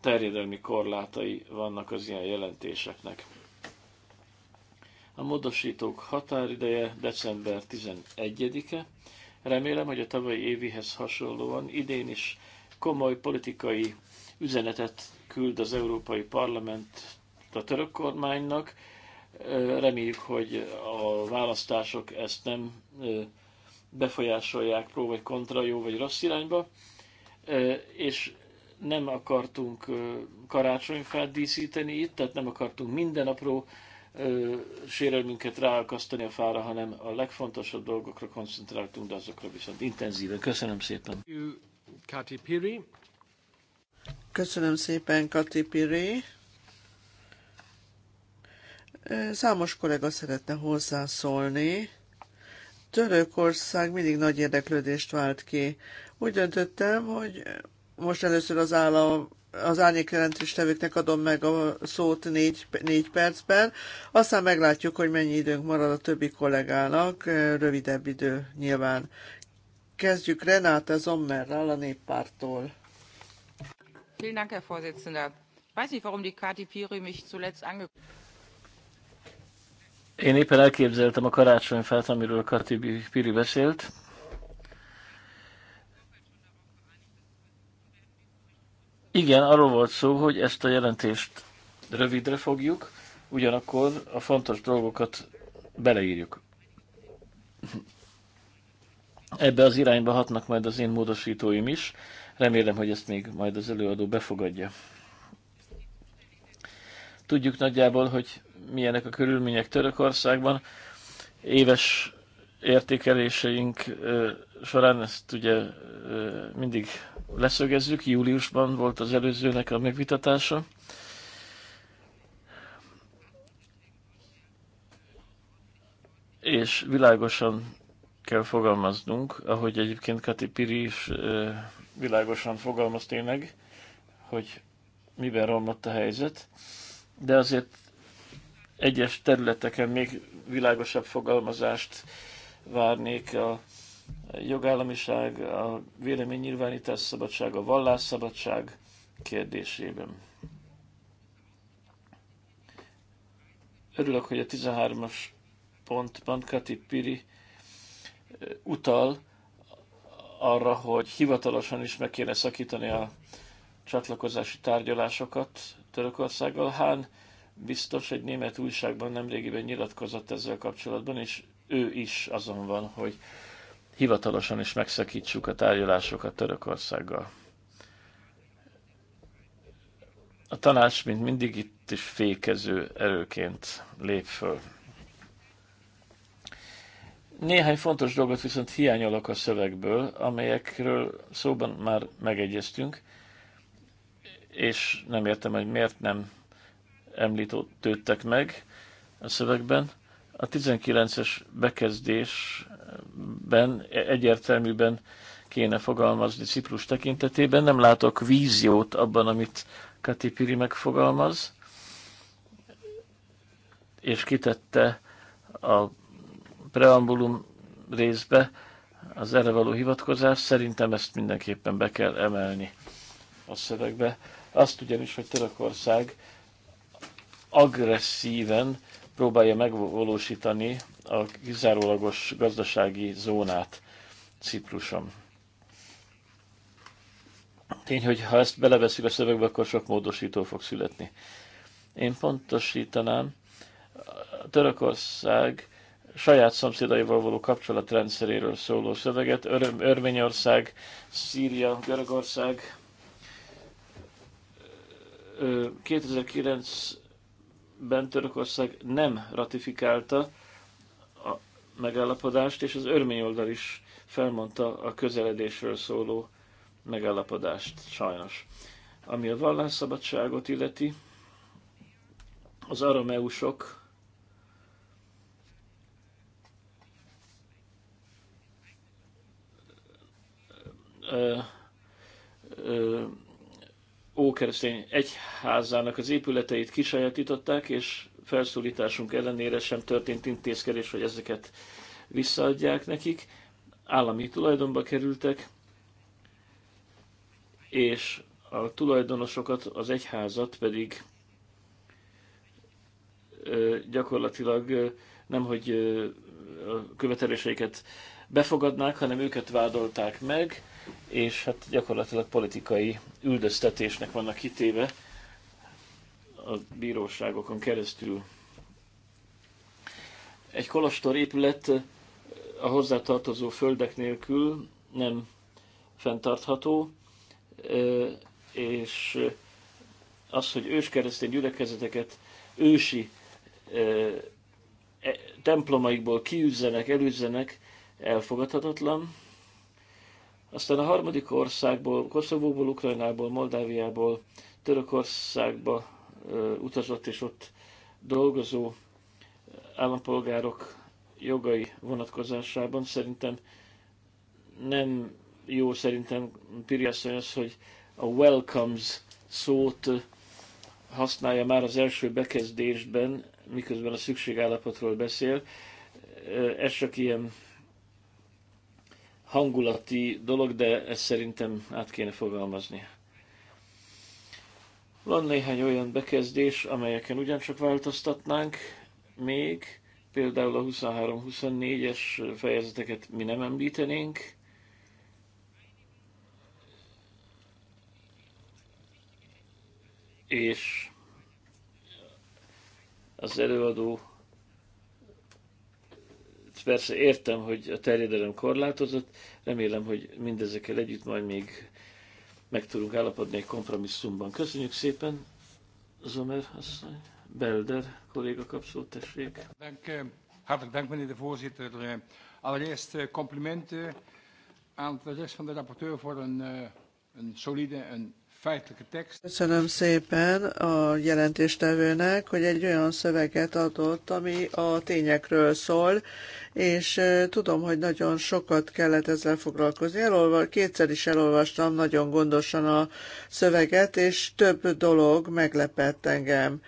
terjedelmi korlátai vannak az ilyen jelentéseknek. A módosítók határideje december 11-e. Remélem, hogy a tavalyi évihez hasonlóan idén is komoly politikai üzenetet küld az Európai Parlament a török kormánynak. Reméljük, hogy a választások ezt nem befolyásolják pró vagy kontra, jó vagy rossz irányba. És nem akartunk karácsonyfát díszíteni itt, tehát nem akartunk minden apró sérelmünket ráakasztani a fára, hanem a legfontosabb dolgokra koncentráltunk, de azokra viszont intenzíven. Köszönöm szépen! Piri. Köszönöm szépen, Kati Piri. Számos kollega szeretne hozzászólni. Törökország mindig nagy érdeklődést vált ki. Úgy döntöttem, hogy most először az állam az tevőknek adom meg a szót négy, négy percben, aztán meglátjuk, hogy mennyi időnk marad a többi kollégának, rövidebb idő nyilván. Kezdjük Renáta Zommerrel a néppártól. Vielen Dank, Herr Vorsitzender. Weiß nicht, warum die Kati Piri mich zuletzt angeguckt én éppen elképzeltem a karácsonyfát, amiről Kati Piri beszélt. Igen, arról volt szó, hogy ezt a jelentést rövidre fogjuk, ugyanakkor a fontos dolgokat beleírjuk. Ebbe az irányba hatnak majd az én módosítóim is. Remélem, hogy ezt még majd az előadó befogadja. Tudjuk nagyjából, hogy milyenek a körülmények Törökországban. Éves értékeléseink során ezt ugye mindig leszögezzük. Júliusban volt az előzőnek a megvitatása. És világosan kell fogalmaznunk, ahogy egyébként Kati Piri is világosan fogalmaz tényleg, hogy miben romlott a helyzet de azért egyes területeken még világosabb fogalmazást várnék a jogállamiság, a véleménynyilvánítás szabadság, a vallásszabadság kérdésében. Örülök, hogy a 13-as pontban Pankati Piri utal arra, hogy hivatalosan is meg kéne szakítani a csatlakozási tárgyalásokat Törökországgal. Hán biztos egy német újságban nemrégiben nyilatkozott ezzel kapcsolatban, és ő is azon van, hogy hivatalosan is megszakítsuk a tárgyalásokat Törökországgal. A tanács, mint mindig itt is fékező erőként lép föl. Néhány fontos dolgot viszont hiányolok a szövegből, amelyekről szóban már megegyeztünk, és nem értem, hogy miért nem említődtek meg a szövegben. A 19-es bekezdésben egyértelműben kéne fogalmazni Ciprus tekintetében. Nem látok víziót abban, amit Kati Piri megfogalmaz, és kitette a preambulum részbe az erre való hivatkozás. Szerintem ezt mindenképpen be kell emelni a szövegbe. Azt ugyanis, hogy Törökország agresszíven próbálja megvalósítani a kizárólagos gazdasági zónát Cipruson. Tény, hogy ha ezt beleveszik a szövegbe, akkor sok módosító fog születni. Én pontosítanám, a Törökország saját szomszédaival való kapcsolatrendszeréről szóló szöveget, Örményország, Szíria, Görögország, 2009-ben Törökország nem ratifikálta a megállapodást, és az örmény oldal is felmondta a közeledésről szóló megállapodást, sajnos. Ami a vallásszabadságot illeti, az arameusok ö, ö, ókeresztény egyházának az épületeit kisajátították, és felszólításunk ellenére sem történt intézkedés, hogy ezeket visszaadják nekik. Állami tulajdonba kerültek, és a tulajdonosokat, az egyházat pedig gyakorlatilag nem, hogy a követeléseiket befogadnák, hanem őket vádolták meg, és hát gyakorlatilag politikai üldöztetésnek vannak kitéve a bíróságokon keresztül. Egy kolostor épület eh, a hozzátartozó földek nélkül nem fenntartható, eh, és eh, az, hogy őskeresztény gyülekezeteket ősi e, templomaikból kiűzzenek, elűzzenek, elfogadhatatlan. Aztán a harmadik országból, Koszovóból, Ukrajnából, Moldáviából, Törökországba utazott és ott dolgozó állampolgárok jogai vonatkozásában szerintem nem jó szerintem Piriasszony az, hogy a welcomes szót használja már az első bekezdésben, miközben a szükségállapotról beszél. Ez csak ilyen hangulati dolog, de ezt szerintem át kéne fogalmazni. Van néhány olyan bekezdés, amelyeken ugyancsak változtatnánk még, például a 23-24-es fejezeteket mi nem említenénk, és az előadó Persze értem, hogy a terjedelem korlátozott, remélem, hogy mindezekkel együtt majd még meg tudunk állapodni egy kompromisszumban. Köszönjük szépen, Zomer asszony, Belder kolléga kapszót, tessék. Dank, eh, hartelijk dank, meneer de voorzitter. Eh, allereerst eh, complimenten aan de rest van de rapporteur voor een, een solide en Köszönöm szépen a jelentéstevőnek, hogy egy olyan szöveget adott, ami a tényekről szól, és tudom, hogy nagyon sokat kellett ezzel foglalkozni. Elolva, kétszer is elolvastam nagyon gondosan a szöveget, és több dolog meglepett engem.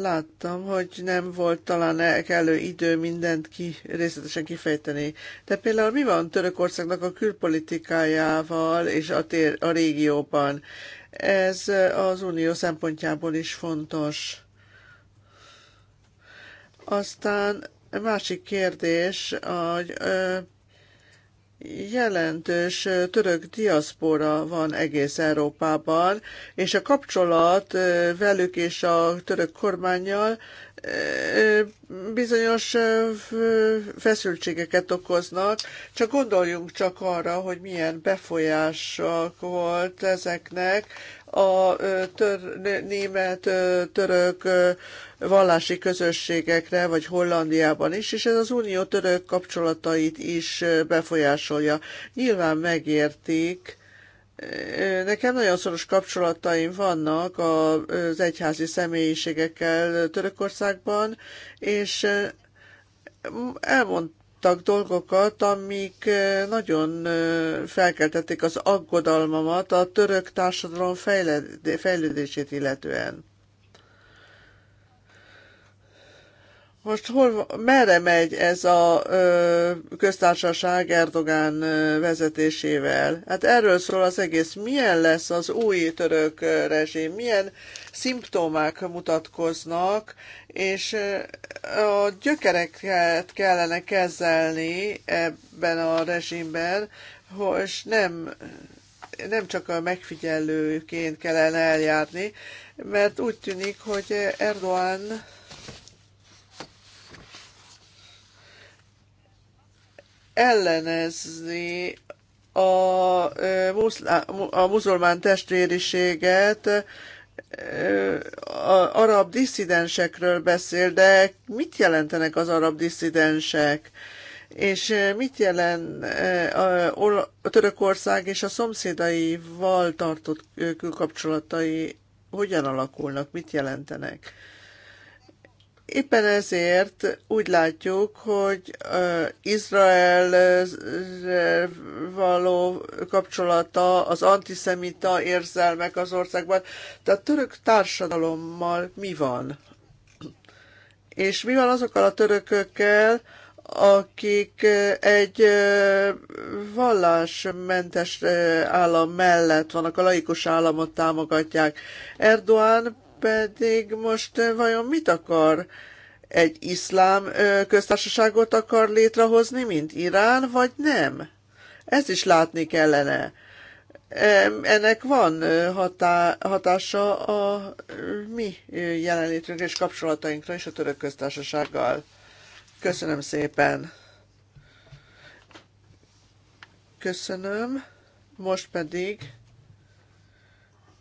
Láttam, hogy nem volt talán elő idő mindent ki, részletesen kifejteni. De például mi van Törökországnak a külpolitikájával és a, tér, a régióban? Ez az unió szempontjából is fontos. Aztán másik kérdés, hogy jelentős török diaszpora van egész Európában, és a kapcsolat velük és a török kormányjal bizonyos feszültségeket okoznak. Csak gondoljunk csak arra, hogy milyen befolyások volt ezeknek a tör, német, török vallási közösségekre, vagy Hollandiában is, és ez az unió-török kapcsolatait is befolyásolja. Nyilván megértik, Nekem nagyon szoros kapcsolataim vannak az egyházi személyiségekkel Törökországban, és elmond, mondtak dolgokat, amik eh, nagyon eh, felkeltették az aggodalmamat a török társadalom fejlődését illetően. Most hol, merre megy ez a ö, köztársaság Erdogán vezetésével? Hát erről szól az egész. Milyen lesz az új török rezsim? Milyen szimptomák mutatkoznak? És a gyökereket kellene kezelni ebben a rezsimben, és nem, nem csak a megfigyelőként kellene eljárni, mert úgy tűnik, hogy Erdogan ellenezni a, a muzulmán testvériséget, a arab disszidensekről beszél, de mit jelentenek az arab disszidensek? És mit jelent a Törökország és a szomszédaival tartott külkapcsolatai, hogyan alakulnak, mit jelentenek? Éppen ezért úgy látjuk, hogy Izrael való kapcsolata, az antiszemita érzelmek az országban, de a török társadalommal mi van? És mi van azokkal a törökökkel, akik egy vallásmentes állam mellett vannak, a laikus államot támogatják. Erdoğan pedig most vajon mit akar? Egy iszlám köztársaságot akar létrehozni, mint Irán, vagy nem? ez is látni kellene. Ennek van hatá, hatása a mi jelenlétünk és kapcsolatainkra és a török köztársasággal. Köszönöm szépen. Köszönöm. Most pedig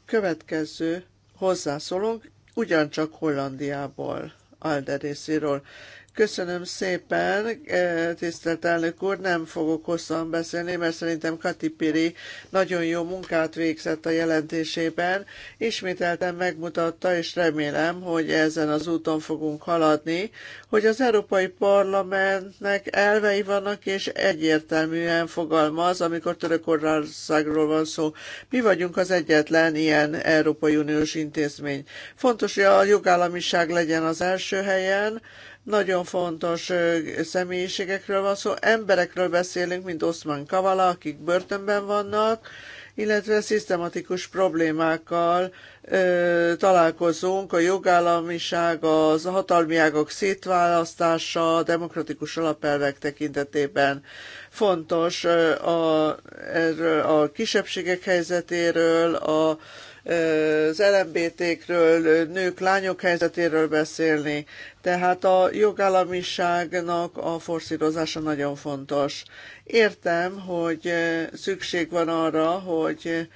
következő hozzászólunk, ugyancsak Hollandiából, Alde részéről. Köszönöm szépen, eh, tisztelt elnök úr, nem fogok hosszan beszélni, mert szerintem Kati Piri nagyon jó munkát végzett a jelentésében. Ismételten megmutatta, és remélem, hogy ezen az úton fogunk haladni, hogy az Európai Parlamentnek elvei vannak, és egyértelműen fogalmaz, amikor Törökországról van szó. Mi vagyunk az egyetlen ilyen Európai Uniós intézmény. Fontos, hogy a jogállamiság legyen az első helyen, nagyon fontos személyiségekről van szó, emberekről beszélünk, mint Oszman Kavala, akik börtönben vannak, illetve szisztematikus problémákkal ö, találkozunk, a jogállamiság, az hatalmi ágok szétválasztása, a demokratikus alapelvek tekintetében. Fontos ö, a, erről, a kisebbségek helyzetéről, a az LMBT-kről, nők, lányok helyzetéről beszélni. Tehát a jogállamiságnak a forszírozása nagyon fontos. Értem, hogy szükség van arra, hogy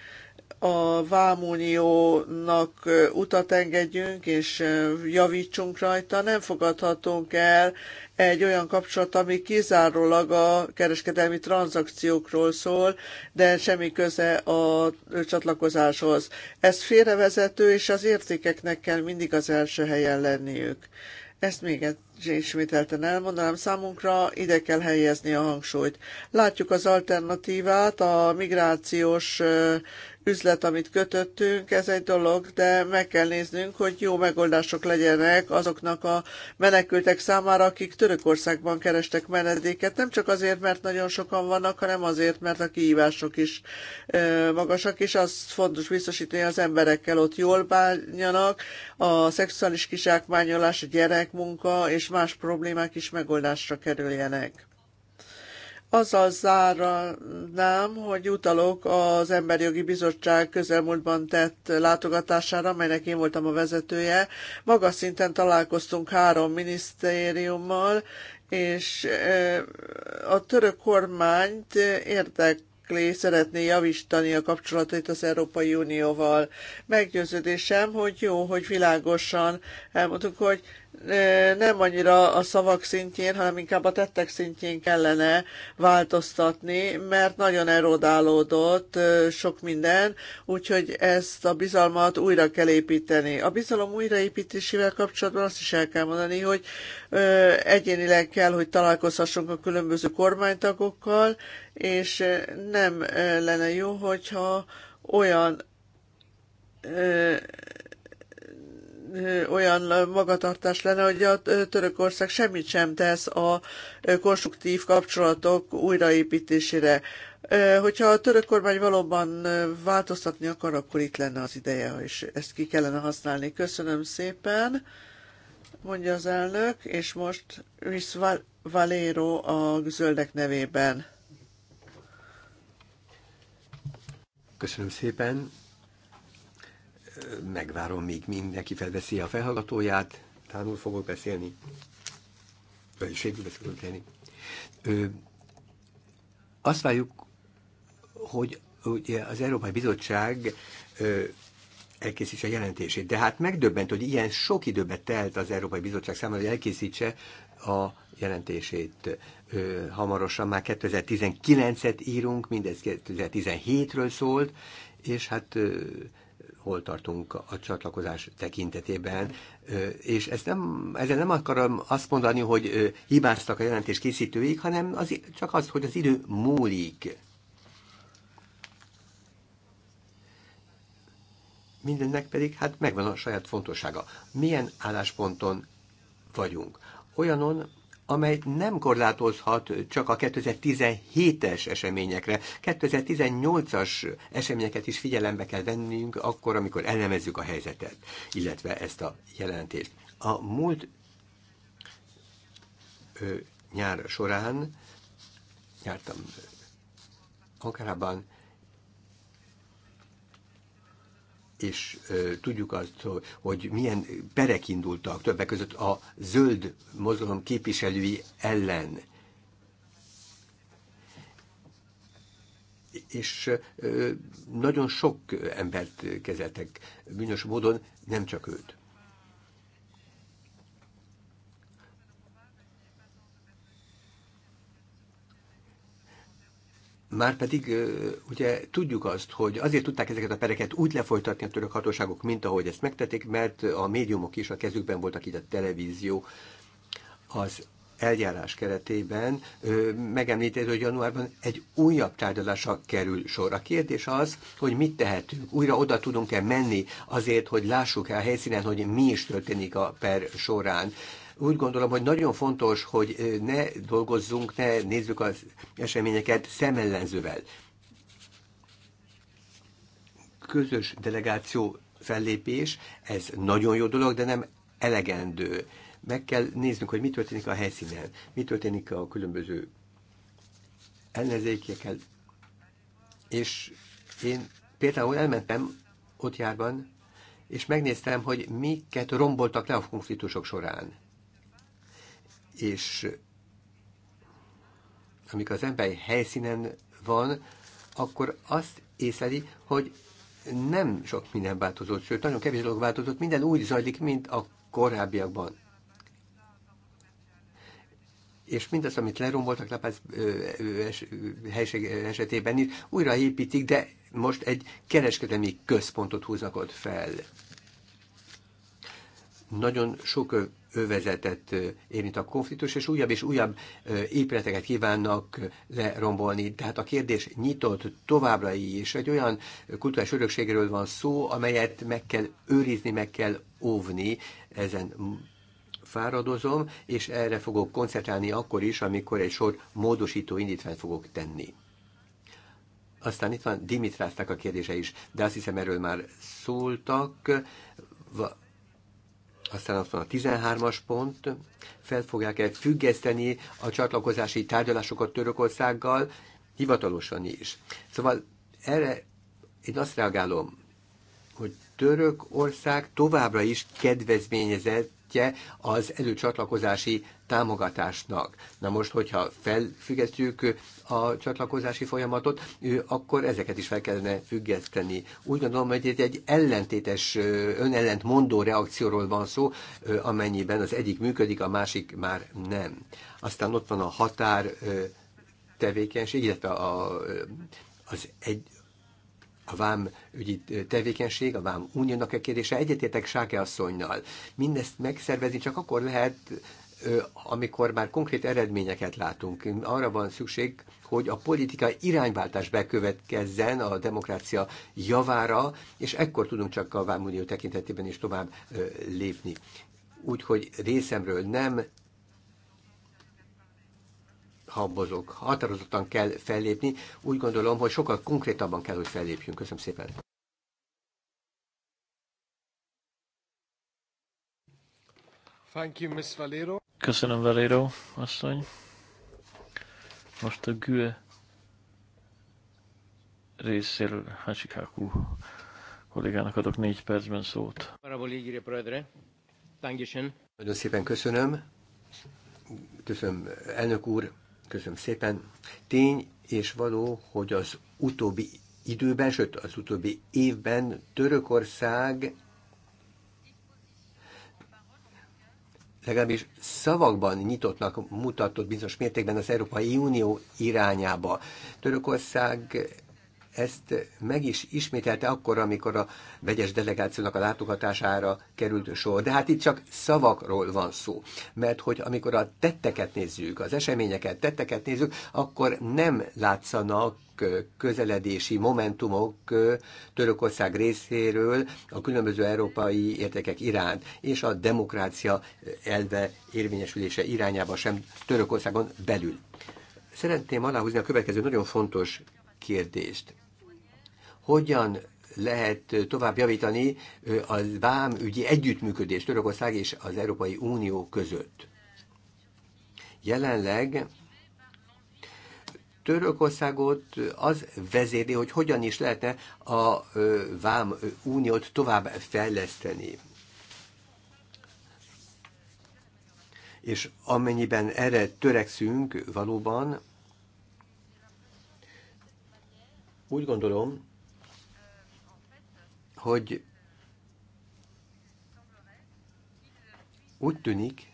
a vámuniónak utat engedjünk és javítsunk rajta, nem fogadhatunk el egy olyan kapcsolat, ami kizárólag a kereskedelmi tranzakciókról szól, de semmi köze a csatlakozáshoz. Ez félrevezető, és az értékeknek kell mindig az első helyen lenniük. Ezt még ismételten elmondanám, számunkra ide kell helyezni a hangsúlyt. Látjuk az alternatívát a migrációs üzlet, amit kötöttünk, ez egy dolog, de meg kell néznünk, hogy jó megoldások legyenek azoknak a menekültek számára, akik Törökországban kerestek menedéket, nem csak azért, mert nagyon sokan vannak, hanem azért, mert a kihívások is magasak, és az fontos biztosítani, hogy az emberekkel ott jól bánjanak, a szexuális kizsákmányolás, a gyerekmunka és más problémák is megoldásra kerüljenek. Azzal zárnám, hogy utalok az Emberjogi Bizottság közelmúltban tett látogatására, melynek én voltam a vezetője. Magas szinten találkoztunk három minisztériummal, és a török kormányt érdek szeretné javítani a kapcsolatait az Európai Unióval. Meggyőződésem, hogy jó, hogy világosan elmondtuk, hogy nem annyira a szavak szintjén, hanem inkább a tettek szintjén kellene változtatni, mert nagyon erodálódott sok minden, úgyhogy ezt a bizalmat újra kell építeni. A bizalom újraépítésével kapcsolatban azt is el kell mondani, hogy egyénileg kell, hogy találkozhassunk a különböző kormánytagokkal, és nem lenne jó, hogyha olyan olyan magatartás lenne, hogy a Törökország semmit sem tesz a konstruktív kapcsolatok újraépítésére. Hogyha a török kormány valóban változtatni akar, akkor itt lenne az ideje, és ezt ki kellene használni. Köszönöm szépen, mondja az elnök, és most Miss Valero a zöldek nevében. Köszönöm szépen, megvárom, míg mindenki felveszi a felhallgatóját, tánul fogok beszélni, vagy sérülbe fogok beszélni. Ö, azt várjuk, hogy ugye az Európai Bizottság elkészítse a jelentését, de hát megdöbbent, hogy ilyen sok időbe telt az Európai Bizottság számára, hogy elkészítse a jelentését ö, hamarosan, már 2019-et írunk, mindez 2017-ről szólt, és hát ö, hol tartunk a csatlakozás tekintetében, és ezt nem, ezzel nem akarom azt mondani, hogy hibáztak a jelentés készítőik, hanem az, csak az, hogy az idő múlik. Mindennek pedig hát megvan a saját fontossága. Milyen állásponton vagyunk? Olyanon, amely nem korlátozhat csak a 2017-es eseményekre. 2018-as eseményeket is figyelembe kell vennünk akkor, amikor elemezzük a helyzetet, illetve ezt a jelentést. A múlt ö, nyár során jártam Ankarában, és tudjuk azt, hogy milyen perek indultak többek között a zöld mozgalom képviselői ellen. És nagyon sok embert kezeltek bűnös módon, nem csak őt. Már pedig, ugye tudjuk azt, hogy azért tudták ezeket a pereket úgy lefolytatni a török hatóságok, mint ahogy ezt megtették, mert a médiumok is a kezükben voltak, így a televízió az eljárás keretében megemlített, hogy januárban egy újabb tárgyalásra kerül sor. A kérdés az, hogy mit tehetünk, újra oda tudunk-e menni azért, hogy lássuk el helyszínen, hogy mi is történik a per során. Úgy gondolom, hogy nagyon fontos, hogy ne dolgozzunk, ne nézzük az eseményeket szemellenzővel. Közös delegáció fellépés, ez nagyon jó dolog, de nem elegendő. Meg kell néznünk, hogy mi történik a helyszínen, mi történik a különböző ellenzékekkel. És én például elmentem ott járban, és megnéztem, hogy miket romboltak le a konfliktusok során és amikor az ember helyszínen van, akkor azt észleli, hogy nem sok minden változott, sőt, nagyon kevés dolog változott, minden úgy zajlik, mint a korábbiakban. És mindaz, amit leromboltak Lapász helység esetében is, újraépítik, de most egy kereskedelmi központot húznak ott fel. Nagyon sok övezetet érint a konfliktus, és újabb és újabb épületeket kívánnak lerombolni. Tehát a kérdés nyitott továbbra is. Egy olyan kulturális örökségről van szó, amelyet meg kell őrizni, meg kell óvni. Ezen fáradozom, és erre fogok koncentrálni akkor is, amikor egy sor módosító indítványt fogok tenni. Aztán itt van Dimitrásznak a kérdése is, de azt hiszem erről már szóltak aztán ott van a 13-as pont, fel fogják-e függeszteni a csatlakozási tárgyalásokat Törökországgal, hivatalosan is. Szóval erre én azt reagálom, hogy Törökország továbbra is kedvezményezett szintje az előcsatlakozási támogatásnak. Na most, hogyha felfüggesztjük a csatlakozási folyamatot, akkor ezeket is fel kellene függeszteni. Úgy gondolom, hogy itt egy ellentétes, önellentmondó reakcióról van szó, amennyiben az egyik működik, a másik már nem. Aztán ott van a határ tevékenység, illetve a, az egy, a vám ügyi tevékenység, a vám uniónak a kérdése, egyetértek Sáke asszonynal. Mindezt megszervezni csak akkor lehet, amikor már konkrét eredményeket látunk. Arra van szükség, hogy a politika irányváltás bekövetkezzen a demokrácia javára, és ekkor tudunk csak a Vámunió tekintetében is tovább lépni. Úgyhogy részemről nem habozok. Határozottan kell fellépni. Úgy gondolom, hogy sokkal konkrétabban kell, hogy fellépjünk. Köszönöm szépen. Thank you, Miss Valero. Köszönöm, Valero asszony. Most a GÜE részéről Hachikaku kollégának adok négy percben szót. Nagyon szépen köszönöm. Köszönöm, elnök úr, Köszönöm szépen. Tény és való, hogy az utóbbi időben, sőt az utóbbi évben Törökország legalábbis szavakban nyitottnak mutatott bizonyos mértékben az Európai Unió irányába. Törökország ezt meg is ismételte akkor, amikor a vegyes delegációnak a látogatására került sor. De hát itt csak szavakról van szó, mert hogy amikor a tetteket nézzük, az eseményeket, tetteket nézzük, akkor nem látszanak közeledési momentumok Törökország részéről a különböző európai értékek iránt, és a demokrácia elve érvényesülése irányába sem Törökországon belül. Szeretném aláhúzni a következő nagyon fontos kérdést hogyan lehet tovább javítani a vámügyi együttműködést Törökország és az Európai Unió között. Jelenleg Törökországot az vezéri, hogy hogyan is lehetne a vám uniót tovább fejleszteni. És amennyiben erre törekszünk valóban, úgy gondolom, hogy úgy tűnik,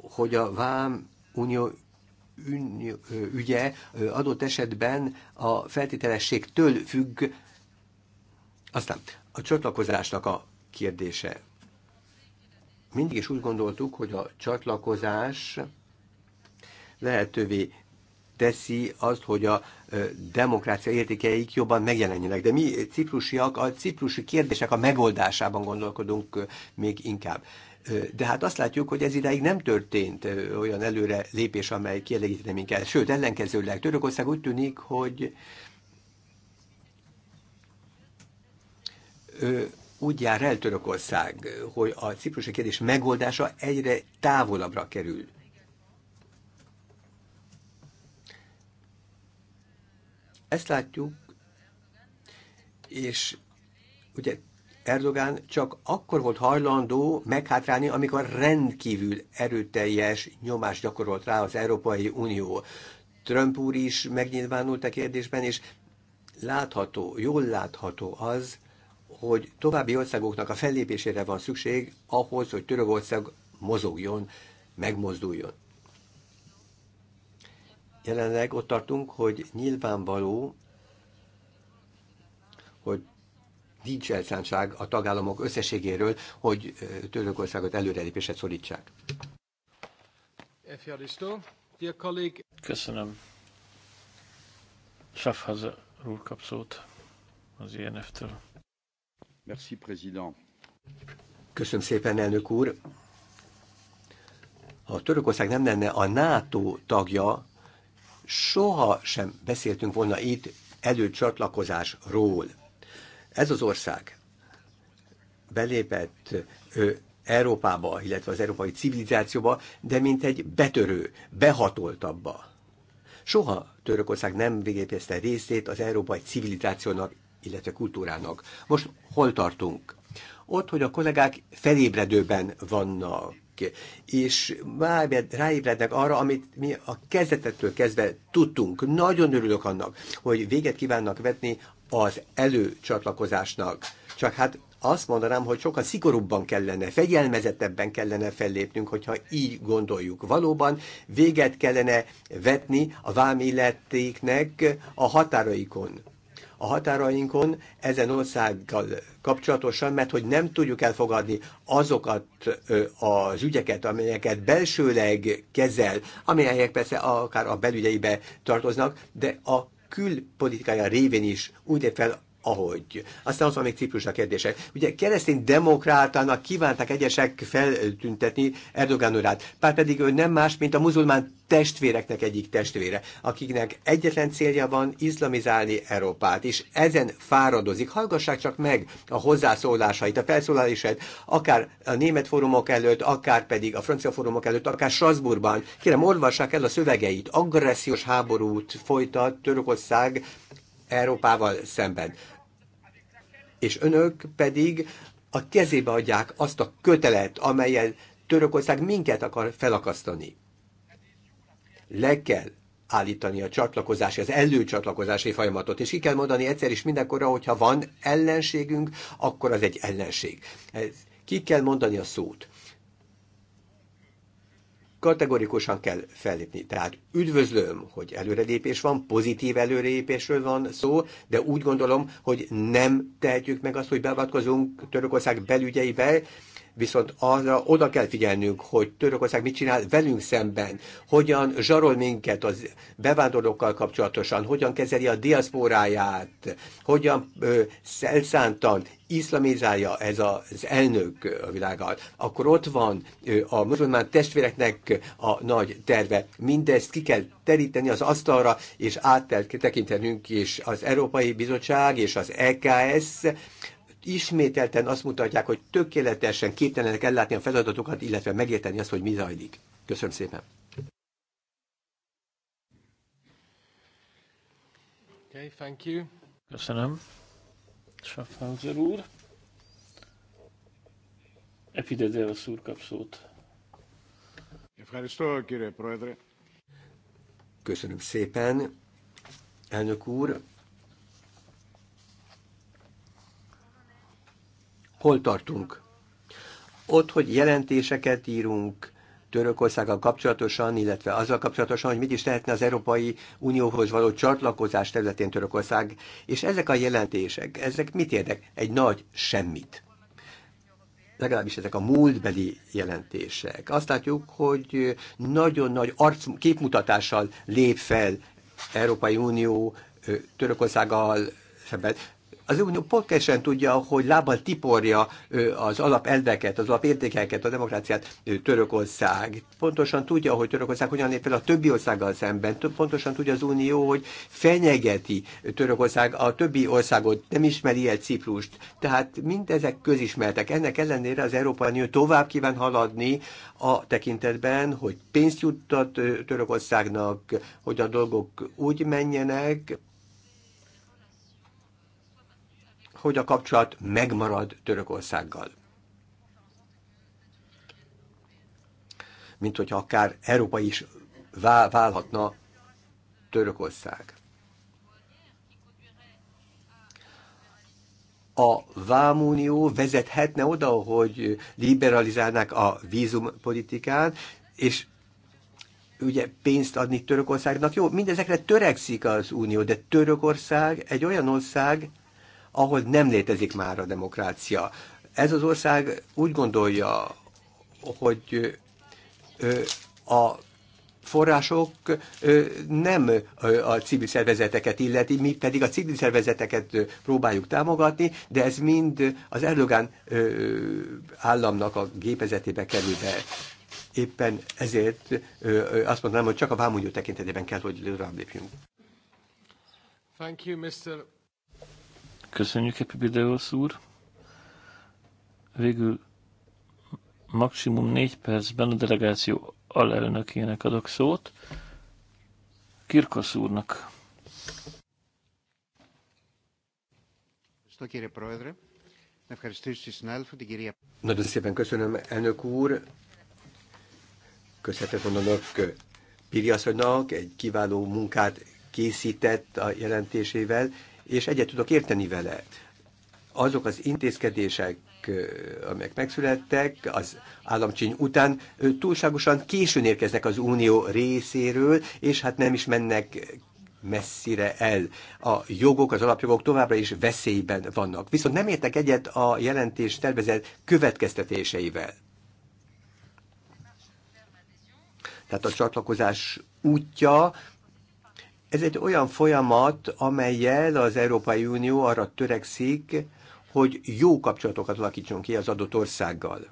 hogy a vám unió ügye adott esetben a feltételességtől függ. Aztán a csatlakozásnak a kérdése. Mindig is úgy gondoltuk, hogy a csatlakozás lehetővé teszi azt, hogy a demokrácia értékeik jobban megjelenjenek. De mi ciprusiak a ciprusi kérdések a megoldásában gondolkodunk még inkább. De hát azt látjuk, hogy ez ideig nem történt olyan előre lépés, amely kielégítene minket. Sőt, ellenkezőleg Törökország úgy tűnik, hogy úgy jár el Törökország, hogy a ciprusi kérdés megoldása egyre távolabbra kerül. Ezt látjuk, és ugye Erdogán csak akkor volt hajlandó meghátrálni, amikor rendkívül erőteljes nyomást gyakorolt rá az Európai Unió. Trump úr is megnyilvánult a kérdésben, és látható, jól látható az, hogy további országoknak a fellépésére van szükség ahhoz, hogy Törökország mozogjon, megmozduljon. Jelenleg ott tartunk, hogy nyilvánvaló, hogy nincs elszántság a tagállamok összességéről, hogy Törökországot előrelépésre szorítsák. Köszönöm. Safhaz úr kap szót az INF-től. E Merci, président. Köszönöm szépen, elnök úr. Ha Törökország nem lenne a NATO tagja, soha sem beszéltünk volna itt előcsatlakozásról. Ez az ország belépett ö, Európába, illetve az európai civilizációba, de mint egy betörő, behatoltabba. Soha Törökország nem végépezte részét az európai civilizációnak, illetve kultúrának. Most hol tartunk? Ott, hogy a kollégák felébredőben vannak és ráébrednek arra, amit mi a kezdetettől kezdve tudtunk. Nagyon örülök annak, hogy véget kívánnak vetni az előcsatlakozásnak. Csak hát azt mondanám, hogy sokkal szigorúbban kellene, fegyelmezettebben kellene fellépnünk, hogyha így gondoljuk. Valóban véget kellene vetni a vámilletéknek a határaikon a határainkon ezen országgal kapcsolatosan, mert hogy nem tudjuk elfogadni azokat az ügyeket, amelyeket belsőleg kezel, amelyek persze akár a belügyeibe tartoznak, de a külpolitikája révén is úgy lép fel, ahogy. Aztán ott van még Ciprus a kérdése. Ugye keresztény demokrátának kívánták egyesek feltüntetni Erdogán urát, pedig ő nem más, mint a muzulmán testvéreknek egyik testvére, akiknek egyetlen célja van izlamizálni Európát, és ezen fáradozik. Hallgassák csak meg a hozzászólásait, a felszólalásait, akár a német fórumok előtt, akár pedig a francia fórumok előtt, akár Strasbourgban. Kérem, olvassák el a szövegeit. Agressziós háborút folytat Törökország Európával szemben és önök pedig a kezébe adják azt a kötelet, amelyet Törökország minket akar felakasztani. Le kell állítani a csatlakozási, az előcsatlakozási folyamatot. És ki kell mondani egyszer is mindenkorra, hogyha van ellenségünk, akkor az egy ellenség. ki kell mondani a szót kategorikusan kell fellépni. Tehát üdvözlöm, hogy előrelépés van, pozitív előrelépésről van szó, de úgy gondolom, hogy nem tehetjük meg azt, hogy beavatkozunk Törökország belügyeibe, Viszont arra oda kell figyelnünk, hogy Törökország mit csinál velünk szemben, hogyan zsarol minket az bevándorlókkal kapcsolatosan, hogyan kezeli a diaszporáját, hogyan ö, szelszántan iszlamizálja ez az elnök a világát, akkor ott van a muzulmán testvéreknek a nagy terve. Mindezt ki kell teríteni az asztalra, és át kell tekintenünk, és az Európai Bizottság és az EKS ismételten azt mutatják, hogy tökéletesen képtelenek ellátni a feladatokat, illetve megérteni azt, hogy mi zajlik. Köszönöm szépen. Okay, thank you. Köszönöm. Schaffhauser úr. Epidezel a kap szót. Köszönöm szépen, elnök úr. hol tartunk. Ott, hogy jelentéseket írunk, Törökországgal kapcsolatosan, illetve azzal kapcsolatosan, hogy mit is lehetne az Európai Unióhoz való csatlakozás területén Törökország, és ezek a jelentések, ezek mit érdek? Egy nagy semmit. Legalábbis ezek a múltbeli jelentések. Azt látjuk, hogy nagyon nagy arc, képmutatással lép fel Európai Unió Törökországgal szemben az Unió pontosan tudja, hogy lábbal tiporja az alapelveket, az alapértékeket, a demokráciát Törökország. Pontosan tudja, hogy Törökország hogyan lép fel a többi országgal szemben. Pontosan tudja az Unió, hogy fenyegeti Törökország a többi országot, nem ismeri el Ciprust. Tehát mindezek közismertek. Ennek ellenére az Európai Unió tovább kíván haladni a tekintetben, hogy pénzt juttat Törökországnak, hogy a dolgok úgy menjenek, hogy a kapcsolat megmarad Törökországgal. Mint hogyha akár Európa is vál, válhatna Törökország. a vámunió vezethetne oda, hogy liberalizálnák a vízumpolitikán, és ugye pénzt adni Törökországnak. Jó, mindezekre törekszik az Unió, de Törökország egy olyan ország, ahol nem létezik már a demokrácia. Ez az ország úgy gondolja, hogy a források nem a civil szervezeteket illeti, mi pedig a civil szervezeteket próbáljuk támogatni, de ez mind az Erdogan államnak a gépezetébe kerül be. Éppen ezért azt mondanám, hogy csak a vámúgyó tekintetében kell, hogy rám lépjünk. Thank you, Mr. Köszönjük, Epibideosz úr. Végül maximum négy percben a delegáció alelnökének adok szót, Kirkosz úrnak. Nagyon szépen köszönöm, elnök úr. Köszönetet mondanak Piri asszonynak, egy kiváló munkát készített a jelentésével, és egyet tudok érteni vele. Azok az intézkedések, amelyek megszülettek, az államcsíny után túlságosan későn érkeznek az unió részéről, és hát nem is mennek messzire el. A jogok, az alapjogok továbbra is veszélyben vannak. Viszont nem értek egyet a jelentés tervezett következtetéseivel. Tehát a csatlakozás útja ez egy olyan folyamat, amelyel az Európai Unió arra törekszik, hogy jó kapcsolatokat alakítson ki az adott országgal.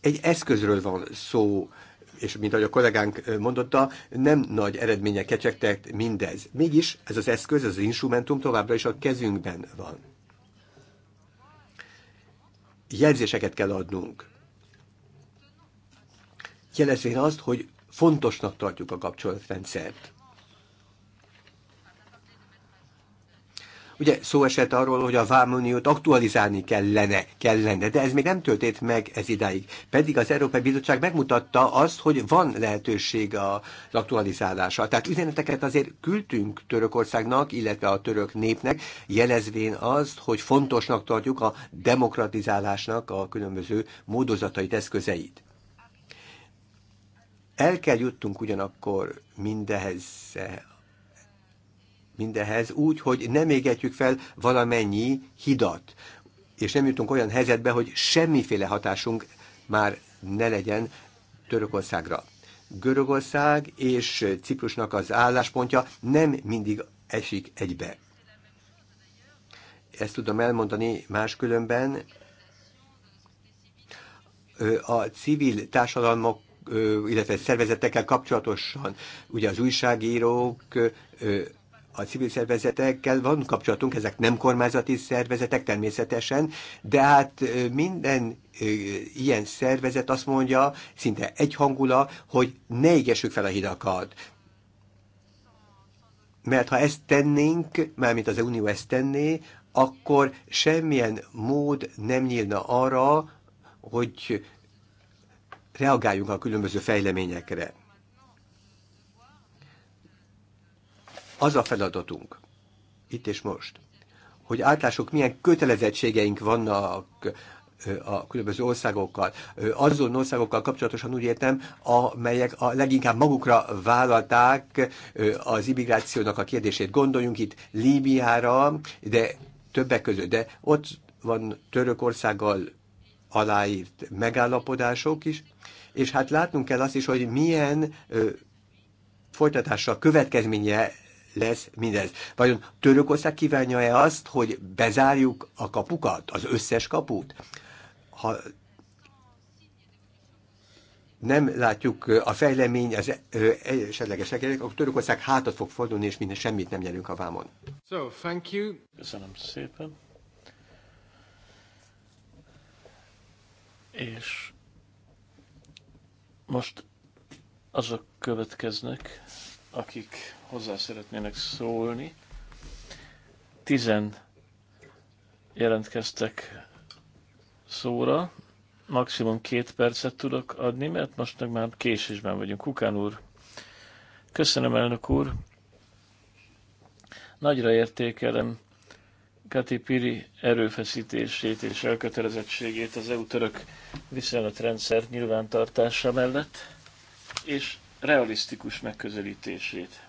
Egy eszközről van szó, és mint ahogy a kollégánk mondotta, nem nagy eredmények kecsegtek mindez. Mégis ez az eszköz, ez az instrumentum továbbra is a kezünkben van. Jelzéseket kell adnunk jelezvén azt, hogy fontosnak tartjuk a kapcsolatrendszert. Ugye szó esett arról, hogy a vámuniót aktualizálni kellene, kellene, de ez még nem történt meg ez idáig. Pedig az Európai Bizottság megmutatta azt, hogy van lehetőség az aktualizálásra. Tehát üzeneteket azért küldtünk Törökországnak, illetve a török népnek, jelezvén azt, hogy fontosnak tartjuk a demokratizálásnak a különböző módozatait, eszközeit. El kell juttunk ugyanakkor mindehez, mindehez úgy, hogy nem égetjük fel valamennyi hidat, és nem jutunk olyan helyzetbe, hogy semmiféle hatásunk már ne legyen Törökországra. Görögország és Ciprusnak az álláspontja nem mindig esik egybe. Ezt tudom elmondani máskülönben. A civil társadalmak illetve szervezetekkel kapcsolatosan. Ugye az újságírók, a civil szervezetekkel van kapcsolatunk, ezek nem kormányzati szervezetek természetesen, de hát minden ilyen szervezet azt mondja, szinte egyhangula, hogy ne égessük fel a hidakat. Mert ha ezt tennénk, mármint az Unió ezt tenné, akkor semmilyen mód nem nyílna arra, hogy reagáljunk a különböző fejleményekre. Az a feladatunk, itt és most, hogy átlások milyen kötelezettségeink vannak a különböző országokkal, azon országokkal kapcsolatosan úgy értem, amelyek a leginkább magukra vállalták az immigrációnak a kérdését. Gondoljunk itt Líbiára, de többek között, de ott van Törökországgal, aláírt megállapodások is, és hát látnunk kell azt is, hogy milyen ö, folytatása, következménye lesz mindez. Vajon Törökország kívánja-e azt, hogy bezárjuk a kapukat, az összes kaput? Ha nem látjuk a fejlemény, az e, esetleges akkor Törökország hátat fog fordulni, és minden semmit nem nyerünk a vámon. So, thank you. Köszönöm szépen. És most azok következnek, akik hozzá szeretnének szólni. Tizen jelentkeztek szóra, maximum két percet tudok adni, mert most meg már késésben vagyunk. Kukán úr, köszönöm elnök úr, nagyra értékelem Kati Piri erőfeszítését és elkötelezettségét az EU-török viszonylatrendszer nyilvántartása mellett, és realisztikus megközelítését.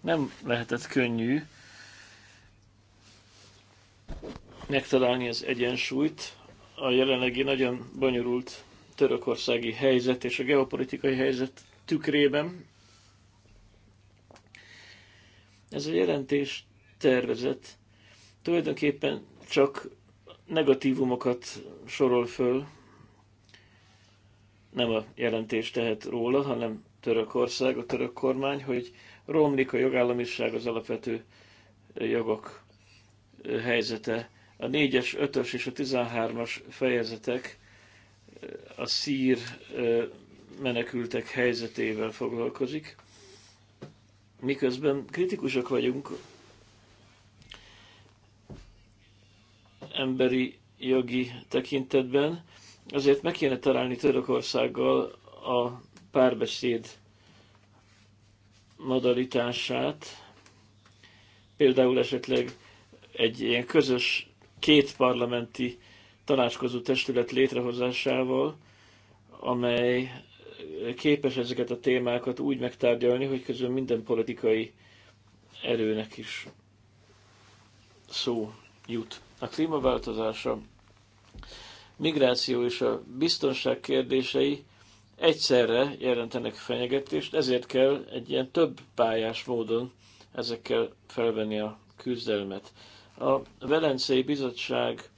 Nem lehetett könnyű megtalálni az egyensúlyt a jelenlegi nagyon bonyolult törökországi helyzet és a geopolitikai helyzet tükrében. Ez a jelentés tervezett. Tulajdonképpen csak negatívumokat sorol föl, nem a jelentés tehet róla, hanem Törökország, a török kormány, hogy romlik a jogállamiság, az alapvető jogok helyzete. A 4-es, 5-ös és a 13-as fejezetek eh, a szír eh, menekültek helyzetével foglalkozik. Miközben kritikusak vagyunk emberi jogi tekintetben, azért meg kéne találni Törökországgal a párbeszéd modalitását, például esetleg egy ilyen közös két parlamenti tanácskozó testület létrehozásával, amely képes ezeket a témákat úgy megtárgyalni, hogy közül minden politikai erőnek is szó jut a klímaváltozása, migráció és a biztonság kérdései egyszerre jelentenek fenyegetést, ezért kell egy ilyen több pályás módon ezekkel felvenni a küzdelmet. A Velencei Bizottság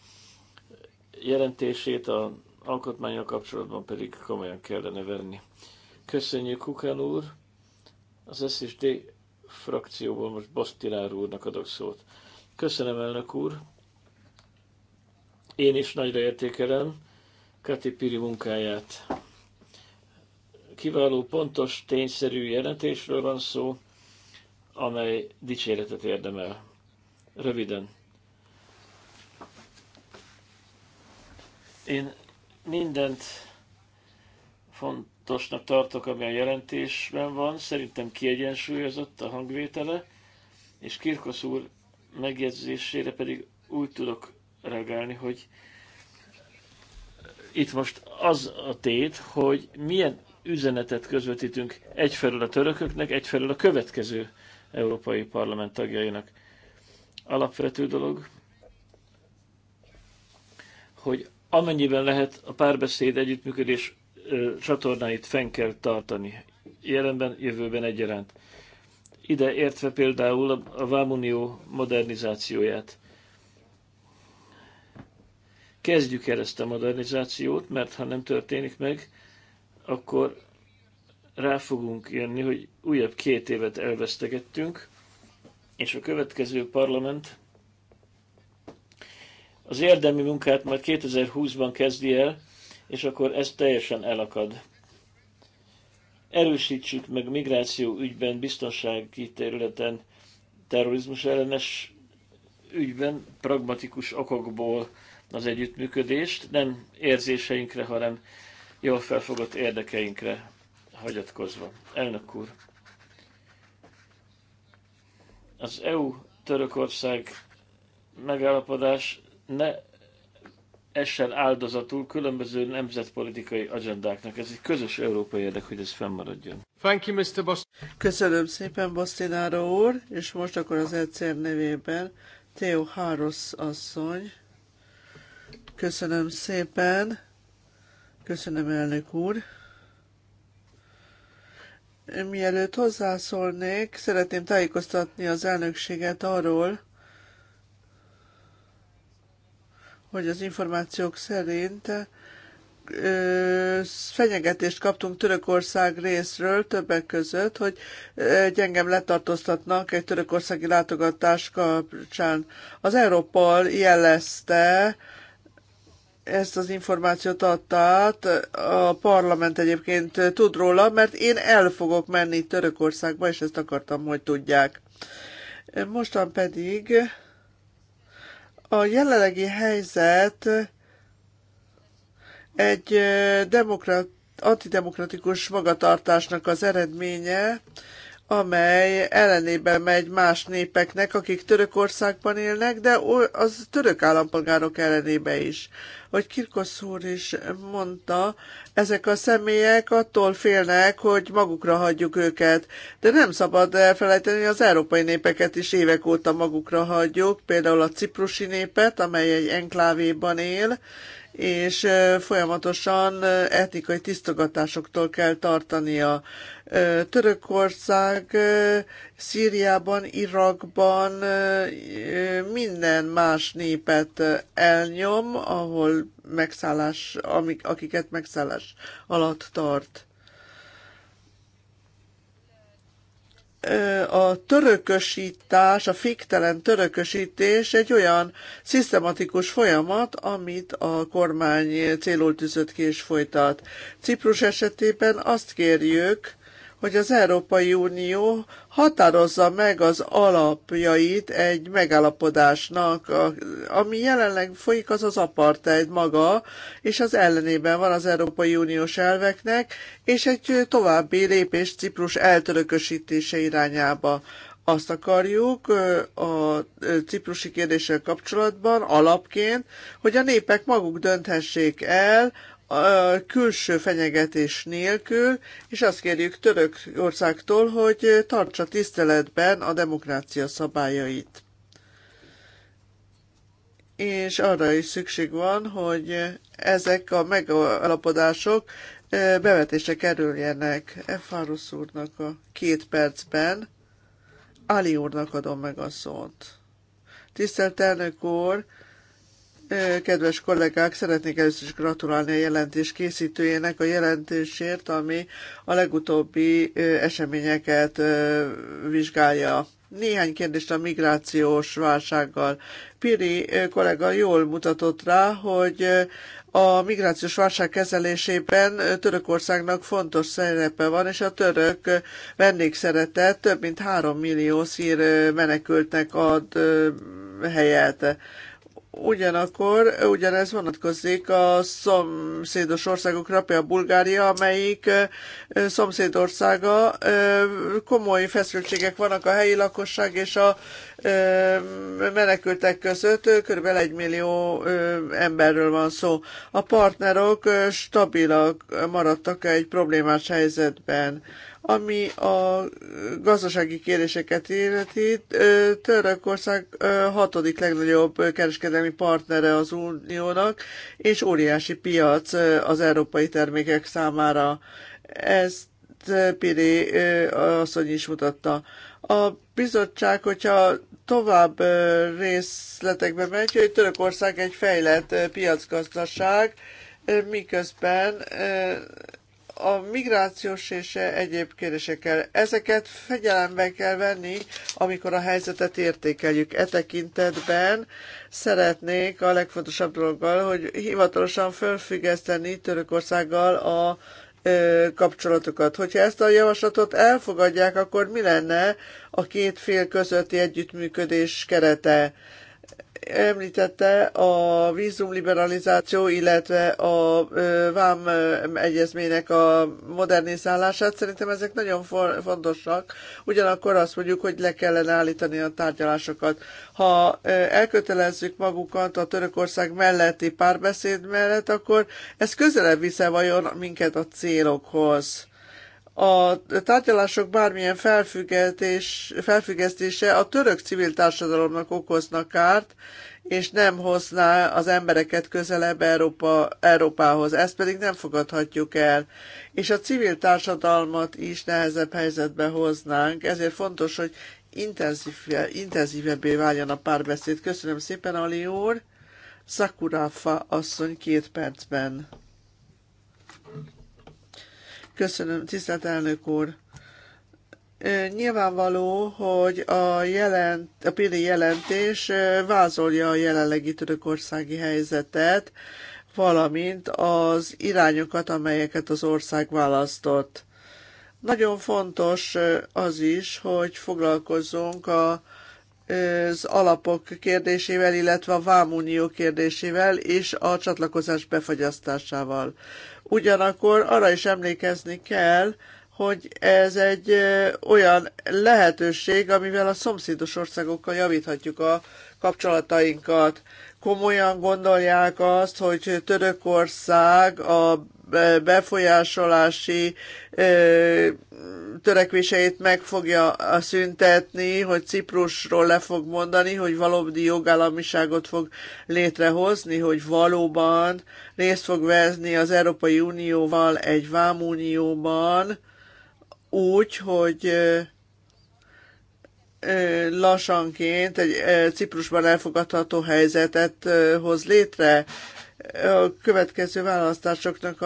jelentését a alkotmányok kapcsolatban pedig komolyan kellene venni. Köszönjük, Kukán úr! Az SSD frakcióból most Basztilár úrnak adok szót. Köszönöm, elnök úr! Én is nagyra értékelem Kati Piri munkáját. Kiváló, pontos, tényszerű jelentésről van szó, amely dicséretet érdemel. Röviden. Én mindent fontosnak tartok, ami a jelentésben van. Szerintem kiegyensúlyozott a hangvétele, és Kirkosz úr megjegyzésére pedig úgy tudok reagálni, hogy itt most az a tét, hogy milyen üzenetet közvetítünk egyfelől a törököknek, egyfelől a következő európai parlament tagjainak. Alapvető dolog, hogy amennyiben lehet a párbeszéd együttműködés csatornáit fenn kell tartani, jelenben, jövőben egyaránt. Ide értve például a Vámunió modernizációját. Kezdjük el ezt a modernizációt, mert ha nem történik meg, akkor rá fogunk jönni, hogy újabb két évet elvesztegettünk, és a következő parlament az érdemi munkát majd 2020-ban kezdi el, és akkor ez teljesen elakad. Erősítsük meg migráció ügyben, biztonsági területen, terrorizmus ellenes ügyben, pragmatikus okokból az együttműködést, nem érzéseinkre, hanem jól felfogott érdekeinkre hagyatkozva. Elnök úr, az EU-Törökország megállapodás ne essen áldozatul különböző nemzetpolitikai agendáknak. Ez egy közös európai érdek, hogy ez fennmaradjon. Thank you, Mr. Bost- Köszönöm szépen, Bostinára úr, és most akkor az egyszer nevében Theo Háros asszony. Köszönöm szépen. Köszönöm, elnök úr. Mielőtt hozzászólnék, szeretném tájékoztatni az elnökséget arról, hogy az információk szerint ö, fenyegetést kaptunk Törökország részről többek között, hogy egy engem letartóztatnak egy törökországi látogatás kapcsán. Az Európol jelezte ezt az információt adta át, a parlament egyébként tud róla, mert én el fogok menni Törökországba, és ezt akartam, hogy tudják. Mostan pedig a jelenlegi helyzet egy eh, demokrat, antidemokratikus magatartásnak az eredménye, amely ellenébe megy más népeknek, akik Törökországban élnek, de az török állampolgárok ellenébe is. Hogy Kirkosz úr is mondta, ezek a személyek attól félnek, hogy magukra hagyjuk őket. De nem szabad elfelejteni, hogy az európai népeket is évek óta magukra hagyjuk, például a ciprusi népet, amely egy enklávéban él, és folyamatosan etnikai tisztogatásoktól kell tartania. Törökország, Szíriában, Irakban minden más népet elnyom, ahol megszállás, amik, akiket megszállás alatt tart. a törökösítás, a féktelen törökösítés egy olyan szisztematikus folyamat, amit a kormány célul tűzött ki és folytat. Ciprus esetében azt kérjük, hogy az Európai Unió határozza meg az alapjait egy megállapodásnak. Ami jelenleg folyik, az az apartheid maga, és az ellenében van az Európai Uniós elveknek, és egy további lépés Ciprus eltörökösítése irányába azt akarjuk a ciprusi kérdéssel kapcsolatban alapként, hogy a népek maguk dönthessék el a külső fenyegetés nélkül, és azt kérjük Törökországtól, hogy tartsa tiszteletben a demokrácia szabályait. És arra is szükség van, hogy ezek a megalapodások e, bevetése kerüljenek. Fárusz úrnak a két percben. Ali úrnak adom meg a szót. Tisztelt elnök úr, Kedves kollégák, szeretnék először is gratulálni a jelentés készítőjének a jelentésért, ami a legutóbbi eseményeket vizsgálja. Néhány kérdést a migrációs válsággal. Piri kollega jól mutatott rá, hogy a migrációs válság kezelésében Törökországnak fontos szerepe van, és a török vendégszeretet több mint három millió szír menekültnek ad helyet. Ugyanakkor ugyanez vonatkozik a szomszédos országokra, például Bulgária, amelyik szomszédországa. Komoly feszültségek vannak a helyi lakosság és a menekültek között, kb. egy millió emberről van szó. A partnerok stabilak maradtak egy problémás helyzetben. Ami a gazdasági kérdéseket illeti, Törökország hatodik legnagyobb kereskedelmi partnere az Uniónak, és óriási piac az európai termékek számára. Ezt Piri asszony is mutatta. A bizottság, hogyha tovább részletekbe megy, hogy Törökország egy fejlett piacgazdaság, miközben a migrációs és egyéb kérdésekkel. Ezeket fegyelembe kell venni, amikor a helyzetet értékeljük. E tekintetben szeretnék a legfontosabb dologgal, hogy hivatalosan fölfüggeszteni Törökországgal a kapcsolatokat. Hogyha ezt a javaslatot elfogadják, akkor mi lenne a két fél közötti együttműködés kerete? említette a vízumliberalizáció, illetve a VAM egyezmének a modernizálását. Szerintem ezek nagyon fontosak. Ugyanakkor azt mondjuk, hogy le kellene állítani a tárgyalásokat. Ha elkötelezzük magukat a Törökország melletti párbeszéd mellett, akkor ez közelebb visze vajon minket a célokhoz a tárgyalások bármilyen felfüggetés, felfüggesztése a török civil társadalomnak okozna kárt, és nem hozná az embereket közelebb Európa, Európához. Ezt pedig nem fogadhatjuk el. És a civil társadalmat is nehezebb helyzetbe hoznánk, ezért fontos, hogy intenzív, intenzívebbé váljon a párbeszéd. Köszönöm szépen, Ali úr! Sakurafa asszony két percben. Köszönöm, tisztelt elnök úr! Nyilvánvaló, hogy a, jelent, a Piri jelentés vázolja a jelenlegi törökországi helyzetet, valamint az irányokat, amelyeket az ország választott. Nagyon fontos az is, hogy foglalkozzunk a az alapok kérdésével, illetve a vámunió kérdésével és a csatlakozás befagyasztásával. Ugyanakkor arra is emlékezni kell, hogy ez egy olyan lehetőség, amivel a szomszédos országokkal javíthatjuk a kapcsolatainkat. Komolyan gondolják azt, hogy Törökország a befolyásolási törekvéseit meg fogja szüntetni, hogy Ciprusról le fog mondani, hogy valódi jogállamiságot fog létrehozni, hogy valóban részt fog vezni az Európai Unióval egy vámunióban, úgy, hogy lassanként egy Ciprusban elfogadható helyzetet hoz létre, a következő választásoknak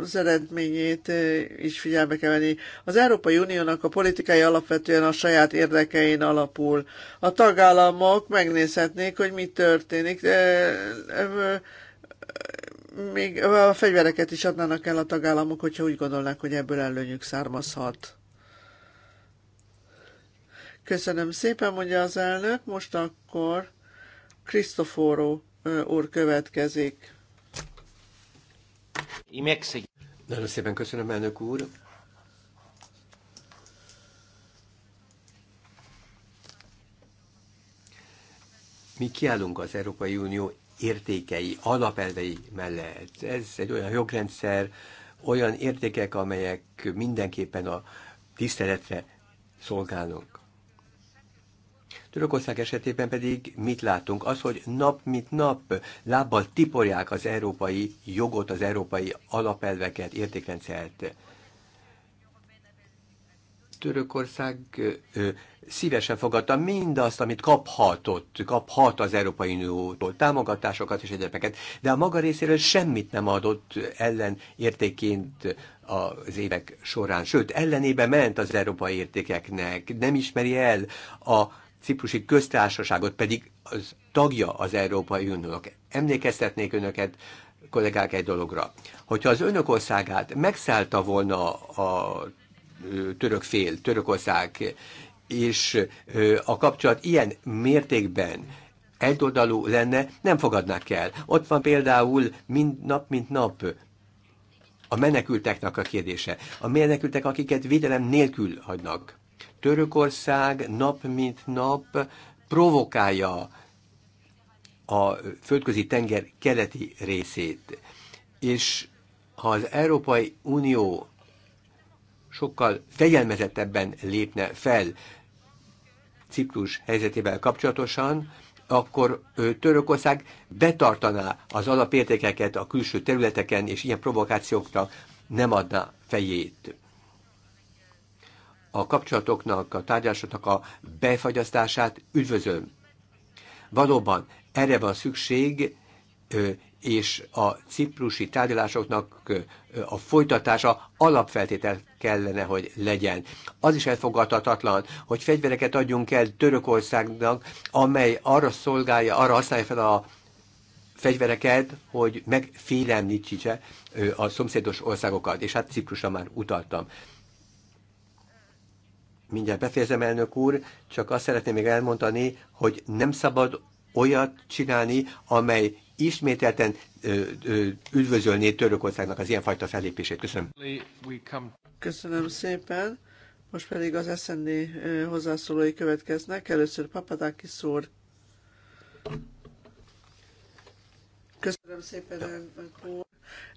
az eredményét is figyelme kell venni. Az Európai Uniónak a politikai alapvetően a saját érdekein alapul. A tagállamok megnézhetnék, hogy mi történik. Még a fegyvereket is adnának el a tagállamok, hogyha úgy gondolnák, hogy ebből előnyük származhat. Köszönöm szépen, mondja az elnök. Most akkor Krisztoforó úr következik. Nagyon szépen köszönöm, elnök úr. Mi kiállunk az Európai Unió értékei, alapelvei mellett. Ez egy olyan jogrendszer, olyan értékek, amelyek mindenképpen a tiszteletre szolgálnak. Törökország esetében pedig mit látunk? Az, hogy nap mint nap lábbal tiporják az európai jogot, az európai alapelveket, értékrendszert. Törökország ö, szívesen fogadta mindazt, amit kaphatott, kaphat az Európai Uniótól, támogatásokat és egyebeket, de a maga részéről semmit nem adott ellen értéként az évek során. Sőt, ellenébe ment az európai értékeknek, nem ismeri el a ciprusi köztársaságot pedig az tagja az Európai Uniónak. Emlékeztetnék önöket, kollégák, egy dologra. Hogyha az önök országát megszállta volna a török fél, Törökország, és a kapcsolat ilyen mértékben egyoldalú lenne, nem fogadnák el. Ott van például mind nap, mint nap a menekülteknek a kérdése. A menekültek, akiket védelem nélkül hagynak. Törökország nap mint nap provokálja a földközi tenger keleti részét. És ha az Európai Unió sokkal fegyelmezettebben lépne fel Ciprus helyzetével kapcsolatosan, akkor Törökország betartaná az alapértékeket a külső területeken, és ilyen provokációknak nem adna fejét a kapcsolatoknak, a tárgyalásoknak a befagyasztását üdvözöm. Valóban erre van szükség, és a ciprusi tárgyalásoknak a folytatása alapfeltétel kellene, hogy legyen. Az is elfogadhatatlan, hogy fegyvereket adjunk el Törökországnak, amely arra szolgálja, arra használja fel a fegyvereket, hogy megfélemlítse a szomszédos országokat, és hát Ciprusra már utaltam mindjárt befejezem, elnök úr, csak azt szeretném még elmondani, hogy nem szabad olyat csinálni, amely ismételten üdvözölné Törökországnak az ilyenfajta fellépését. Köszönöm. Köszönöm szépen. Most pedig az SND hozzászólói következnek. Először Papadáki szór. Köszönöm szépen, elnök úr.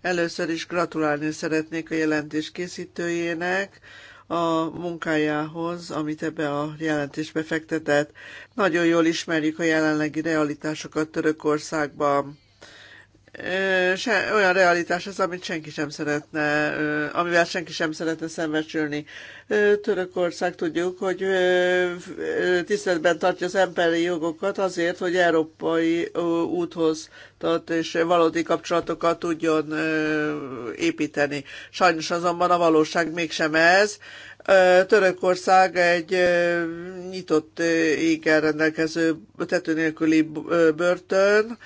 Először is gratulálni szeretnék a jelentés készítőjének a munkájához, amit ebbe a jelentésbe fektetett. Nagyon jól ismerjük a jelenlegi realitásokat Törökországban se, olyan realitás ez, amit senki sem szeretne, amivel senki sem szeretne szembesülni. Törökország tudjuk, hogy tiszteletben tartja az emberi jogokat azért, hogy európai úthoz tart és valódi kapcsolatokat tudjon építeni. Sajnos azonban a valóság mégsem ez. Törökország egy nyitott éggel rendelkező tető nélküli börtön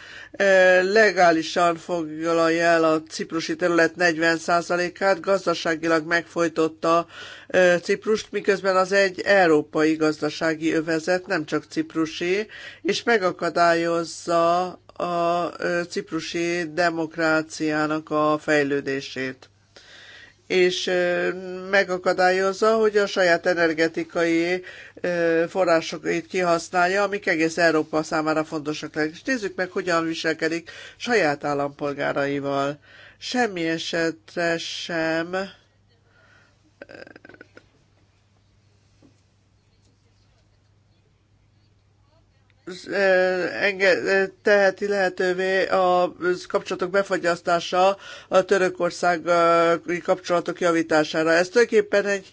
legálisan foglalja el a ciprusi terület 40%-át, gazdaságilag megfojtotta Ciprust, miközben az egy európai gazdasági övezet, nem csak ciprusi, és megakadályozza a ciprusi demokráciának a fejlődését és megakadályozza, hogy a saját energetikai forrásokat kihasználja, amik egész Európa számára fontosak lehet. És nézzük meg, hogyan viselkedik saját állampolgáraival. Semmi esetre sem teheti lehetővé a kapcsolatok befagyasztása a Törökország kapcsolatok javítására. Ez tulajdonképpen egy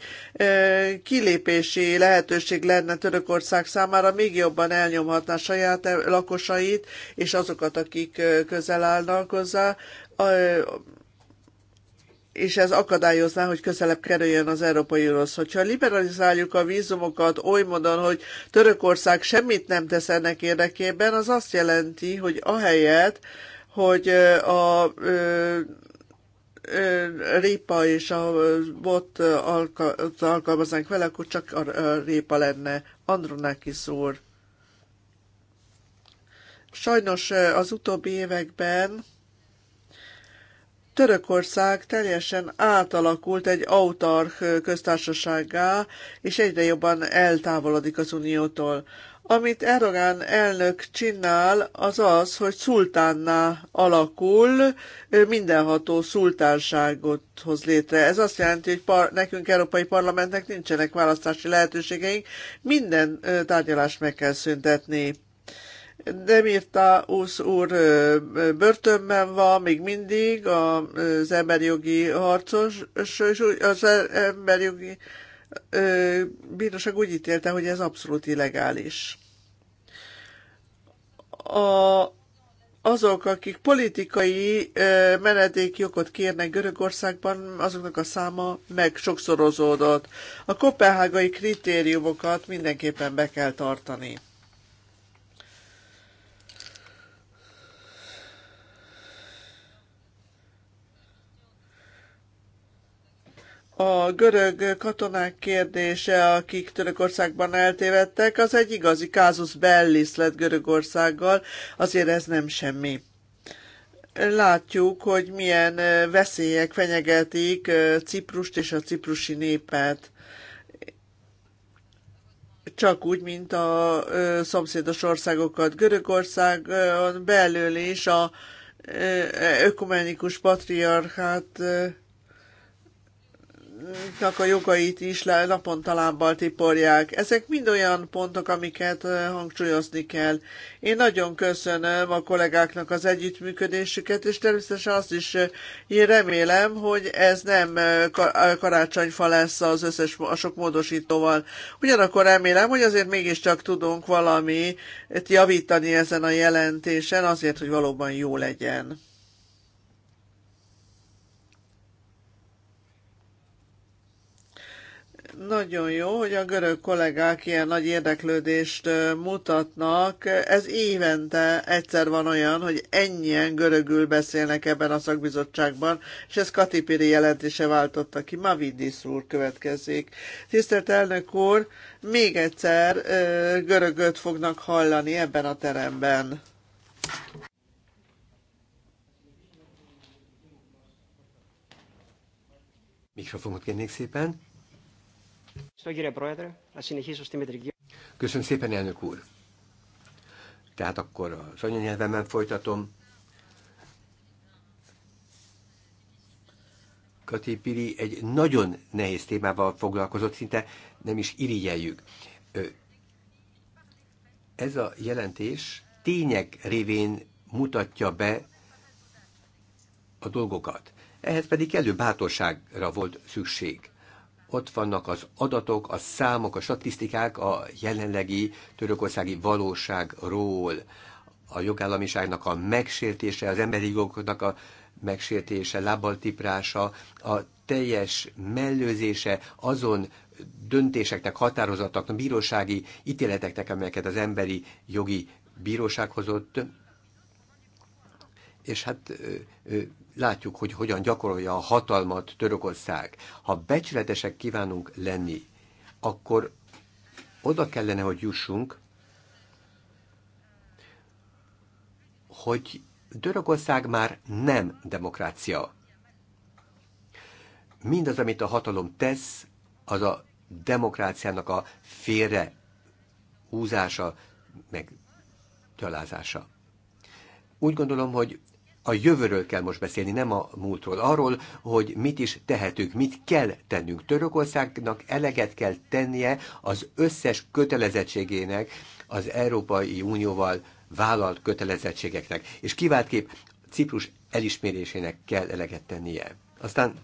kilépési lehetőség lenne Törökország számára, még jobban elnyomhatná saját lakosait és azokat, akik közel állnak hozzá, és ez akadályozná, hogy közelebb kerüljön az Európai Unióhoz. Hogyha liberalizáljuk a vízumokat oly módon, hogy Törökország semmit nem tesz ennek érdekében, az azt jelenti, hogy ahelyett, hogy a répa és a bot alkalmaznánk vele, akkor csak a répa lenne. Andronákis úr. Sajnos az utóbbi években Törökország teljesen átalakult egy autark köztársasággá, és egyre jobban eltávolodik az uniótól. Amit Erdogan elnök csinál, az az, hogy szultánná alakul, mindenható szultánságot hoz létre. Ez azt jelenti, hogy par- nekünk, Európai Parlamentnek nincsenek választási lehetőségeink, minden tárgyalást meg kell szüntetni Demirta Usz úr börtönben van még mindig, az emberjogi harcos, és az emberjogi bíróság úgy ítélte, hogy ez abszolút illegális. A, azok, akik politikai menedékjogot kérnek Görögországban, azoknak a száma meg sokszorozódott. A kopenhágai kritériumokat mindenképpen be kell tartani. A görög katonák kérdése, akik Törökországban eltévedtek, az egy igazi kázus bellis lett Görögországgal, azért ez nem semmi látjuk, hogy milyen veszélyek fenyegetik Ciprust és a ciprusi népet. Csak úgy, mint a szomszédos országokat. Görögországon belül is a ökumenikus patriarchát a jogait is naponta lábbal tiporják. Ezek mind olyan pontok, amiket hangsúlyozni kell. Én nagyon köszönöm a kollégáknak az együttműködésüket, és természetesen azt is én remélem, hogy ez nem karácsonyfa lesz az összes a sok módosítóval. Ugyanakkor remélem, hogy azért mégiscsak tudunk valamit javítani ezen a jelentésen, azért, hogy valóban jó legyen. Nagyon jó, hogy a görög kollégák ilyen nagy érdeklődést mutatnak. Ez évente egyszer van olyan, hogy ennyien görögül beszélnek ebben a szakbizottságban, és ez Katipiri jelentése váltotta ki. Mavidis úr következik. Tisztelt elnök úr, még egyszer görögöt fognak hallani ebben a teremben. Mikrofonot kérnék szépen. Köszönöm szépen, elnök úr. Tehát akkor az anyanyelvemen folytatom. Kati Piri egy nagyon nehéz témával foglalkozott, szinte nem is irigyeljük. Ez a jelentés tények révén mutatja be a dolgokat. Ehhez pedig elő bátorságra volt szükség ott vannak az adatok, a számok, a statisztikák a jelenlegi törökországi valóságról. A jogállamiságnak a megsértése, az emberi jogoknak a megsértése, lábbaltiprása, a teljes mellőzése azon döntéseknek, határozatoknak, bírósági ítéleteknek, amelyeket az emberi jogi bíróság hozott, és hát látjuk, hogy hogyan gyakorolja a hatalmat Törökország. Ha becsületesek kívánunk lenni, akkor oda kellene, hogy jussunk, hogy Törökország már nem demokrácia. Mindaz, amit a hatalom tesz, az a demokráciának a félre húzása, meg gyalázása. Úgy gondolom, hogy a jövőről kell most beszélni, nem a múltról. Arról, hogy mit is tehetünk, mit kell tennünk. Törökországnak eleget kell tennie az összes kötelezettségének, az Európai Unióval vállalt kötelezettségeknek. És kiváltképp Ciprus elismerésének kell eleget tennie. Aztán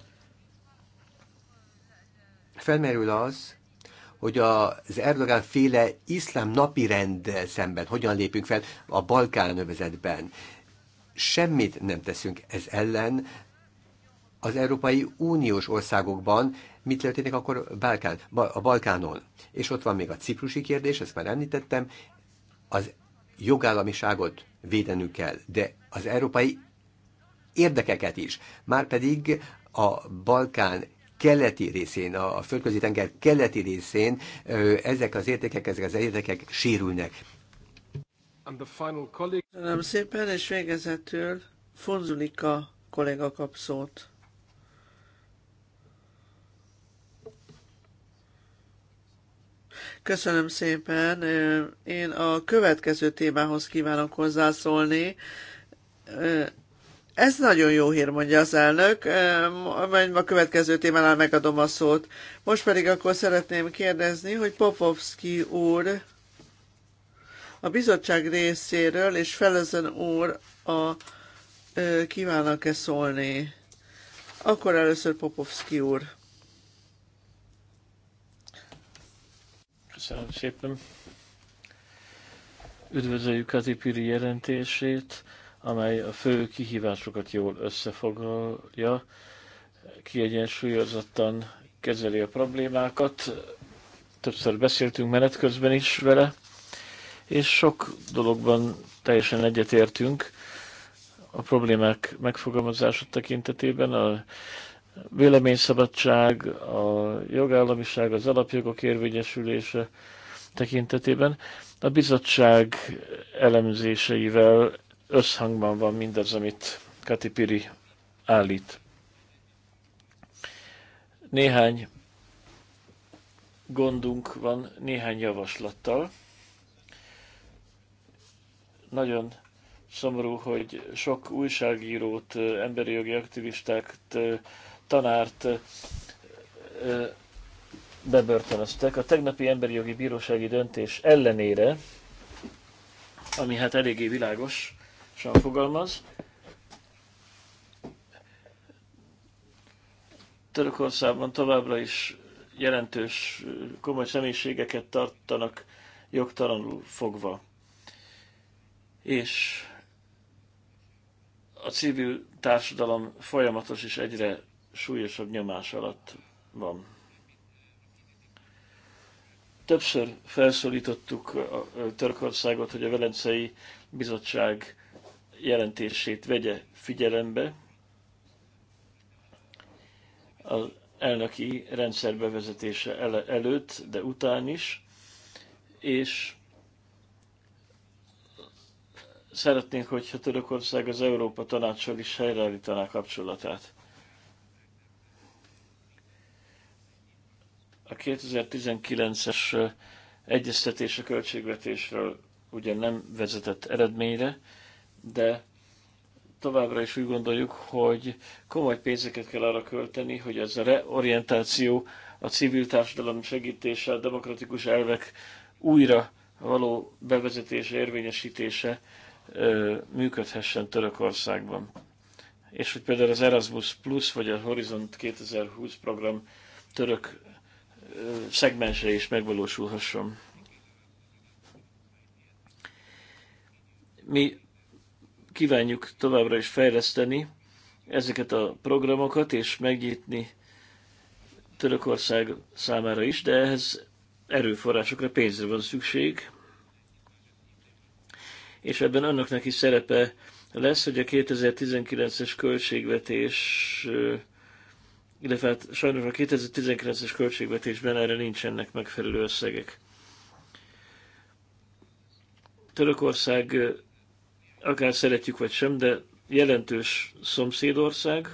felmerül az, hogy az Erdogan féle iszlám napirend szemben hogyan lépünk fel a Balkán övezetben semmit nem teszünk ez ellen, az Európai Uniós országokban mit történik akkor Balkán, a Balkánon. És ott van még a ciprusi kérdés, ezt már említettem, az jogállamiságot védenünk kell, de az európai érdekeket is. Márpedig a Balkán keleti részén, a földközi tenger keleti részén ezek az értékek, ezek az érdekek sérülnek. Köszönöm szépen, és végezetül Fonzulika kolléga kap szót. Köszönöm szépen. Én a következő témához kívánok hozzászólni. Ez nagyon jó hír, mondja az elnök. A következő témánál megadom a szót. Most pedig akkor szeretném kérdezni, hogy Popovski úr a bizottság részéről, és Felezen úr a kívánnak-e szólni? Akkor először Popovski úr. Köszönöm szépen. Üdvözöljük az IPIRI jelentését, amely a fő kihívásokat jól összefoglalja, kiegyensúlyozottan kezeli a problémákat. Többször beszéltünk menet közben is vele és sok dologban teljesen egyetértünk a problémák megfogalmazása tekintetében, a véleményszabadság, a jogállamiság, az alapjogok érvényesülése tekintetében. A bizottság elemzéseivel összhangban van mindaz amit Kati Piri állít. Néhány gondunk van néhány javaslattal. Nagyon szomorú, hogy sok újságírót, emberi jogi aktivistákat, tanárt bebörtönöztek. A tegnapi emberi jogi bírósági döntés ellenére, ami hát eléggé világos, sem fogalmaz, Törökországban továbbra is jelentős, komoly személyiségeket tartanak jogtalanul fogva és a civil társadalom folyamatos és egyre súlyosabb nyomás alatt van. Többször felszólítottuk a Törökországot, hogy a Velencei Bizottság jelentését vegye figyelembe az elnöki rendszerbevezetése előtt, de után is, és Szeretnénk, hogyha Törökország az Európa tanácsal is helyreállítaná kapcsolatát. A 2019-es egyeztetés a költségvetésről ugye nem vezetett eredményre, de továbbra is úgy gondoljuk, hogy komoly pénzeket kell arra költeni, hogy ez a reorientáció, a civil társadalom segítése, a demokratikus elvek újra való bevezetése, érvényesítése működhessen Törökországban. És hogy például az Erasmus Plus vagy a Horizont 2020 program török szegmense is megvalósulhasson. Mi kívánjuk továbbra is fejleszteni ezeket a programokat, és megnyitni Törökország számára is, de ehhez erőforrásokra, pénzre van szükség és ebben önöknek is szerepe lesz, hogy a 2019-es költségvetés, illetve hát sajnos a 2019-es költségvetésben erre nincsenek megfelelő összegek. Törökország akár szeretjük vagy sem, de jelentős szomszédország,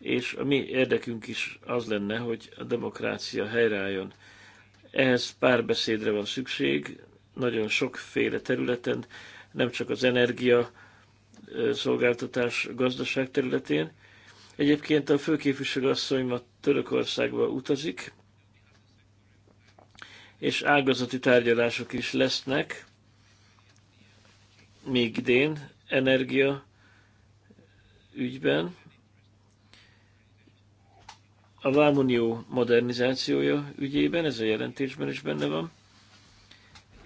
és a mi érdekünk is az lenne, hogy a demokrácia helyreálljon. Ehhez párbeszédre van szükség, nagyon sokféle területen, nem csak az energia szolgáltatás gazdaság területén. Egyébként a főképviselő asszony ma Törökországba utazik, és ágazati tárgyalások is lesznek, még idén, energia ügyben. A Vámunió modernizációja ügyében, ez a jelentésben is benne van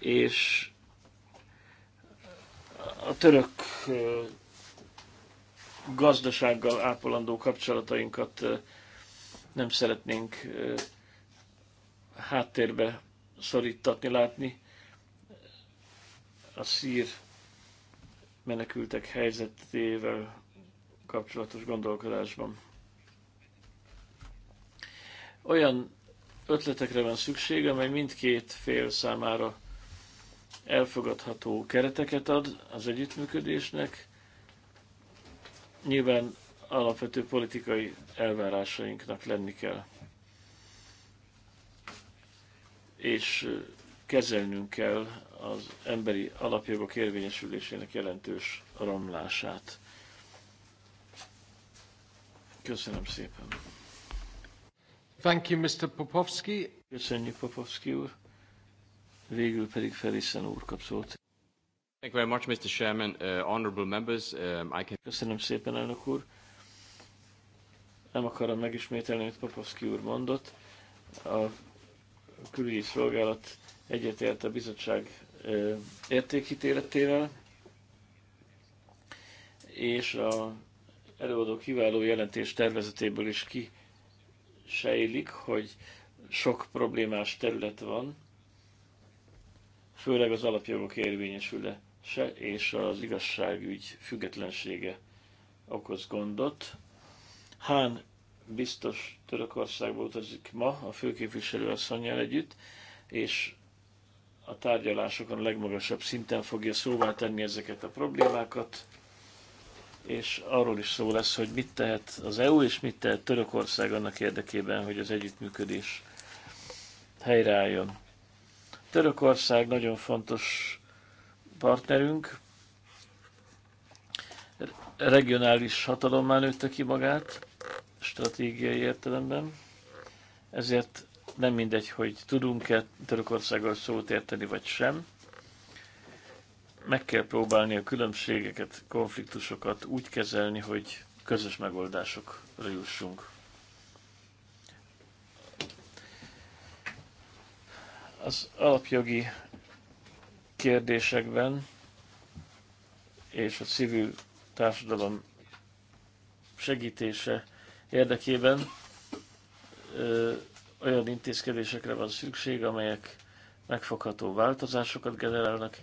és a török gazdasággal ápolandó kapcsolatainkat nem szeretnénk háttérbe szorítatni, látni. A szír menekültek helyzetével kapcsolatos gondolkodásban. Olyan ötletekre van szükség, amely mindkét fél számára elfogadható kereteket ad az együttműködésnek, nyilván alapvető politikai elvárásainknak lenni kell. És kezelnünk kell az emberi alapjogok érvényesülésének jelentős romlását. Köszönöm szépen. Thank you, Mr. Popovsky. Köszönjük, Popovsky úr. Végül pedig Felissen úr kap szót. Thank you very much, Mr. Chairman, uh, honorable members. Um, I can... Köszönöm szépen, elnök úr. Nem akarom megismételni, amit Papovski úr mondott. A külügyi szolgálat egyetért a bizottság uh, értékítéletével, és a előadó kiváló jelentés tervezetéből is sejlik, hogy sok problémás terület van, főleg az alapjogok érvényesülése és az igazságügy függetlensége okoz gondot. Hán biztos Törökországba utazik ma a főképviselő asszonyjal együtt, és a tárgyalásokon a legmagasabb szinten fogja szóvá tenni ezeket a problémákat, és arról is szó lesz, hogy mit tehet az EU és mit tehet Törökország annak érdekében, hogy az együttműködés helyreálljon. Törökország nagyon fontos partnerünk, regionális hatalommal nőtte ki magát, stratégiai értelemben, ezért nem mindegy, hogy tudunk-e Törökországgal szót érteni, vagy sem. Meg kell próbálni a különbségeket, konfliktusokat úgy kezelni, hogy közös megoldásokra jussunk. az alapjogi kérdésekben és a civil társadalom segítése érdekében ö, olyan intézkedésekre van szükség, amelyek megfogható változásokat generálnak,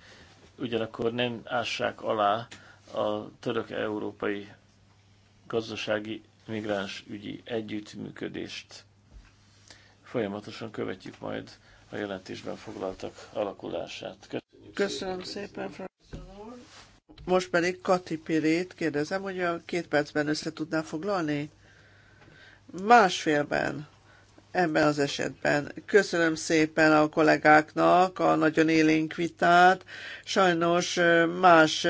ugyanakkor nem ássák alá a török-európai gazdasági migráns ügyi együttműködést. Folyamatosan követjük majd a jelentésben foglaltak alakulását. Köszönjük, Köszönöm szépen, szépen Most pedig Kati Pirét kérdezem, hogy a két percben össze tudná foglalni? Másfélben ebben az esetben. Köszönöm szépen a kollégáknak a nagyon élénk vitát. Sajnos más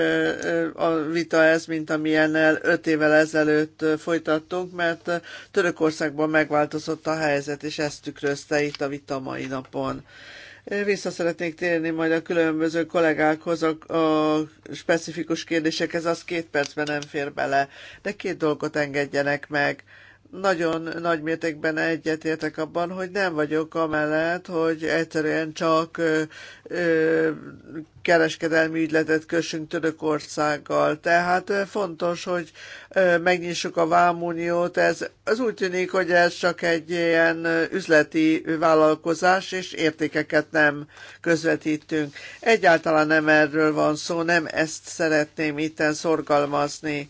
a vita ez, mint amilyennel öt évvel ezelőtt folytattunk, mert Törökországban megváltozott a helyzet, és ezt tükrözte itt a vita mai napon. Vissza szeretnék térni majd a különböző kollégákhoz a, a specifikus kérdésekhez, az két percben nem fér bele, de két dolgot engedjenek meg nagyon nagy mértékben egyetértek abban, hogy nem vagyok amellett, hogy egyszerűen csak ö, ö, kereskedelmi ügyletet kössünk Törökországgal. Tehát fontos, hogy ö, megnyissuk a vámuniót. Ez, az úgy tűnik, hogy ez csak egy ilyen üzleti vállalkozás, és értékeket nem közvetítünk. Egyáltalán nem erről van szó, nem ezt szeretném itten szorgalmazni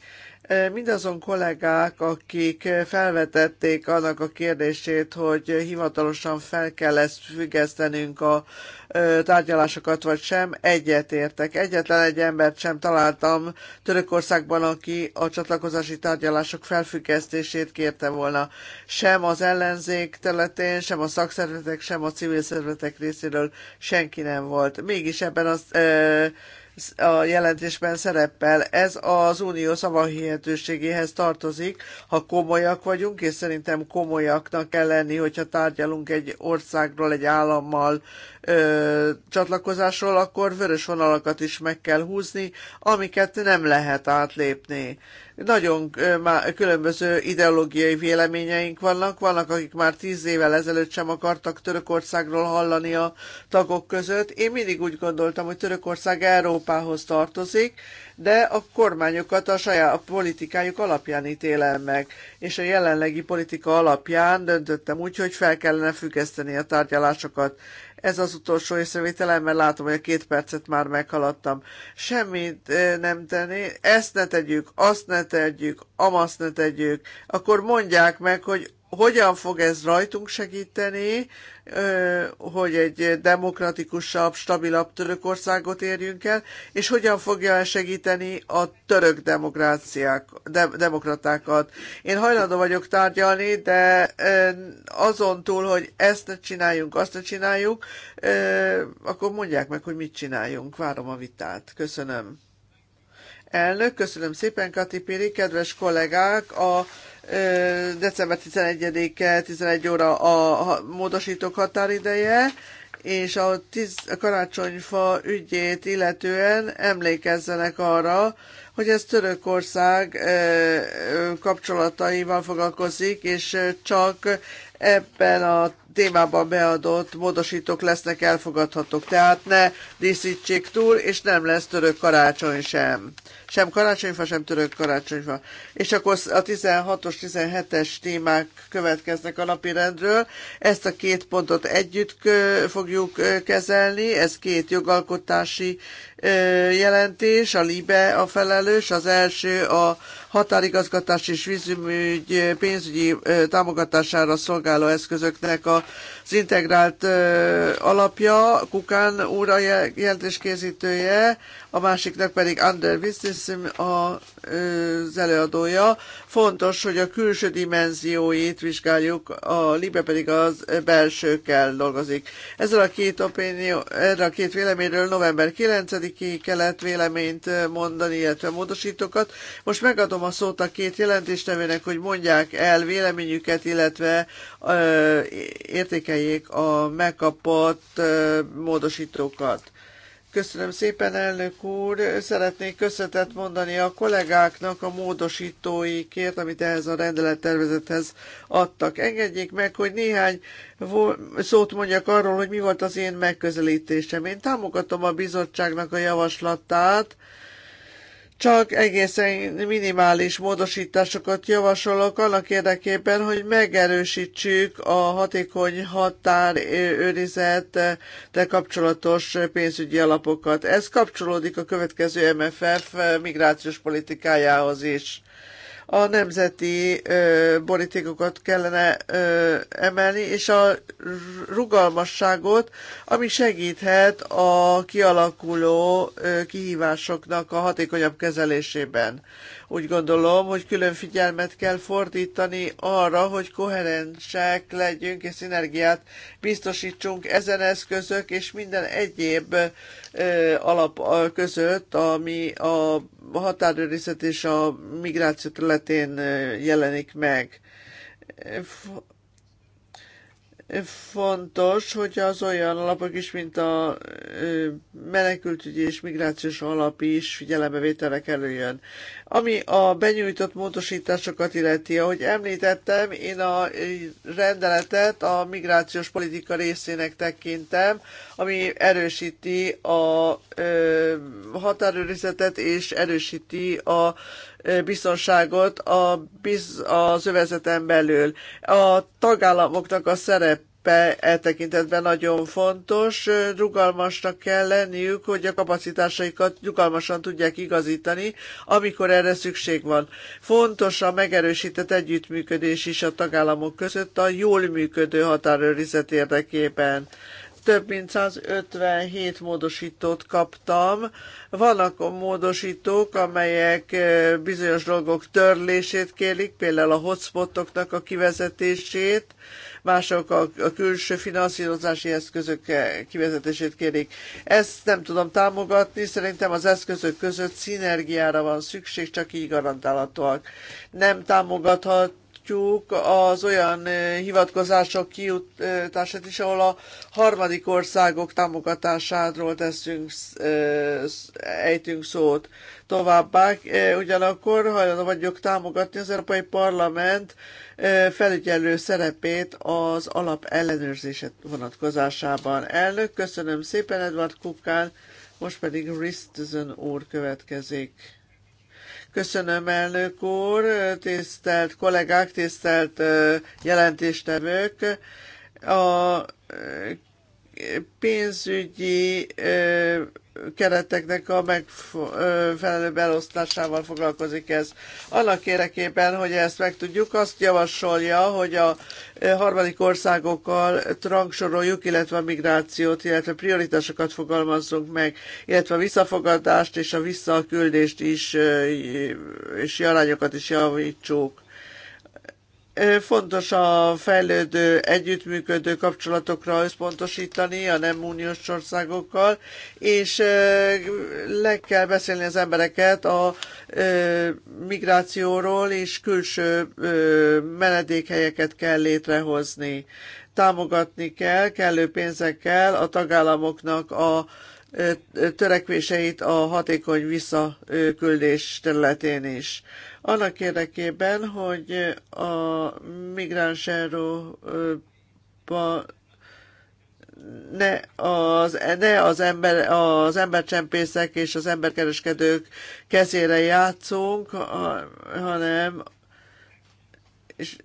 Mindazon kollégák, akik felvetették annak a kérdését, hogy hivatalosan fel kell ezt függesztenünk a tárgyalásokat, vagy sem, egyetértek. Egyetlen egy embert sem találtam Törökországban, aki a csatlakozási tárgyalások felfüggesztését kérte volna. Sem az ellenzék területén, sem a szakszervezetek, sem a civil szervezetek részéről senki nem volt. Mégis ebben az a jelentésben szerepel. Ez az unió szavahihetőségéhez tartozik, ha komolyak vagyunk, és szerintem komolyaknak kell lenni, hogyha tárgyalunk egy országról, egy állammal ö, csatlakozásról, akkor vörös vonalakat is meg kell húzni, amiket nem lehet átlépni nagyon különböző ideológiai véleményeink vannak, vannak, akik már tíz évvel ezelőtt sem akartak Törökországról hallani a tagok között. Én mindig úgy gondoltam, hogy Törökország Európához tartozik, de a kormányokat a saját a politikájuk alapján ítélem meg, és a jelenlegi politika alapján döntöttem úgy, hogy fel kellene függeszteni a tárgyalásokat. Ez az utolsó észrevételem, mert látom, hogy a két percet már meghaladtam. Semmit eh, nem tenni, ezt ne tegyük, azt ne tegyük, amazt ne tegyük. Akkor mondják meg, hogy hogyan fog ez rajtunk segíteni, hogy egy demokratikusabb, stabilabb Törökországot érjünk el, és hogyan fogja segíteni a török demokráciák, de, demokratákat. Én hajlandó vagyok tárgyalni, de azon túl, hogy ezt ne csináljunk, azt ne csináljuk, akkor mondják meg, hogy mit csináljunk. Várom a vitát. Köszönöm. Elnök, köszönöm szépen, Kati Piri, kedves kollégák, a december 11-e 11 óra a módosítók határideje, és a, tiz, a karácsonyfa ügyét illetően emlékezzenek arra, hogy ez Törökország kapcsolataival foglalkozik, és csak ebben a témában beadott módosítók lesznek elfogadhatók, tehát ne díszítsék túl, és nem lesz török karácsony sem. Sem karácsonyfa, sem török karácsonyfa. És akkor a 16-os, 17-es témák következnek a rendről. Ezt a két pontot együtt fogjuk kezelni, ez két jogalkotási jelentés, a LIBE a felelős, az első a határigazgatás és vízügy pénzügyi támogatására szolgáló eszközöknek a az integrált alapja, Kukán úr a jelentéskészítője, a másiknak pedig Ander Business az előadója. Fontos, hogy a külső dimenzióit vizsgáljuk, a Libe pedig az belsőkkel dolgozik. Ezzel a két opinió, erre a két véleményről november 9 i kellett véleményt mondani, illetve módosítókat. Most megadom a szót a két jelentéstevének, hogy mondják el véleményüket, illetve értékeljék a megkapott módosítókat. Köszönöm szépen, elnök úr. Szeretnék köszönetet mondani a kollégáknak a módosítóikért, amit ehhez a rendelettervezethez adtak. Engedjék meg, hogy néhány szót mondjak arról, hogy mi volt az én megközelítésem. Én támogatom a bizottságnak a javaslatát, csak egészen minimális módosításokat javasolok annak érdekében, hogy megerősítsük a hatékony határőrizettel kapcsolatos pénzügyi alapokat. Ez kapcsolódik a következő MFF migrációs politikájához is a nemzeti ö, borítékokat kellene ö, emelni, és a rugalmasságot, ami segíthet a kialakuló ö, kihívásoknak a hatékonyabb kezelésében. Úgy gondolom, hogy külön figyelmet kell fordítani arra, hogy koherensek legyünk és szinergiát biztosítsunk ezen eszközök és minden egyéb alap között, ami a határőrizet és a migráció területén jelenik meg Fontos, hogy az olyan alapok is, mint a menekültügyi és migrációs alap is figyelembevételre kerüljön. Ami a benyújtott módosításokat illeti, ahogy említettem, én a rendeletet a migrációs politika részének tekintem, ami erősíti a határőrizetet és erősíti a biztonságot a biz, az övezeten belül. A tagállamoknak a szerep e tekintetben nagyon fontos, rugalmasnak kell lenniük, hogy a kapacitásaikat rugalmasan tudják igazítani, amikor erre szükség van. Fontos a megerősített együttműködés is a tagállamok között a jól működő határőrizet érdekében több mint 157 módosítót kaptam. Vannak a módosítók, amelyek bizonyos dolgok törlését kérik, például a hotspotoknak a kivezetését, mások a, külső finanszírozási eszközök kivezetését kérik. Ezt nem tudom támogatni, szerintem az eszközök között szinergiára van szükség, csak így garantálhatóak. Nem támogathat támogatjuk az olyan hivatkozások kiutását is, ahol a harmadik országok támogatásáról teszünk, ejtünk szót. Továbbá ugyanakkor hajlandó vagyok támogatni az Európai Parlament felügyelő szerepét az alap ellenőrzéset vonatkozásában. Elnök, köszönöm szépen Edward Kukán, most pedig Ristzen úr következik. Köszönöm, elnök úr, tisztelt kollégák, tisztelt jelentéstevők. A pénzügyi kereteknek a megfelelő belosztásával foglalkozik ez. Annak érdekében, hogy ezt meg tudjuk, azt javasolja, hogy a harmadik országokkal rangsoroljuk, illetve a migrációt, illetve prioritásokat fogalmazzunk meg, illetve a visszafogadást és a visszaküldést is, és arányokat is javítsuk. Fontos a fejlődő, együttműködő kapcsolatokra összpontosítani a nem uniós országokkal, és le kell beszélni az embereket a migrációról, és külső menedékhelyeket kell létrehozni. Támogatni kell kellő pénzekkel a tagállamoknak a törekvéseit a hatékony visszaküldés területén is. Annak érdekében, hogy a migráns ne az, ne az, ember, az embercsempészek és az emberkereskedők kezére játszunk, hanem és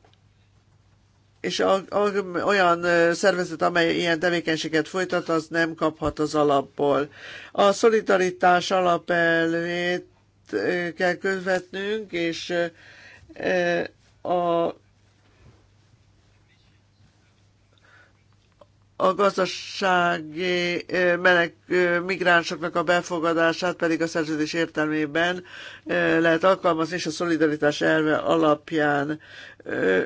és a, a, olyan szervezet, amely ilyen tevékenységet folytat, az nem kaphat az alapból. A szolidaritás alapelvét kell követnünk, és a a gazdasági meleg migránsoknak a befogadását pedig a szerződés értelmében lehet alkalmazni, és a szolidaritás elve alapján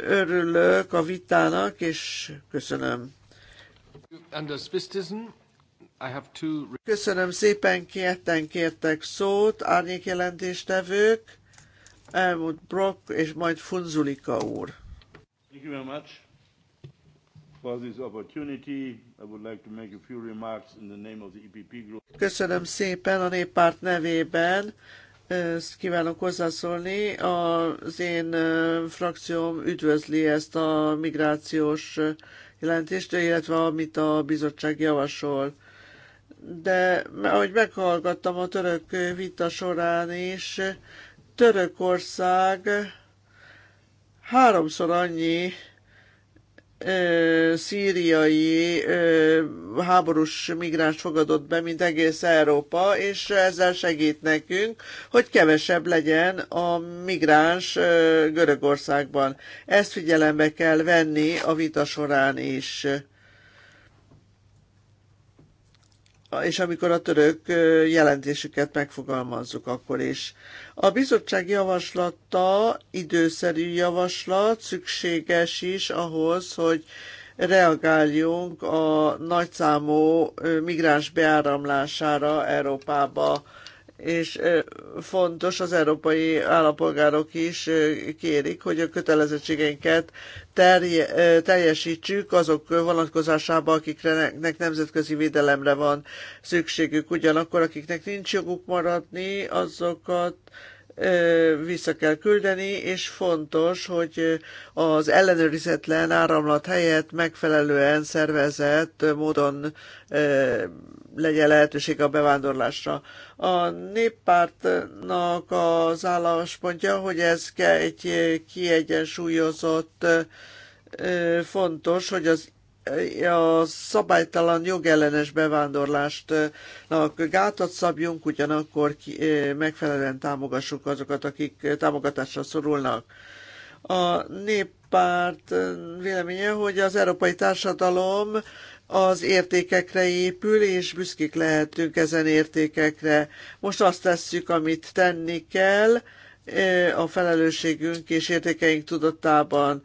örülök a vitának, és köszönöm. Köszönöm szépen, kérten kértek szót, árnyékjelentéstevők, Elmut Brock és majd Funzulika úr. Thank you very much. Köszönöm szépen a néppárt nevében. Ezt kívánok hozzászólni. Az én frakcióm üdvözli ezt a migrációs jelentést, illetve amit a bizottság javasol. De ahogy meghallgattam a török vita során is, Törökország háromszor annyi szíriai háborús migráns fogadott be, mint egész Európa, és ezzel segít nekünk, hogy kevesebb legyen a migráns Görögországban. Ezt figyelembe kell venni a vita során is. és amikor a török jelentésüket megfogalmazzuk akkor is. A bizottság javaslata időszerű javaslat, szükséges is ahhoz, hogy reagáljunk a nagyszámú migráns beáramlására Európába és fontos, az európai állampolgárok is kérik, hogy a kötelezettségeinket terje, teljesítsük azok vonatkozásában, akiknek nemzetközi védelemre van szükségük. Ugyanakkor, akiknek nincs joguk maradni, azokat vissza kell küldeni, és fontos, hogy az ellenőrizetlen áramlat helyett megfelelően szervezett módon legyen lehetőség a bevándorlásra. A néppártnak az álláspontja, hogy ez egy kiegyensúlyozott fontos, hogy az a szabálytalan jogellenes bevándorlást gátat szabjunk, ugyanakkor eh, megfelelően támogassuk azokat, akik támogatásra szorulnak. A néppárt véleménye, hogy az európai társadalom az értékekre épül, és büszkék lehetünk ezen értékekre. Most azt tesszük, amit tenni kell, eh, a felelősségünk és értékeink tudatában.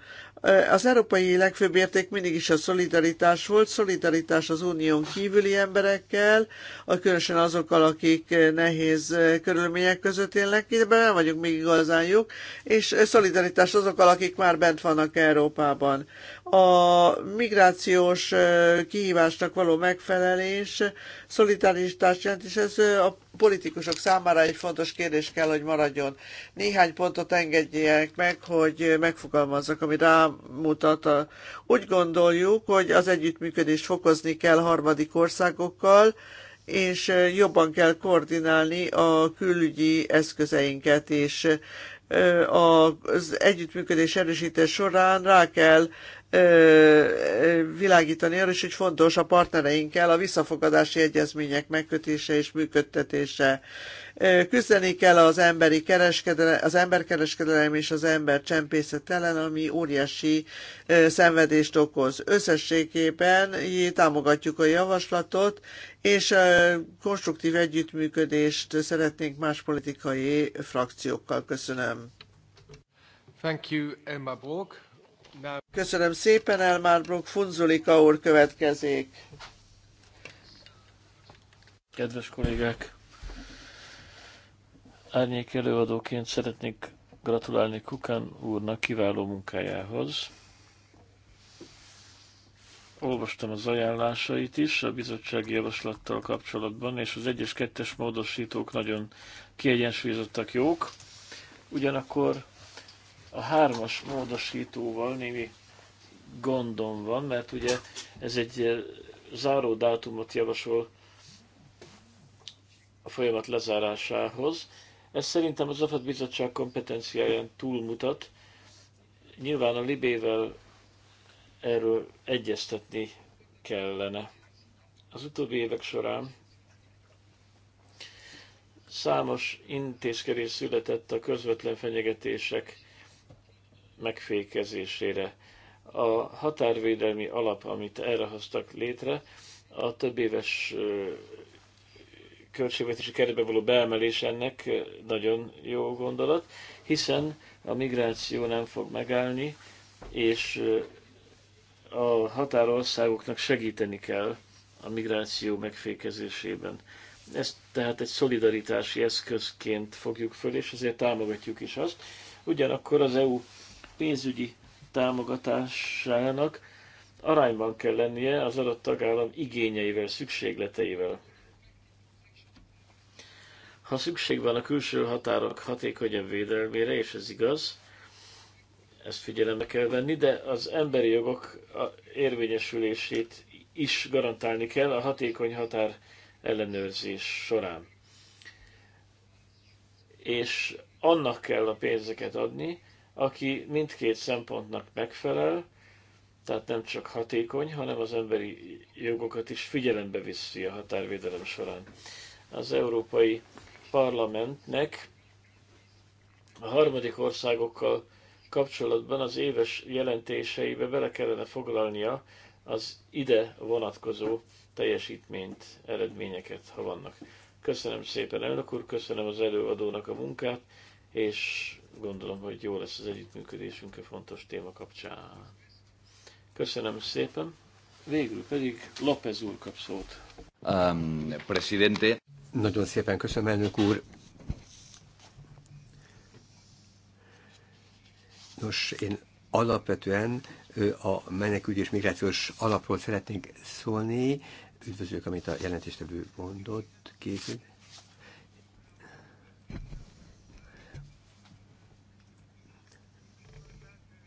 Az európai legfőbb érték mindig is a szolidaritás volt, szolidaritás az unión kívüli emberekkel, különösen azokkal, akik nehéz körülmények között élnek, de nem vagyunk még igazán jók, és szolidaritás azokkal, akik már bent vannak Európában a migrációs kihívásnak való megfelelés, szolidaritást jelent, és ez a politikusok számára egy fontos kérdés kell, hogy maradjon. Néhány pontot engedjenek meg, hogy megfogalmazzak, ami rámutat. Úgy gondoljuk, hogy az együttműködést fokozni kell harmadik országokkal, és jobban kell koordinálni a külügyi eszközeinket, és az együttműködés erősítés során rá kell világítani arra és hogy fontos a partnereinkkel a visszafogadási egyezmények megkötése és működtetése. Küzdeni kell az, emberi kereskedelem, az emberkereskedelem és az ember csempészet ellen, ami óriási szenvedést okoz. Összességében támogatjuk a javaslatot, és konstruktív együttműködést szeretnénk más politikai frakciókkal. Köszönöm. Thank you, Emma Borg. Köszönöm szépen, Elmár Brunk, Funzulika úr következik. Kedves kollégák, árnyék előadóként szeretnék gratulálni Kukán úrnak kiváló munkájához. Olvastam az ajánlásait is a bizottsági javaslattal kapcsolatban, és az egyes kettes módosítók nagyon kiegyensúlyozottak jók. Ugyanakkor a hármas módosítóval némi gondom van, mert ugye ez egy eh, záró dátumot javasol a folyamat lezárásához. Ez szerintem az AFAD bizottság kompetenciáján túlmutat. Nyilván a libével erről egyeztetni kellene. Az utóbbi évek során számos intézkedés született a közvetlen fenyegetések megfékezésére. A határvédelmi alap, amit erre hoztak létre, a több éves költségvetési keretbe való beemelés ennek nagyon jó gondolat, hiszen a migráció nem fog megállni, és a határországoknak segíteni kell a migráció megfékezésében. Ezt tehát egy szolidaritási eszközként fogjuk föl, és ezért támogatjuk is azt. Ugyanakkor az EU pénzügyi támogatásának arányban kell lennie az adott tagállam igényeivel, szükségleteivel. Ha szükség van a külső határok hatékonyabb védelmére, és ez igaz, ezt figyelembe kell venni, de az emberi jogok érvényesülését is garantálni kell a hatékony határ ellenőrzés során. És annak kell a pénzeket adni, aki mindkét szempontnak megfelel, tehát nem csak hatékony, hanem az emberi jogokat is figyelembe viszi a határvédelem során. Az Európai Parlamentnek a harmadik országokkal kapcsolatban az éves jelentéseibe bele kellene foglalnia az ide vonatkozó teljesítményt, eredményeket, ha vannak. Köszönöm szépen, elnök úr, köszönöm az előadónak a munkát, és gondolom, hogy jó lesz az együttműködésünk a fontos téma kapcsán. Köszönöm szépen. Végül pedig López úr kap szót. Um, presidente. Nagyon szépen köszönöm, elnök úr. Nos, én alapvetően a menekügy és migrációs alapról szeretnék szólni. Üdvözlök, amit a jelentéstevő mondott, készült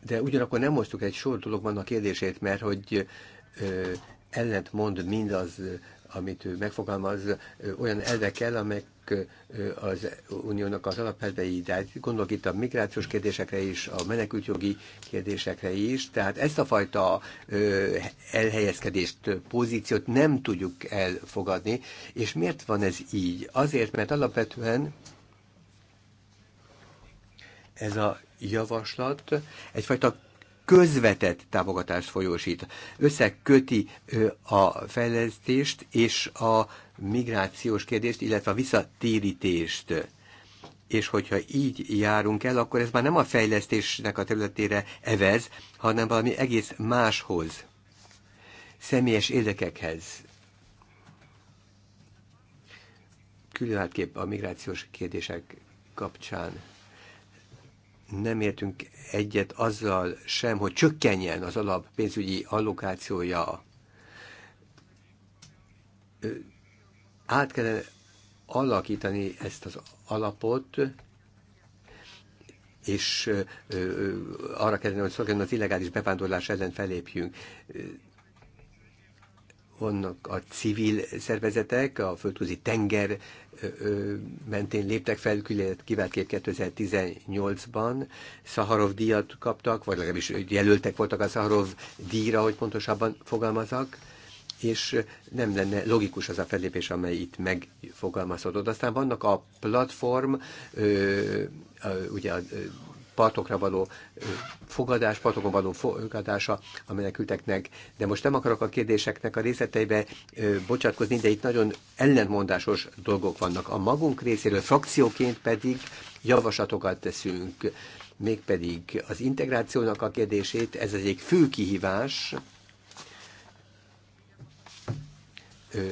de ugyanakkor nem hoztuk egy sor dologban a kérdését, mert hogy ö, mond mindaz, amit ő megfogalmaz, ö, olyan elvekkel, amelyek az uniónak az alapelvei, de hát gondolok itt a migrációs kérdésekre is, a menekültjogi kérdésekre is, tehát ezt a fajta elhelyezkedést, pozíciót nem tudjuk elfogadni, és miért van ez így? Azért, mert alapvetően ez a javaslat egyfajta közvetett támogatást folyósít, összeköti a fejlesztést és a migrációs kérdést, illetve a visszatérítést és hogyha így járunk el, akkor ez már nem a fejlesztésnek a területére evez, hanem valami egész máshoz, személyes érdekekhez. Különhetképp a migrációs kérdések kapcsán nem értünk egyet azzal sem, hogy csökkenjen az alap pénzügyi allokációja. Át kellene alakítani ezt az alapot, és arra kellene, hogy szolgáljon az illegális bevándorlás ellen felépjünk vannak a civil szervezetek, a földközi tenger mentén léptek fel, kiváltképp 2018-ban Szaharov díjat kaptak, vagy legalábbis jelöltek voltak a Szaharov díjra, hogy pontosabban fogalmazak, és nem lenne logikus az a fellépés, amely itt megfogalmazódott. Aztán vannak a platform, ugye a partokra való fogadás, partokon való fogadása a menekülteknek. De most nem akarok a kérdéseknek a részleteibe bocsátkozni, de itt nagyon ellentmondásos dolgok vannak. A magunk részéről frakcióként pedig javaslatokat teszünk, mégpedig az integrációnak a kérdését, ez az egyik fő kihívás,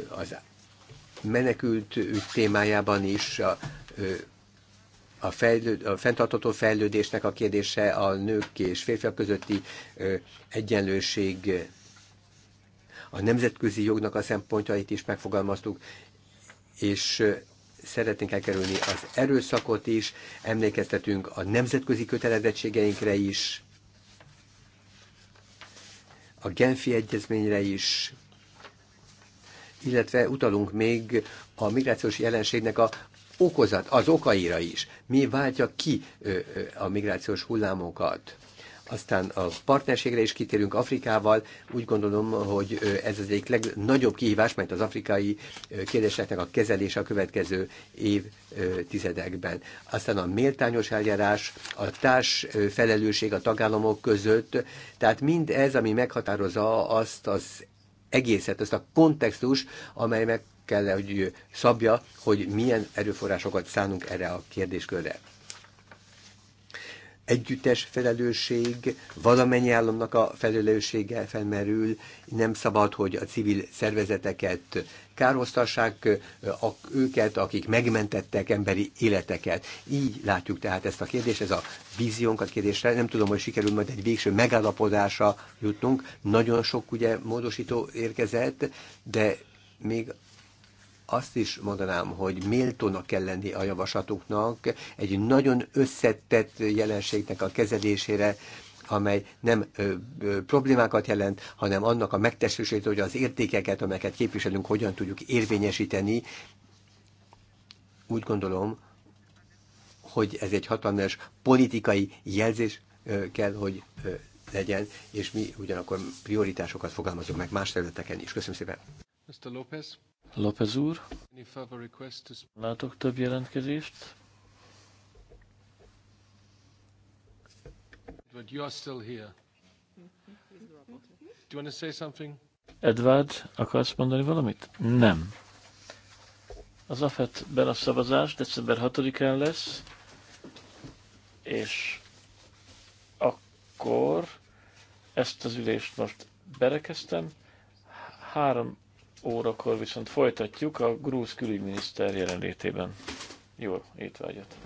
az menekült témájában is a a, fejlőd, a fenntartató fejlődésnek a kérdése a nők és férfiak közötti egyenlőség, a nemzetközi jognak a szempontjait is megfogalmaztuk, és szeretnénk elkerülni az erőszakot is, emlékeztetünk a nemzetközi kötelezettségeinkre is, a Genfi egyezményre is, illetve utalunk még a migrációs jelenségnek a okozat, az okaira is. Mi váltja ki a migrációs hullámokat? Aztán a partnerségre is kitérünk Afrikával. Úgy gondolom, hogy ez az egyik legnagyobb kihívás, mert az afrikai kérdéseknek a kezelése a következő évtizedekben. Aztán a méltányos eljárás, a társ felelősség a tagállamok között. Tehát mind ez, ami meghatározza azt az egészet, azt a kontextus, amely meg kell, hogy szabja, hogy milyen erőforrásokat szánunk erre a kérdéskörre együttes felelősség, valamennyi államnak a felelőssége felmerül, nem szabad, hogy a civil szervezeteket károsztassák őket, akik megmentettek emberi életeket. Így látjuk tehát ezt a kérdést, ez a víziónkat a kérdésre. Nem tudom, hogy sikerül majd egy végső megállapodásra jutnunk. Nagyon sok ugye módosító érkezett, de még azt is mondanám, hogy méltónak kell lenni a javaslatunknak, egy nagyon összetett jelenségnek a kezelésére, amely nem ö, ö, problémákat jelent, hanem annak a megtestesülését, hogy az értékeket, amelyeket képviselünk, hogyan tudjuk érvényesíteni. Úgy gondolom, hogy ez egy hatalmas politikai jelzés ö, kell, hogy ö, legyen, és mi ugyanakkor prioritásokat fogalmazunk meg más területeken is. Köszönöm szépen. Mr. López. López úr. Látok több jelentkezést. But you are still here. Do you want to say something? Edward, akarsz mondani valamit? Nem. Az AFET-ben a szavazás december 6-án lesz, és akkor ezt az ülést most berekeztem. Három órakor viszont folytatjuk a grúz külügyminiszter jelenlétében. Jó étvágyat!